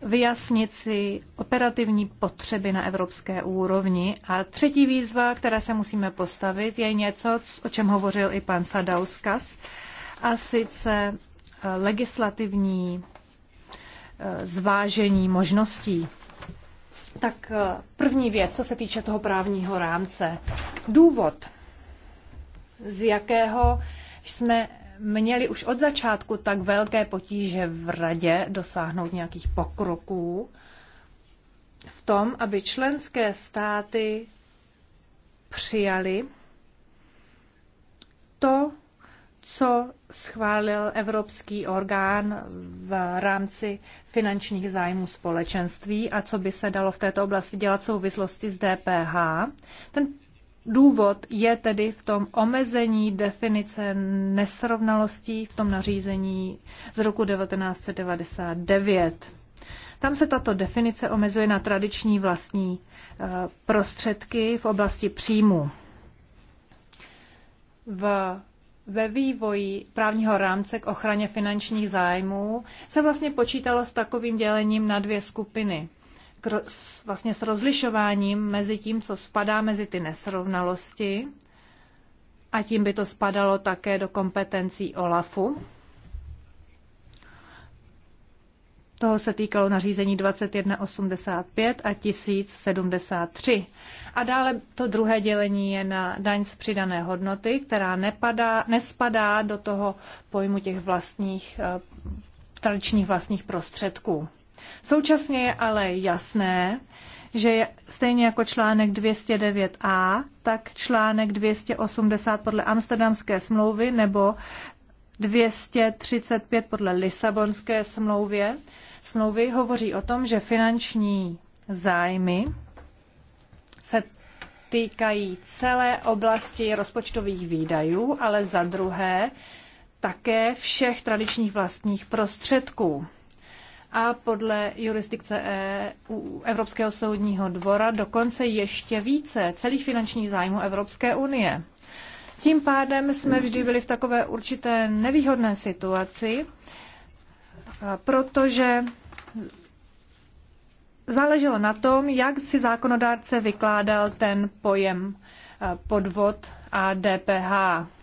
vyjasnit si operativní potřeby na evropské úrovni. A třetí výzva, která se musíme postavit, je něco, o čem hovořil i pan Sadauskas, a sice eh, legislativní eh, zvážení možností. Tak eh, první věc, co se týče toho právního rámce. Důvod, z jakého jsme měli už od začátku tak velké potíže v radě dosáhnout nějakých pokroků v tom, aby členské státy přijali to, co schválil evropský orgán v rámci finančních zájmů společenství a co by se dalo v této oblasti dělat v souvislosti s DPH. Ten Důvod je tedy v tom omezení definice nesrovnalostí v tom nařízení z roku 1999. Tam se tato definice omezuje na tradiční vlastní eh, prostředky v oblasti příjmu. V, ve vývoji právního rámce k ochraně finančních zájmů se vlastně počítalo s takovým dělením na dvě skupiny – vlastně s rozlišováním mezi tím, co spadá mezi ty nesrovnalosti, a tím by to spadalo také do kompetencí OLAFu. Toho se týkalo nařízení 2185 a 1073. A dále to druhé dělení je na daň z přidané hodnoty, která nepadá, nespadá do toho pojmu těch vlastních, eh, tradičních vlastních prostředků. Současně je ale jasné, že stejně jako článek 209a, tak článek 280 podle Amsterdamské smlouvy nebo 235 podle Lisabonské smlouvě, smlouvy hovoří o tom, že finanční zájmy se týkají celé oblasti rozpočtových výdajů, ale za druhé také všech tradičních vlastních prostředků a podle jurisdikce EU, Evropského soudního dvora dokonce ještě více celých finančních zájmů Evropské unie. Tím pádem jsme vždy byli v takové určité nevýhodné situaci, protože záleželo na tom, jak si zákonodárce vykládal ten pojem podvod a DPH.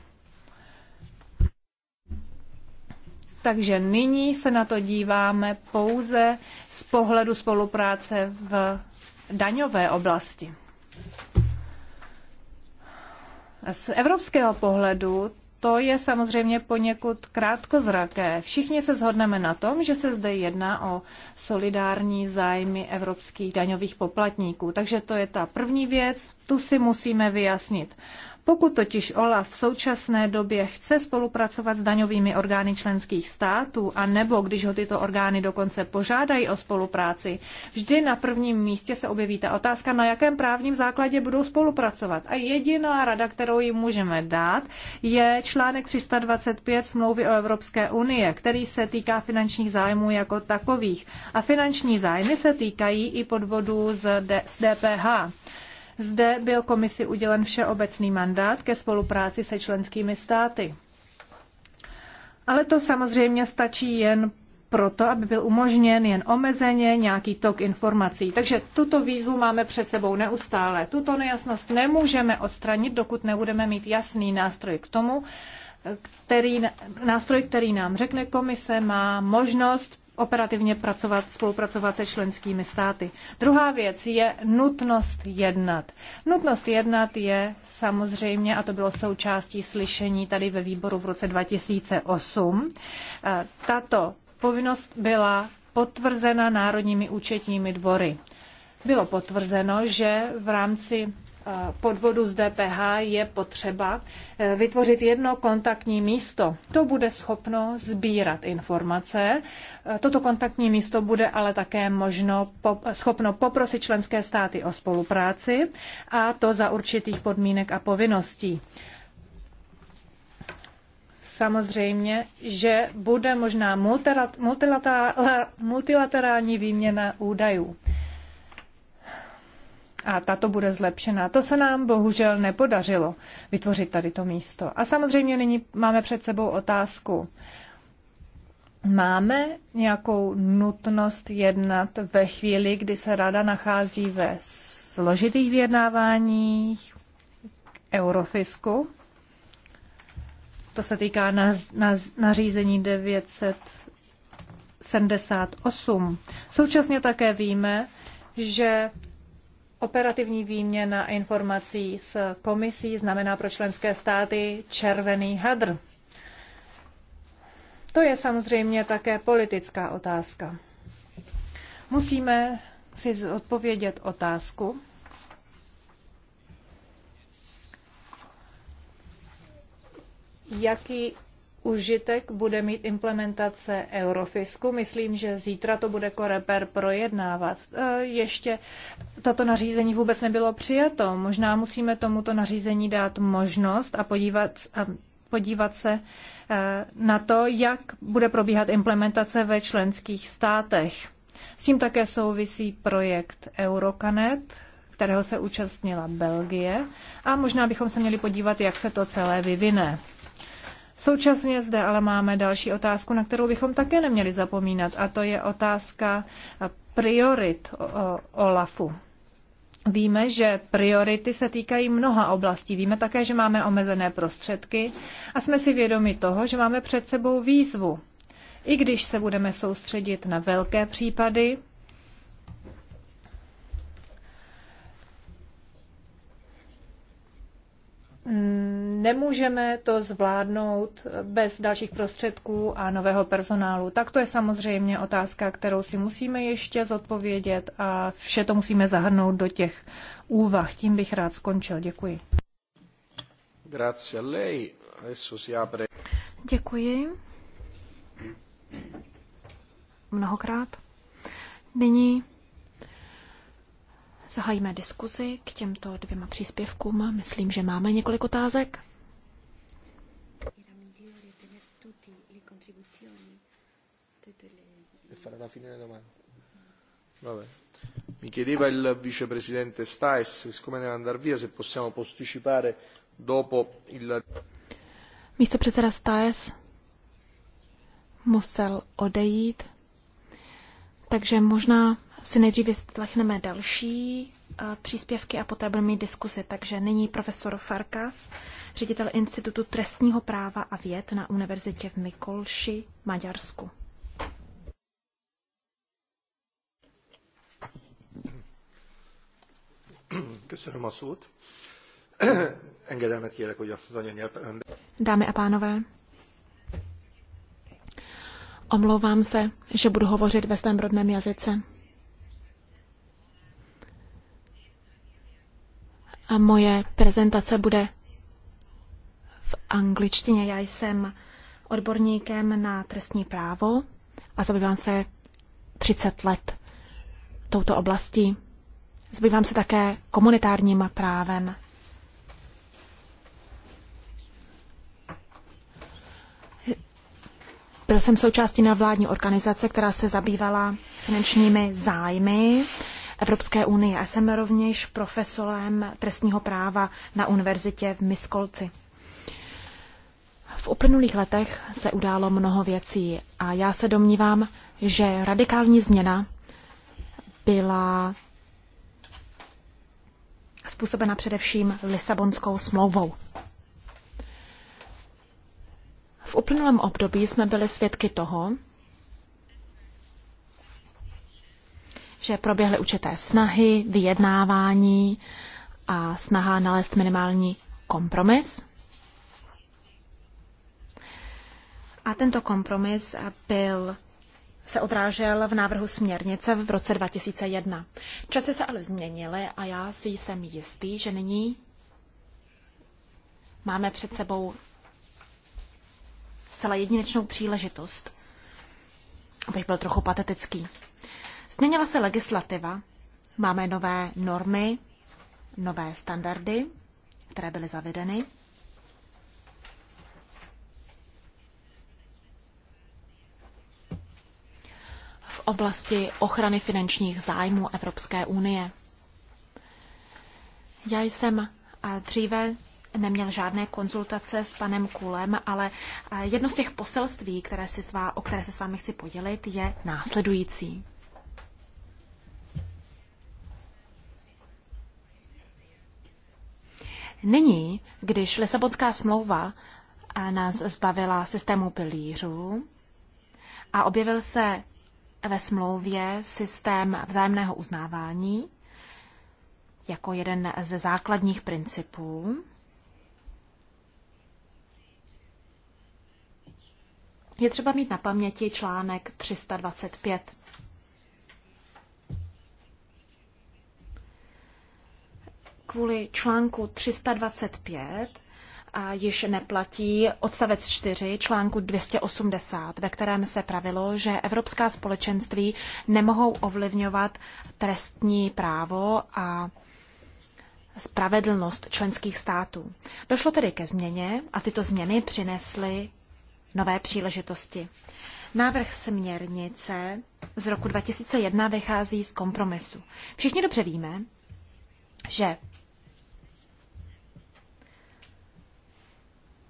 Takže nyní se na to díváme pouze z pohledu spolupráce v daňové oblasti. Z evropského pohledu to je samozřejmě poněkud krátkozraké. Všichni se shodneme na tom, že se zde jedná o solidární zájmy evropských daňových poplatníků. Takže to je ta první věc, tu si musíme vyjasnit. Pokud totiž OLAF v současné době chce spolupracovat s daňovými orgány členských států, a nebo když ho tyto orgány dokonce požádají o spolupráci, vždy na prvním místě se objeví ta otázka, na jakém právním základě budou spolupracovat. A jediná rada, kterou jim můžeme dát, je článek 325 smlouvy o Evropské unie, který se týká finančních zájmů jako takových. A finanční zájmy se týkají i podvodů z DPH. Zde byl komisi udělen všeobecný mandát ke spolupráci se členskými státy. Ale to samozřejmě stačí jen proto, aby byl umožněn jen omezeně nějaký tok informací. Takže tuto výzvu máme před sebou neustále. Tuto nejasnost nemůžeme odstranit, dokud nebudeme mít jasný nástroj k tomu, který, nástroj, který nám řekne komise, má možnost operativně pracovat, spolupracovat se členskými státy. Druhá věc je nutnost jednat. Nutnost jednat je samozřejmě, a to bylo součástí slyšení tady ve výboru v roce 2008, eh, tato povinnost byla potvrzena národními účetními dvory. Bylo potvrzeno, že v rámci podvodu z DPH je potřeba eh, vytvořit jedno kontaktní místo. To bude schopno sbírat informace. Eh, Toto kontaktní místo bude ale také možno schopno poprosit členské státy o spolupráci a to za určitých podmínek a povinností samozřejmě, že bude možná multilaterální výměna údajů a tato bude zlepšena. To se nám bohužel nepodařilo vytvořit tady to místo. A samozřejmě nyní máme před sebou otázku. Máme nějakou nutnost jednat ve chvíli, kdy se rada nachází ve složitých vyjednáváních Eurofisku? To se týká na, na, 978. Současně také víme, že Operativní výměna informací s komisí znamená pro členské státy červený hadr. To je samozřejmě také politická otázka. Musíme si odpovědět otázku, jaký užitek bude mít implementace Eurofisku. Myslím, že zítra to bude Koreper projednávat. E, ještě tato nařízení vůbec nebylo přijato. Možná musíme tomuto nařízení dát možnost a podívat, a podívat se e, na to, jak bude probíhat implementace ve členských státech. S tím také souvisí projekt Eurokanet, kterého se účastnila Belgie a možná bychom se měli podívat, jak se to celé vyvine. Současně zde ale máme další otázku, na kterou bychom také neměli zapomínat, a to je otázka priorit OLAFu. Víme, že priority se týkají mnoha oblastí. Víme také, že máme omezené prostředky a jsme si vědomi toho, že máme před sebou výzvu. I když se budeme soustředit na velké případy, nemůžeme to zvládnout bez dalších prostředků a nového personálu. Tak to je samozřejmě otázka, kterou si musíme ještě zodpovědět a vše to musíme zahrnout do těch úvah. Tím bych rád skončil. Děkuji. Děkuji. Mnohokrát. Nyní Zahájíme diskuzi k těmto dvěma příspěvkům. Myslím, že máme několik otázek. E Mi chiedeva il vicepresidente Staes, siccome deve andare via, se possiamo posticipare dopo il... Místo předseda Staes musel odejít, takže možná si nejdřív vyslechneme další eh, příspěvky a poté budeme mít diskuzi. Takže nyní profesor Farkas, ředitel Institutu trestního práva a věd na univerzitě v Mikolši, Maďarsku. Köszönöm a szót. Engedelmet kérek, hogy az Dámy a pánové, omlouvám se, že budu hovořit ve svém rodném jazyce. A moje prezentace bude v angličtině. Já jsem odborníkem na trestní právo a zabývám se 30 let touto oblastí. Zabývám se také komunitárním právem. Byl jsem součástí na vládní organizace, která se zabývala finančními zájmy Evropské unie a jsem rovněž profesorem trestního práva na univerzitě v Miskolci. V uplynulých letech se událo mnoho věcí a já se domnívám, že radikální změna byla způsobena především Lisabonskou smlouvou. V uplynulém období jsme byli svědky toho, že proběhly určité snahy, vyjednávání a snaha nalézt minimální kompromis. A tento kompromis byl se odrážel v návrhu směrnice v roce 2001. Časy se ale změnily a já si jsem jistý, že nyní máme před sebou zcela jedinečnou příležitost, abych byl trochu patetický. Změnila se legislativa, máme nové normy, nové standardy, které byly zavedeny. v oblasti ochrany finančních zájmů Evropské unie. Já jsem dříve neměl žádné konzultace s panem Kulem, ale jedno z těch poselství, které si svá, o které se s vámi chci podělit, je následující. Nyní, když Lisabonská smlouva eh, nás zbavila systému pilířů a objevil se ve smlouvě systém vzájemného uznávání jako jeden ze základních principů, je třeba mít na paměti článek 325 kvůli článku 325 a již neplatí odstavec 4 článku 280, ve kterém se pravilo, že evropská společenství nemohou ovlivňovat trestní právo a spravedlnost členských států. Došlo tedy ke změně a tyto změny přinesly nové příležitosti. Návrh směrnice z roku 2001 vychází z kompromisu. Všichni dobře víme, že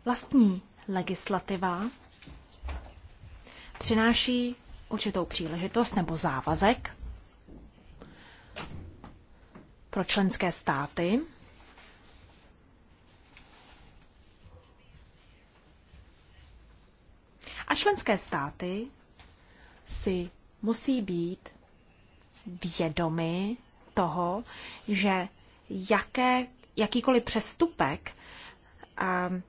Vlastní legislativa přináší určitou příležitost nebo závazek pro členské státy, A členské státy si musí být vědomi toho, že jaké, jakýkoliv přestupek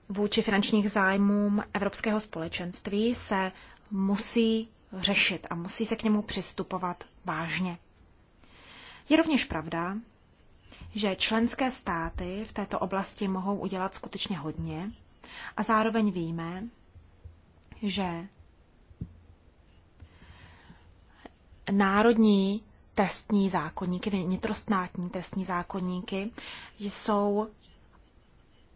vůči finančních zájmům Evropského společenství se musí řešit a musí se k němu přistupovat vážně. Je rovněž pravda, že členské státy v této oblasti mohou udělat skutečně hodně a zároveň víme, že národní trestní zákonníky, vnitrostátní trestní zákonníky jsou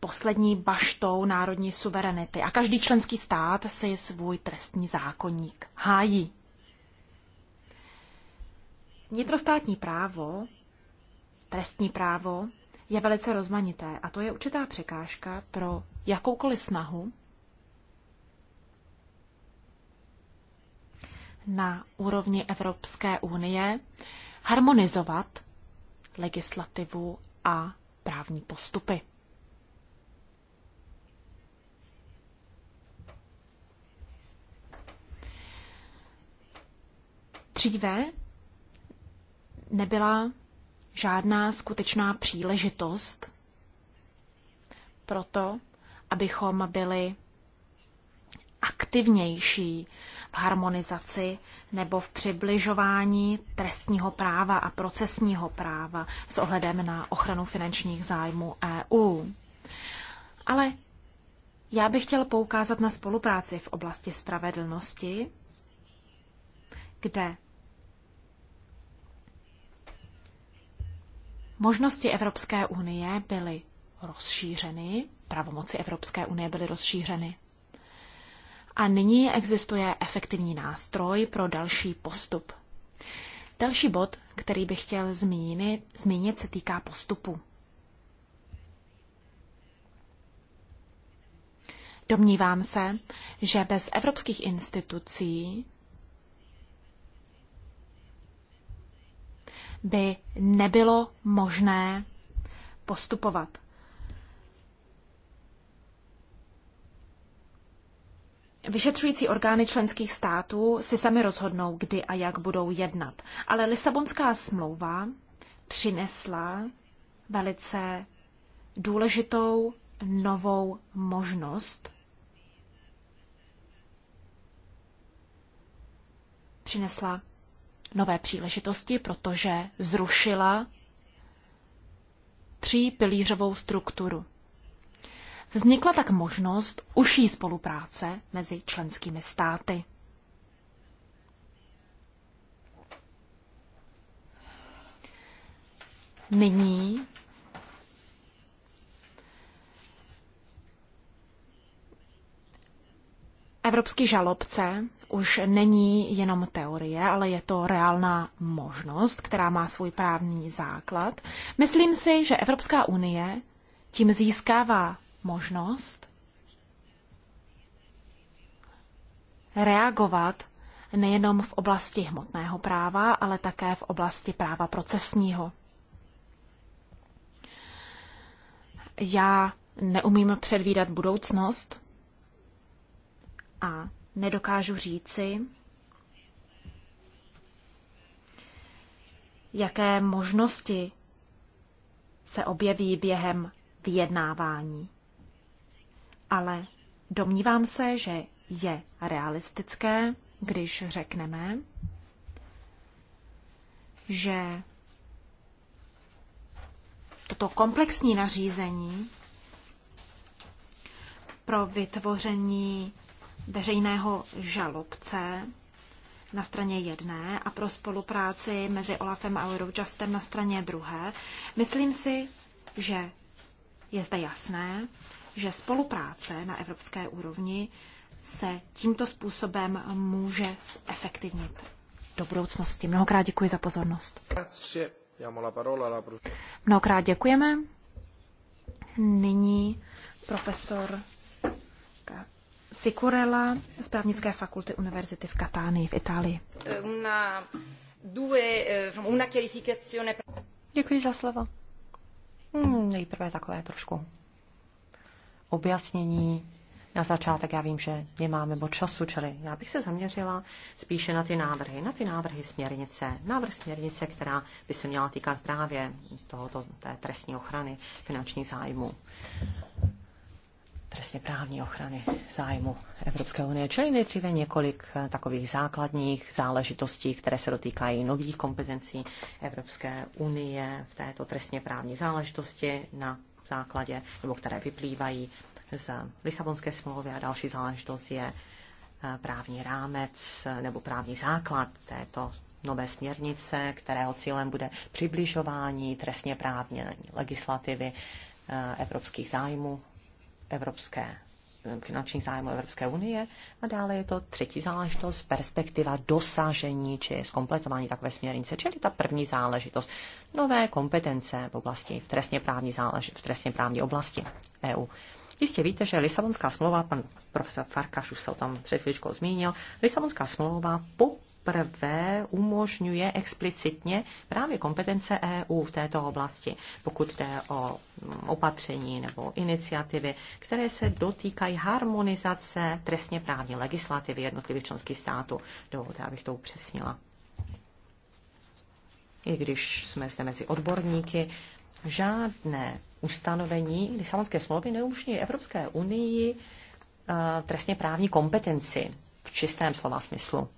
poslední baštou národní suverenity a každý členský stát si svůj trestní zákonník hájí. Vnitrostátní právo, trestní právo, je velice rozmanité a to je určitá překážka pro jakoukoliv snahu na úrovni Evropské unie harmonizovat legislativu a právní postupy. Dříve nebyla žádná skutečná příležitost pro to, abychom byli aktivnější v harmonizaci nebo v přibližování trestního práva a procesního práva s ohledem na ochranu finančních zájmů EU. Ale já bych chtěl poukázat na spolupráci v oblasti spravedlnosti, kde Možnosti Evropské unie byly rozšířeny, pravomoci Evropské unie byly rozšířeny. A nyní existuje efektivní nástroj pro další postup. Další bod, který bych chtěl zmínit, zmínit se týká postupu. Domnívám se, že bez evropských institucí by nebylo možné postupovat. Vyšetřující orgány členských států si sami rozhodnou, kdy a jak budou jednat. Ale Lisabonská smlouva přinesla velice důležitou novou možnost. Přinesla nové příležitosti, protože zrušila tří pilířovou strukturu. Vznikla tak možnost užší spolupráce mezi členskými státy. Nyní evropský žalobce už není jenom teorie, ale je to reálná možnost, která má svůj právní základ. Myslím si, že Evropská unie tím získává možnost reagovat nejenom v oblasti hmotného práva, ale také v oblasti práva procesního. Já neumím předvídat budoucnost a nedokážu říci, jaké možnosti se objeví během vyjednávání. Ale domnívám se, že je realistické, když řekneme, že toto komplexní nařízení pro vytvoření veřejného žalobce na straně jedné a pro spolupráci mezi Olafem a Eurojustem na straně druhé, myslím si, že je zde jasné, že spolupráce na evropské úrovni se tímto způsobem může zefektivnit do budoucnosti. Mnohokrát děkuji za pozornost. Mnohokrát děkujeme. Nyní profesor Sikurela z právnické fakulty Univerzity v Katánii v Itálii. Una, due, eh, una chiarificazione. Děkuji za slovo. Hmm, nejprve takové trošku objasnění. Na začátek já vím, že nemáme moc času, čili já bych se zaměřila spíše na ty návrhy, na ty návrhy směrnice. Návrh směrnice, která by se měla týkat právě tohoto, té trestní ochrany finančních zájmů trestně právní ochrany zájmu Evropské unie. Čili nejdříve několik eh, takových základních záležitostí, které se dotýkají nových kompetencí Evropské unie v této trestně právní záležitosti na základě, nebo které vyplývají z Lisabonské smlouvy a další záležitost je eh, právní rámec eh, nebo právní základ této nové směrnice, kterého cílem bude přibližování trestně právní legislativy evropských zájmů evropské finanční zájmu Evropské unie a dále je to třetí záležitost, perspektiva dosažení či zkompletování takové směrnice, čili ta první záležitost, nové kompetence v oblasti, v trestně právní, zálež, v trestně právní oblasti EU. Jistě víte, že Lisabonská smlouva, pan profesor Farkaš už se o tom před chvíličkou zmínil, Lisabonská smlouva po poprvé umožňuje explicitně právě kompetence EU v této oblasti, pokud jde o mm, opatření nebo iniciativy, které se dotýkají harmonizace trestně právní legislativy jednotlivých členských států. Dovolte, abych to upřesnila. I když jsme zde mezi odborníky, žádné ustanovení Lisabonské smlouvy neumožní Evropské unii eh, trestně právní kompetenci v čistém slova smyslu.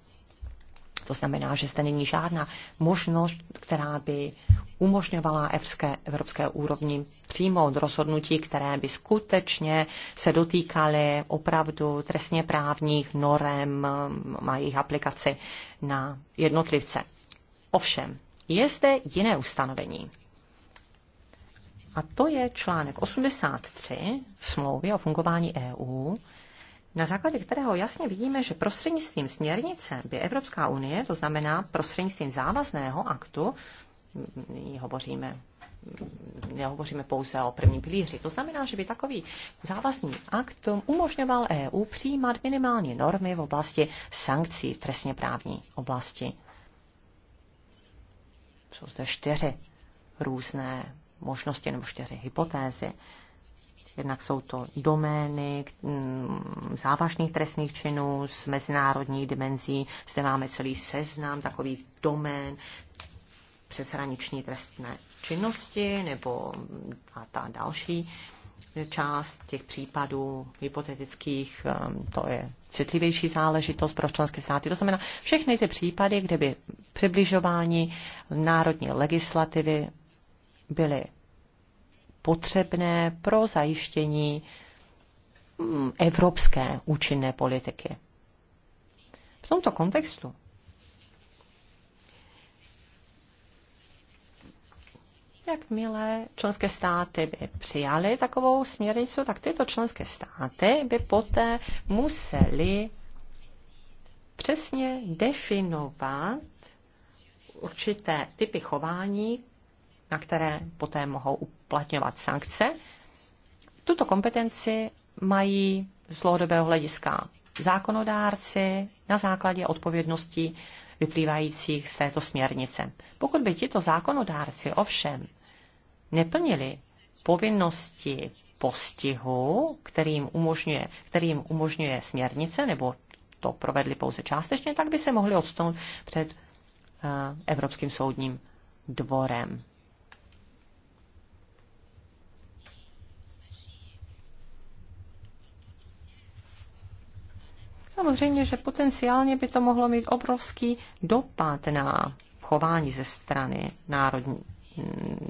To znamená, že zde není žádná možnost, která by umožňovala evropské, evropské úrovni přijmout rozhodnutí, které by skutečně se dotýkaly opravdu trestně právních norem a jejich aplikaci na jednotlivce. Ovšem, je zde jiné ustanovení. A to je článek 83 smlouvy o fungování EU, na základě kterého jasně vidíme, že prostřednictvím směrnice by Evropská unie, to znamená prostřednictvím závazného aktu, hovoříme nehovoříme pouze o prvním pilíři. To znamená, že by takový závazný akt umožňoval EU přijímat minimální normy v oblasti sankcí v trestně právní oblasti. Jsou zde čtyři různé možnosti nebo čtyři hypotézy. Jednak jsou to domény mm, závažných trestných činů s mezinárodní dimenzí. Zde máme celý seznam takových domén přeshraniční trestné činnosti nebo a ta další část těch případů hypotetických, ehm, to je citlivější záležitost pro členské státy. To znamená, všechny ty případy, kde by přibližování národní legislativy byly potřebné pro zajištění mm, evropské účinné politiky. V tomto kontextu jakmile členské státy by přijaly takovou směrnici, tak tyto členské státy by poté musely přesně definovat určité typy chování, na které poté mohou uplatňovat sankce. Tuto kompetenci mají z dlouhodobého hlediska zákonodárci na základě odpovědností vyplývajících z této směrnice. Pokud by tito zákonodárci ovšem neplnili povinnosti postihu, kterým umožňuje, kterým umožňuje směrnice, nebo to provedli pouze částečně, tak by se mohli odstnout před eh, Evropským soudním dvorem. Samozřejmě, že potenciálně by to mohlo mít obrovský dopad na chování ze strany národní,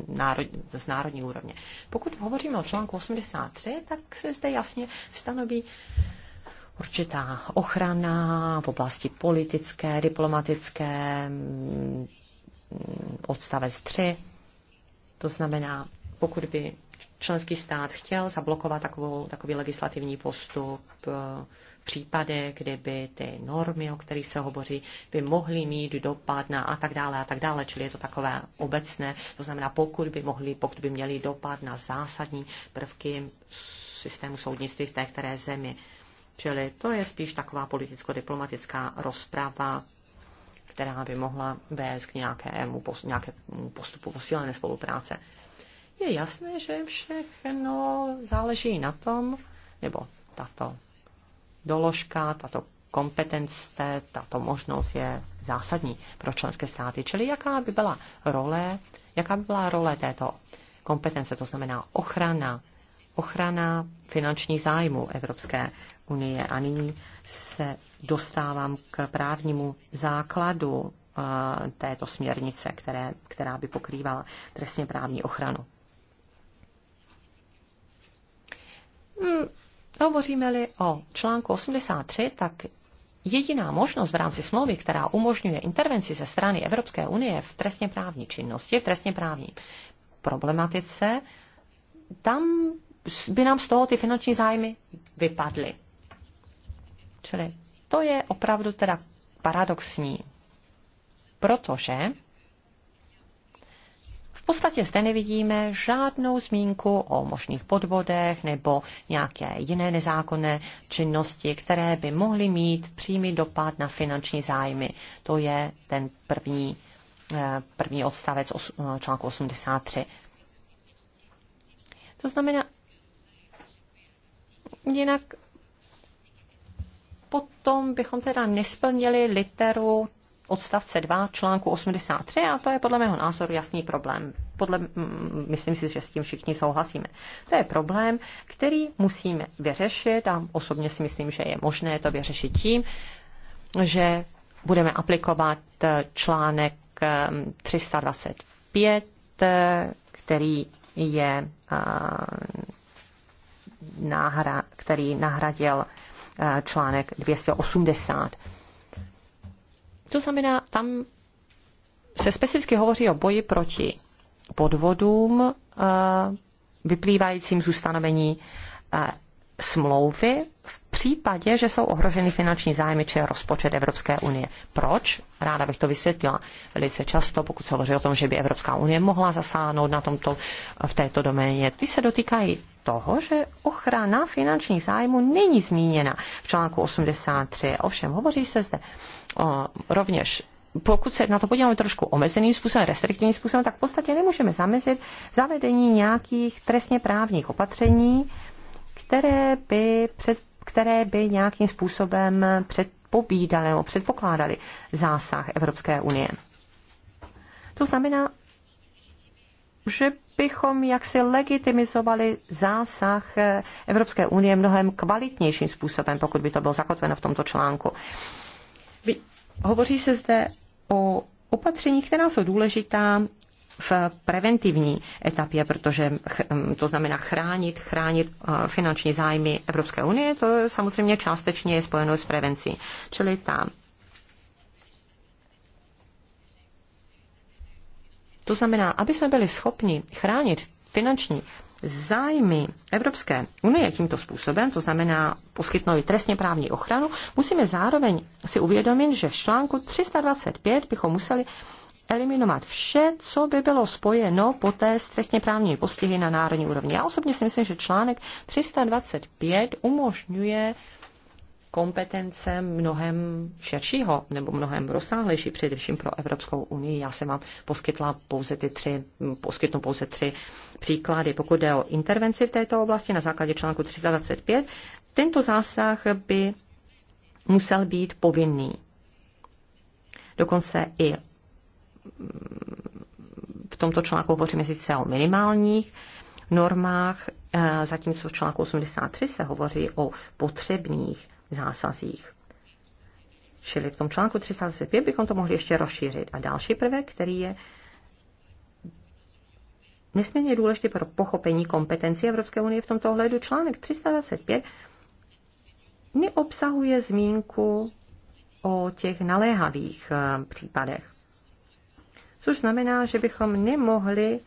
národ, z národní úrovně. Pokud hovoříme o článku 83, tak se zde jasně stanoví určitá ochrana v oblasti politické, diplomatické, mm, odstavec 3. To znamená, pokud by členský stát chtěl zablokovat takovou, takový legislativní postup, případech, kdyby ty normy, o kterých se hovoří, by mohly mít dopad na a tak dále a tak dále, čili je to takové obecné, to znamená, pokud by mohly, pokud by měly dopad na zásadní prvky systému soudnictví v té které zemi. Čili to je spíš taková politicko-diplomatická rozprava, která by mohla vést k nějakému, nějakému postupu posílené spolupráce. Je jasné, že všechno záleží na tom, nebo tato doložka, tato kompetence, tato možnost je zásadní pro členské státy. Čili jaká by byla role, jaká by byla role této kompetence, to znamená ochrana, ochrana finančních zájmů Evropské unie. A nyní se dostávám k právnímu základu eh, této směrnice, které, která by pokrývala trestně právní ochranu. Hmm, Hovoříme-li o článku 83, tak jediná možnost v rámci smlouvy, která umožňuje intervenci ze strany Evropské unie v trestně právní činnosti, v trestně právní problematice, tam by nám z toho ty finanční zájmy vypadly. Čili to je opravdu teda paradoxní, protože podstatě zde nevidíme žádnou zmínku o možných podvodech nebo nějaké jiné nezákonné činnosti, které by mohly mít přímý dopad na finanční zájmy. To je ten první, eh, první odstavec eh, článku 83. To znamená, jinak potom bychom teda nesplnili literu odstavce 2 článku 83 a to je podle mého názoru jasný problém. Podle, myslím si, že s tím všichni souhlasíme. To je problém, který musíme vyřešit a osobně si myslím, že je možné to vyřešit tím, že budeme aplikovat eh, článek 325, eh, eh, který je náhra, který nahradil článek 280 to znamená, tam se specificky hovoří o boji proti podvodům eh, vyplývajícím z ustanovení eh, smlouvy v případě, že jsou ohroženy finanční zájmy či rozpočet Evropské unie. Proč? Ráda bych to vysvětlila. Velice často, pokud se hovoří o tom, že by Evropská unie mohla zasáhnout na tomto, v této doméně, ty se dotýkají toho, že ochrana finančních zájmů není zmíněna v článku 83. Ovšem, hovoří se zde rovněž pokud se na to podíváme trošku omezeným způsobem, restriktivním způsobem, tak v podstatě nemůžeme zamezit zavedení nějakých trestně právních opatření, které by, před, které by nějakým způsobem předpobídaly nebo předpokládaly zásah Evropské unie. To znamená, že bychom jaksi legitimizovali zásah Evropské unie mnohem kvalitnějším způsobem, pokud by to bylo zakotveno v tomto článku. Hovoří se zde o opatření, která jsou důležitá v preventivní etapě, protože mm, to znamená chránit, chránit eh, finanční zájmy Evropské unie, to samozřejmě částečně je spojeno s prevencí. Čili ta To znamená, aby jsme byli schopni chránit finanční zájmy Evropské unie tímto způsobem, to znamená poskytnout trestně právní ochranu, musíme zároveň si uvědomit, že v článku 325 bychom museli eliminovat vše, co by bylo spojeno poté s trestně právními postihy na národní úrovni. Já osobně si myslím, že článek 325 umožňuje kompetence mnohem širšího nebo mnohem rozsáhlejší, především pro Evropskou unii. Já jsem vám poskytla pouze ty tři, poskytnu pouze tři příklady. Pokud jde o intervenci v této oblasti na základě článku 325, tento zásah by musel být povinný. Dokonce i mm, v tomto článku hovoříme sice o minimálních normách, e, zatímco v článku 83 se hovoří o potřebných zásazích. Čili v tom článku 325 bychom to mohli ještě rozšířit. A další prvek, který je nesmírně důležitý pro pochopení kompetencí Evropské unie v tomto ohledu, článek 325 neobsahuje zmínku o těch naléhavých eh, případech. Což znamená, že bychom nemohli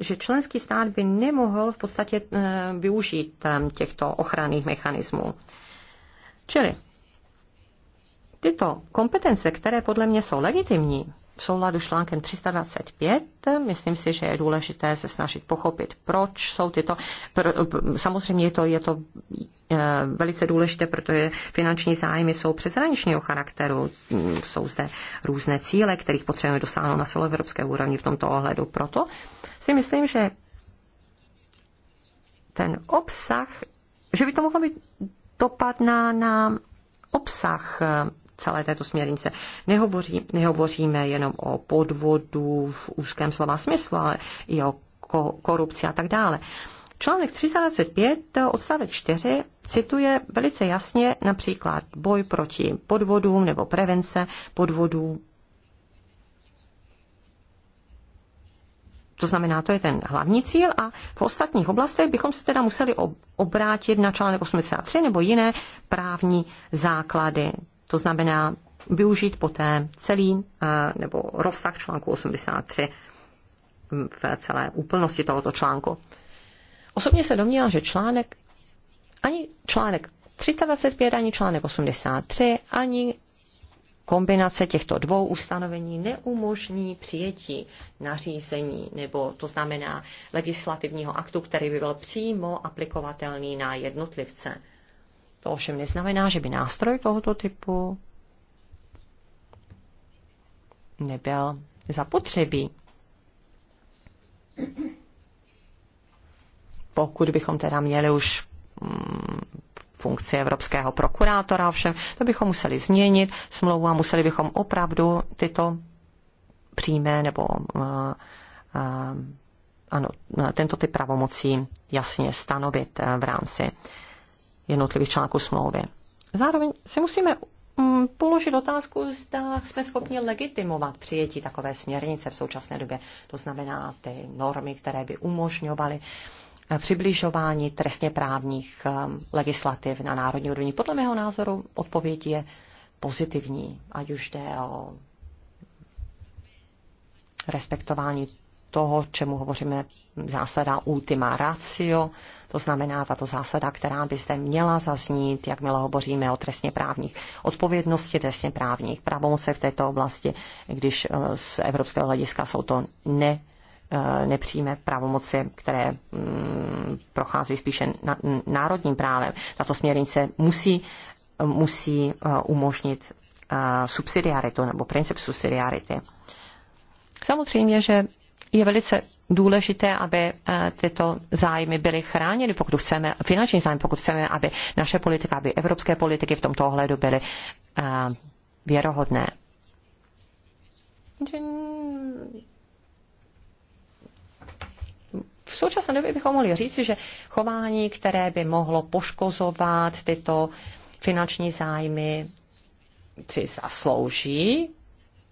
že členský stát by nemohl v podstatě eh, využít eh, těchto ochranných mechanismů. Čili tyto kompetence, které podle mě jsou legitimní, v souladu s článkem 325, myslím si, že je důležité se snažit pochopit, proč jsou tyto. Pro, samozřejmě je to, je to eh, velice důležité, protože finanční zájmy jsou přeshraničního charakteru. Mm, jsou zde různé cíle, kterých potřebujeme dosáhnout na celoevropské úrovni v tomto ohledu. Proto si myslím, že ten obsah, že by to mohlo být dopad na, na obsah eh, celé této směrnice. Nehovoří, nehovoříme jenom o podvodu v úzkém slova smyslu, ale i o korupci a tak dále. Článek 325 eh, odstavec 4 cituje velice jasně například boj proti podvodům nebo prevence podvodů To znamená, to je ten hlavní cíl a v ostatních oblastech bychom se teda museli obrátit na článek 83 nebo jiné právní základy. To znamená využít poté celý eh, nebo rozsah článku 83 hm, v celé úplnosti tohoto článku. Osobně se domnívám, že článek, ani článek 325, ani článek 83, ani kombinace těchto dvou ustanovení neumožní přijetí nařízení, nebo to znamená legislativního aktu, který by byl přímo aplikovatelný na jednotlivce. To ovšem neznamená, že by nástroj tohoto typu nebyl zapotřebí. Pokud bychom teda měli už mm, funkci evropského prokurátora, ovšem to bychom museli změnit smlouvu a museli bychom opravdu tyto přímé nebo uh, uh, ano, eh, tento typ pravomocí jasně stanovit v rámci jednotlivých článků smlouvy. Zároveň si musíme mm, položit otázku, zda jsme schopni legitimovat přijetí takové směrnice v současné době. To znamená ty normy, které by umožňovaly uh, přibližování trestně právních eh, legislativ na národní úrovni. Podle mého názoru odpověď je pozitivní, ať už jde o respektování toho, čemu hovoříme zásada ultima ratio, to znamená tato zásada, která by zde měla zaznít, jakmile hovoříme o trestně právních odpovědnosti, trestně právních pravomocech v této oblasti, když eh, z evropského hlediska jsou to ne Eh, nepřijme pravomoci, které mm, prochází spíše národním právem. Tato směrnice musí, musí eh, umožnit eh, subsidiaritu nebo princip subsidiarity. Samozřejmě, že je velice důležité, aby tyto zájmy byly chráněny, pokud chceme, finanční zájmy, pokud chceme, aby naše politika, aby evropské politiky v tomto ohledu byly věrohodné v současné době bychom mohli říct, že chování, které by mohlo poškozovat tyto finanční zájmy, si zaslouží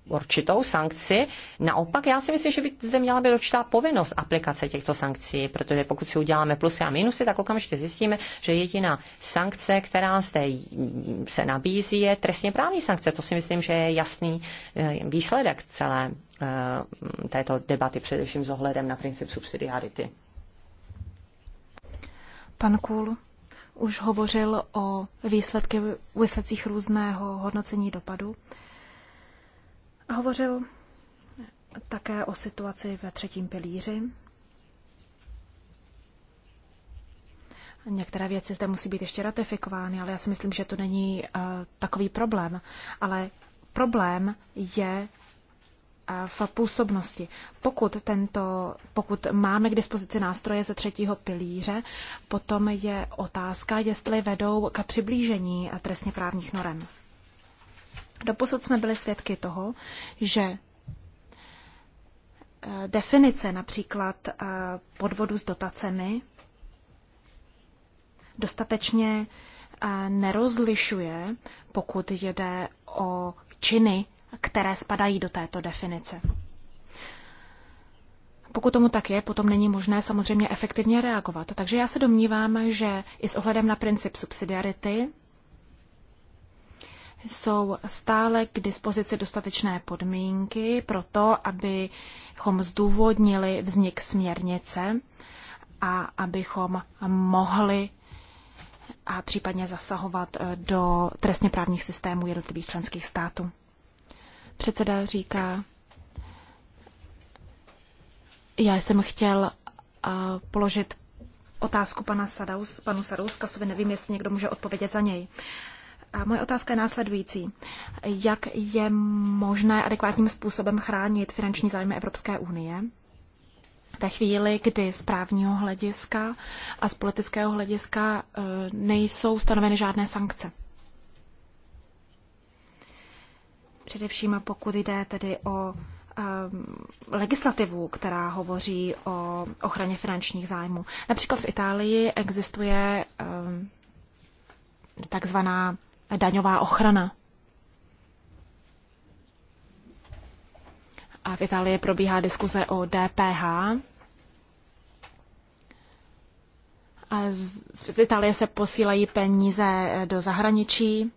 určitou sankci. Naopak, já si myslím, že by zde měla být určitá povinnost aplikace těchto sankcí, protože pokud si uděláme plusy a minusy, tak okamžitě zjistíme, že jediná sankce, která zde se nabízí, je trestně právní sankce. To si myslím, že je jasný eh, výsledek celé Eh, této debaty, především s ohledem na princip subsidiarity. Pan Kůl už hovořil o výsledky, výsledcích různého hodnocení dopadu a hovořil také o situaci ve třetím pilíři. Některé věci zde musí být ještě ratifikovány, ale já si myslím, že to není uh, takový problém. Ale problém je v působnosti. Pokud, tento, pokud máme k dispozici nástroje ze třetího pilíře, potom je otázka, jestli vedou k přiblížení trestně právních norem. Doposud jsme byli svědky toho, že eh, definice například eh, podvodu s dotacemi dostatečně eh, nerozlišuje, pokud jde o činy které spadají do této definice. Pokud tomu tak je, potom není možné samozřejmě efektivně reagovat. Takže já se domnívám, že i s ohledem na princip subsidiarity jsou stále k dispozici dostatečné podmínky pro to, abychom zdůvodnili vznik směrnice a abychom mohli a případně zasahovat eh, do trestně právních systémů jednotlivých členských států. Předseda říká, já jsem chtěl položit otázku pana Sadaus, panu Sadouskasovi, nevím, jestli někdo může odpovědět za něj. A moje otázka je následující. Jak je možné adekvátním způsobem chránit finanční zájmy Evropské unie? Ve chvíli, kdy z právního hlediska a z politického hlediska e, nejsou stanoveny žádné sankce. Především pokud jde tedy o ehm, legislativu, která hovoří o ochraně finančních zájmů. Například v Itálii existuje ehm, takzvaná daňová ochrana. A v Itálii probíhá diskuze o DPH. A z, z Itálie se posílají peníze do zahraničí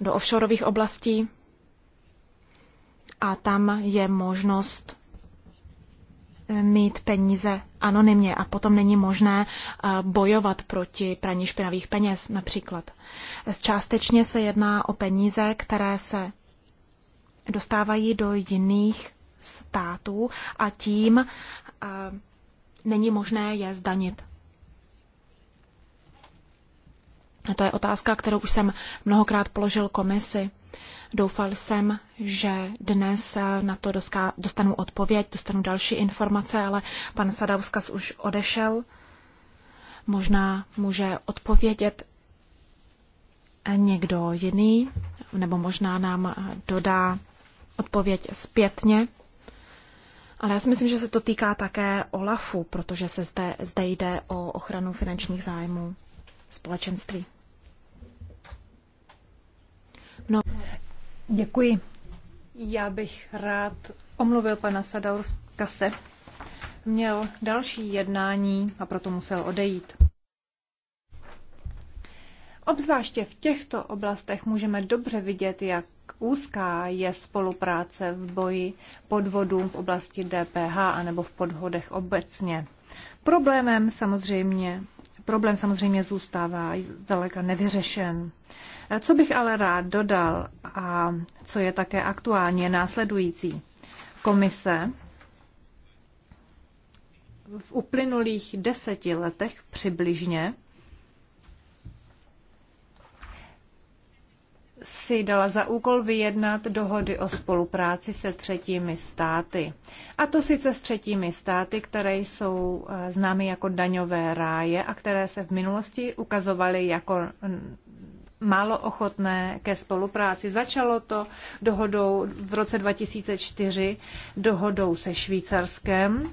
do offshoreových oblastí a tam je možnost eh, mít peníze anonymně a potom není možné eh, bojovat proti praní špinavých peněz například. Částečně se jedná o peníze, které se dostávají do jiných států a tím eh, není možné je zdanit. A to je otázka, kterou už jsem mnohokrát položil komisi. Doufal jsem, že dnes eh, na to dostanu odpověď, dostanu další informace, ale pan Sadauskas už odešel. Možná může odpovědět někdo jiný, nebo možná nám eh, dodá odpověď zpětně. Ale já si myslím, že se to týká také OLAFu, protože se zde, zde jde o ochranu finančních zájmů společenství. No. Děkuji. Já bych rád omluvil pana Sadaurskase. Měl další jednání a proto musel odejít. Obzvláště v těchto oblastech můžeme dobře vidět, jak úzká je spolupráce v boji podvodů v oblasti DPH anebo v podhodech obecně. Problémem samozřejmě problém samozřejmě zůstává daleka nevyřešen. Eh, co bych ale rád dodal a co je také aktuálně následující. Komise v uplynulých deseti letech přibližně si dala za úkol vyjednat dohody o spolupráci se třetími státy. A to sice s třetími státy, které jsou eh, známy jako daňové ráje a které se v minulosti ukazovaly jako mm, málo ochotné ke spolupráci. Začalo to dohodou v roce 2004, dohodou se Švýcarskem,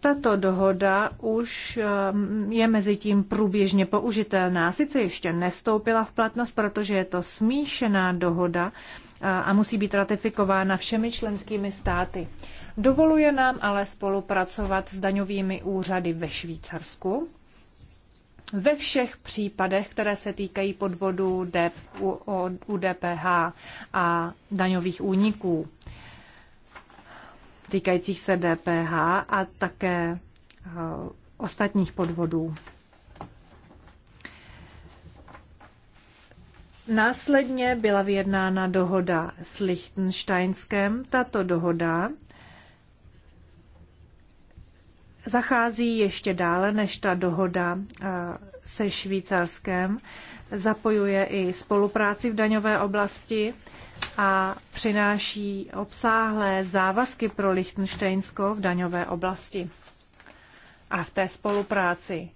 tato dohoda už um, je mezi tím průběžně použitelná. Sice ještě nestoupila v platnost, protože je to smíšená dohoda a musí být ratifikována všemi členskými státy. Dovoluje nám ale spolupracovat s daňovými úřady ve Švýcarsku ve všech případech, které se týkají podvodu DP, u, u DPH a daňových úniků týkajících se DPH a také eh, ostatních podvodů. Následně byla vyjednána dohoda s Lichtensteinskem. Tato dohoda zachází ještě dále než ta dohoda eh, se Švýcarskem, zapojuje i spolupráci v daňové oblasti a přináší obsáhlé závazky pro Lichtensteinsko v daňové oblasti a v té spolupráci.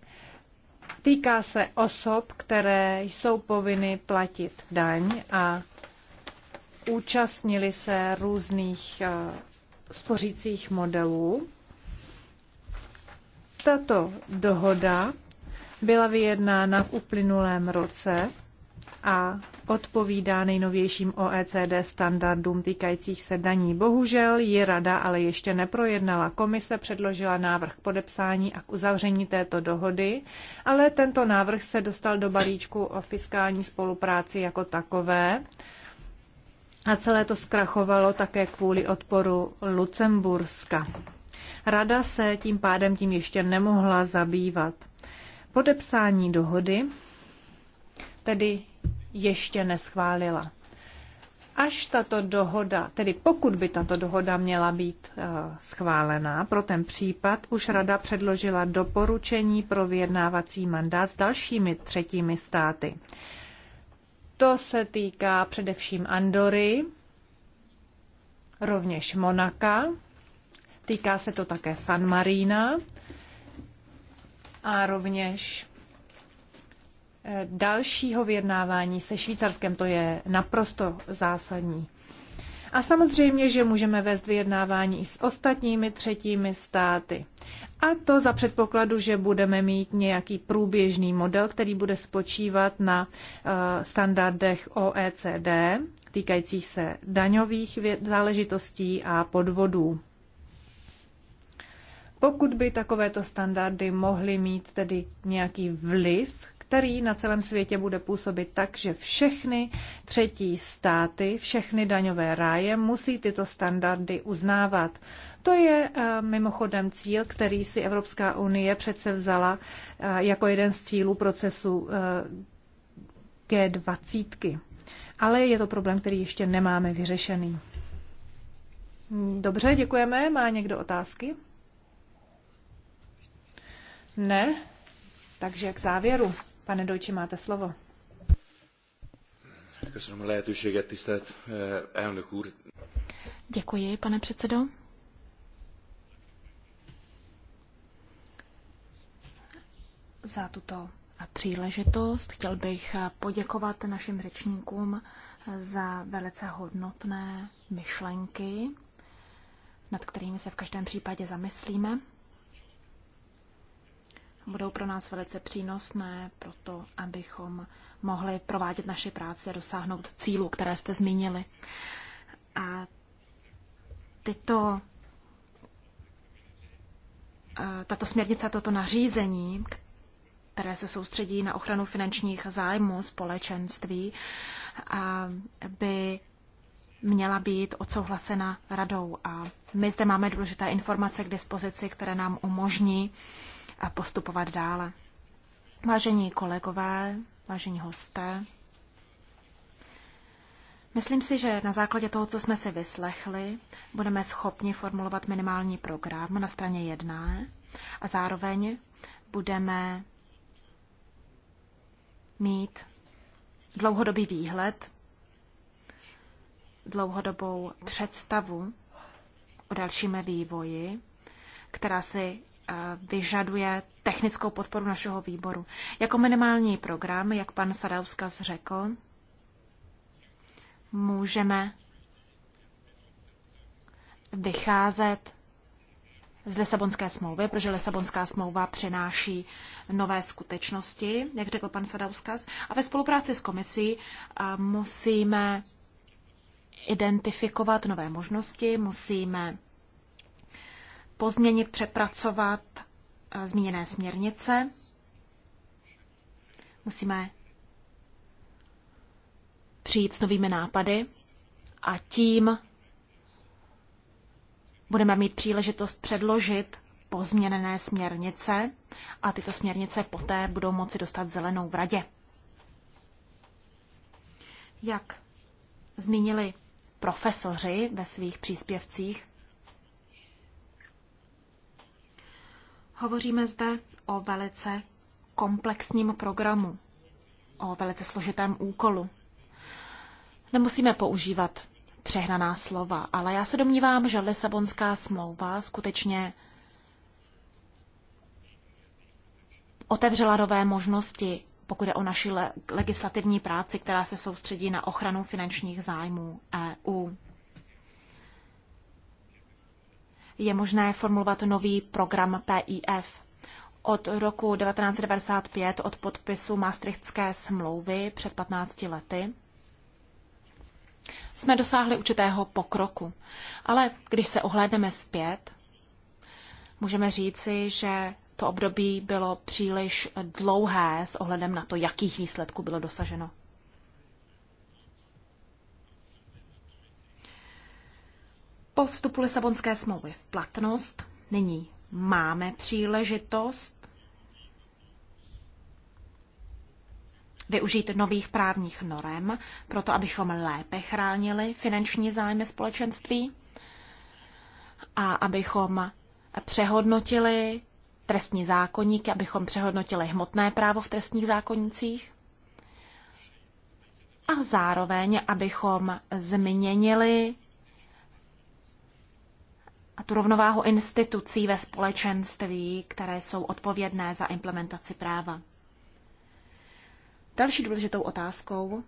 Týká se osob, které jsou povinny platit daň a účastnili se různých eh, spořících modelů. Tato dohoda byla vyjednána v uplynulém roce a odpovídá nejnovějším OECD standardům týkajících se daní. Bohužel ji rada ale ještě neprojednala. Komise předložila návrh k podepsání a k uzavření této dohody, ale tento návrh se dostal do balíčku o fiskální spolupráci jako takové. A celé to zkrachovalo také kvůli odporu Lucemburska. Rada se tím pádem tím ještě nemohla zabývat. Podepsání dohody tedy ještě neschválila. Až tato dohoda, tedy pokud by tato dohoda měla být eh, schválená, pro ten případ už Rada předložila doporučení pro vyjednávací mandát s dalšími třetími státy. To se týká především Andory, rovněž Monaka, týká se to také San Marína a rovněž dalšího vyjednávání se Švýcarskem. To je naprosto zásadní. A samozřejmě, že můžeme vést vyjednávání s ostatními třetími státy. A to za předpokladu, že budeme mít nějaký průběžný model, který bude spočívat na eh, standardech OECD, týkajících se daňových záležitostí a podvodů. Pokud by takovéto standardy mohly mít tedy nějaký vliv který na celém světě bude působit tak, že všechny třetí státy, všechny daňové ráje musí tyto standardy uznávat. To je eh, mimochodem cíl, který si Evropská unie přece vzala eh, jako jeden z cílů procesu eh, G20. Ale je to problém, který ještě nemáme vyřešený. Dobře, děkujeme. Má někdo otázky? Ne? Takže k závěru. Pane Dojči, máte slovo. Eh, Děkuji, pane předsedo. Za tuto příležitost chtěl bych poděkovat našim řečníkům za velice hodnotné myšlenky, nad kterými se v každém případě zamyslíme budou pro nás velice přínosné, proto abychom mohli provádět naši práci a dosáhnout cílu, které jste zmínili. A tyto, eh, tato směrnice, toto nařízení, které se soustředí na ochranu finančních zájmů společenství, by měla být odsouhlasena radou. A my zde máme důležité informace k dispozici, které nám umožní uh, a postupovat dále. Vážení kolegové, vážení hosté, myslím si, že na základě toho, co jsme si vyslechli, budeme schopni formulovat minimální program na straně jedné a zároveň budeme mít dlouhodobý výhled, dlouhodobou představu o dalším vývoji, která si vyžaduje technickou podporu našeho výboru. Jako minimální program, jak pan Sadauskas řekl, můžeme vycházet z Lisabonské smlouvy, protože Lisabonská smlouva přináší nové skutečnosti, jak řekl pan Sadauskas, a ve spolupráci s komisí musíme identifikovat nové možnosti, musíme pozměnit, přepracovat eh, zmíněné směrnice. Musíme přijít s novými nápady a tím budeme mít příležitost předložit pozměněné směrnice a tyto směrnice poté budou moci dostat zelenou v radě. Jak zmínili profesoři ve svých příspěvcích, Hovoříme zde o velice komplexním programu, o velice složitém úkolu. Nemusíme používat přehnaná slova, ale já se domnívám, že Lisabonská smlouva skutečně otevřela nové možnosti, pokud je o naši legislativní práci, která se soustředí na ochranu finančních zájmů EU. je možné formulovat nový program PIF. Od roku 1995, od podpisu Maastrichtské smlouvy před 15 lety, jsme dosáhli určitého pokroku. Ale když se ohlédneme zpět, můžeme říci, že to období bylo příliš dlouhé s ohledem na to, jakých výsledků bylo dosaženo. Po vstupu Lisabonské smlouvy v platnost nyní máme příležitost využít nových právních norem, proto abychom lépe chránili finanční zájmy společenství a abychom přehodnotili trestní zákonníky, abychom přehodnotili hmotné právo v trestních zákonnicích a zároveň, abychom změnili a tu rovnováhu institucí ve společenství, které jsou odpovědné za implementaci práva. Další důležitou otázkou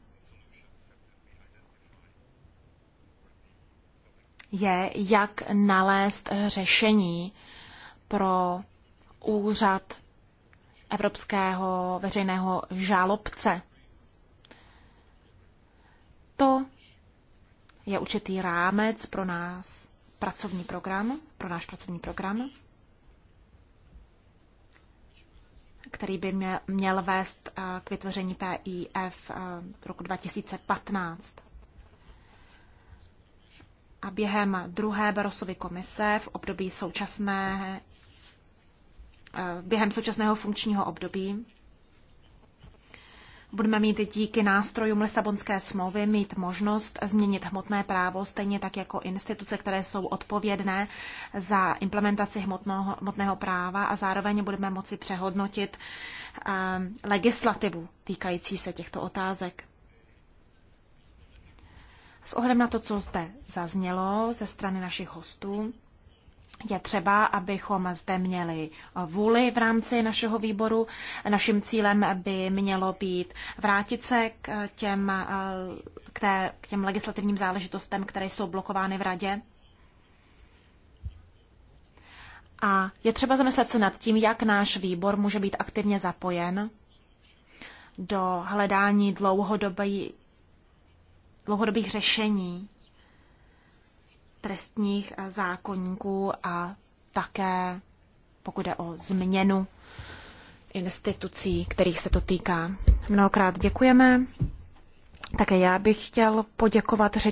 je, jak nalézt řešení pro úřad evropského veřejného žálobce. To je určitý rámec pro nás pracovní program, pro náš pracovní program, který by měl vést eh, k vytvoření PIF eh, roku 2015. A během druhé Barosovy komise v období současné, eh, během současného funkčního období Budeme mít díky nástrojům Lisabonské smlouvy mít možnost změnit hmotné právo, stejně tak jako instituce, které jsou odpovědné za implementaci hmotného, hmotného práva a zároveň budeme moci přehodnotit um, legislativu týkající se těchto otázek. S ohledem na to, co zde zaznělo ze strany našich hostů, je třeba, abychom zde měli vůli v rámci našeho výboru. Naším cílem by mělo být vrátit se k těm, k, té, k těm legislativním záležitostem, které jsou blokovány v radě. A je třeba zamyslet se nad tím, jak náš výbor může být aktivně zapojen do hledání dlouhodobých řešení trestních eh, zákonníků a také pokud jde o změnu institucí, kterých se to týká. Mnohokrát děkujeme. Také já bych chtěl poděkovat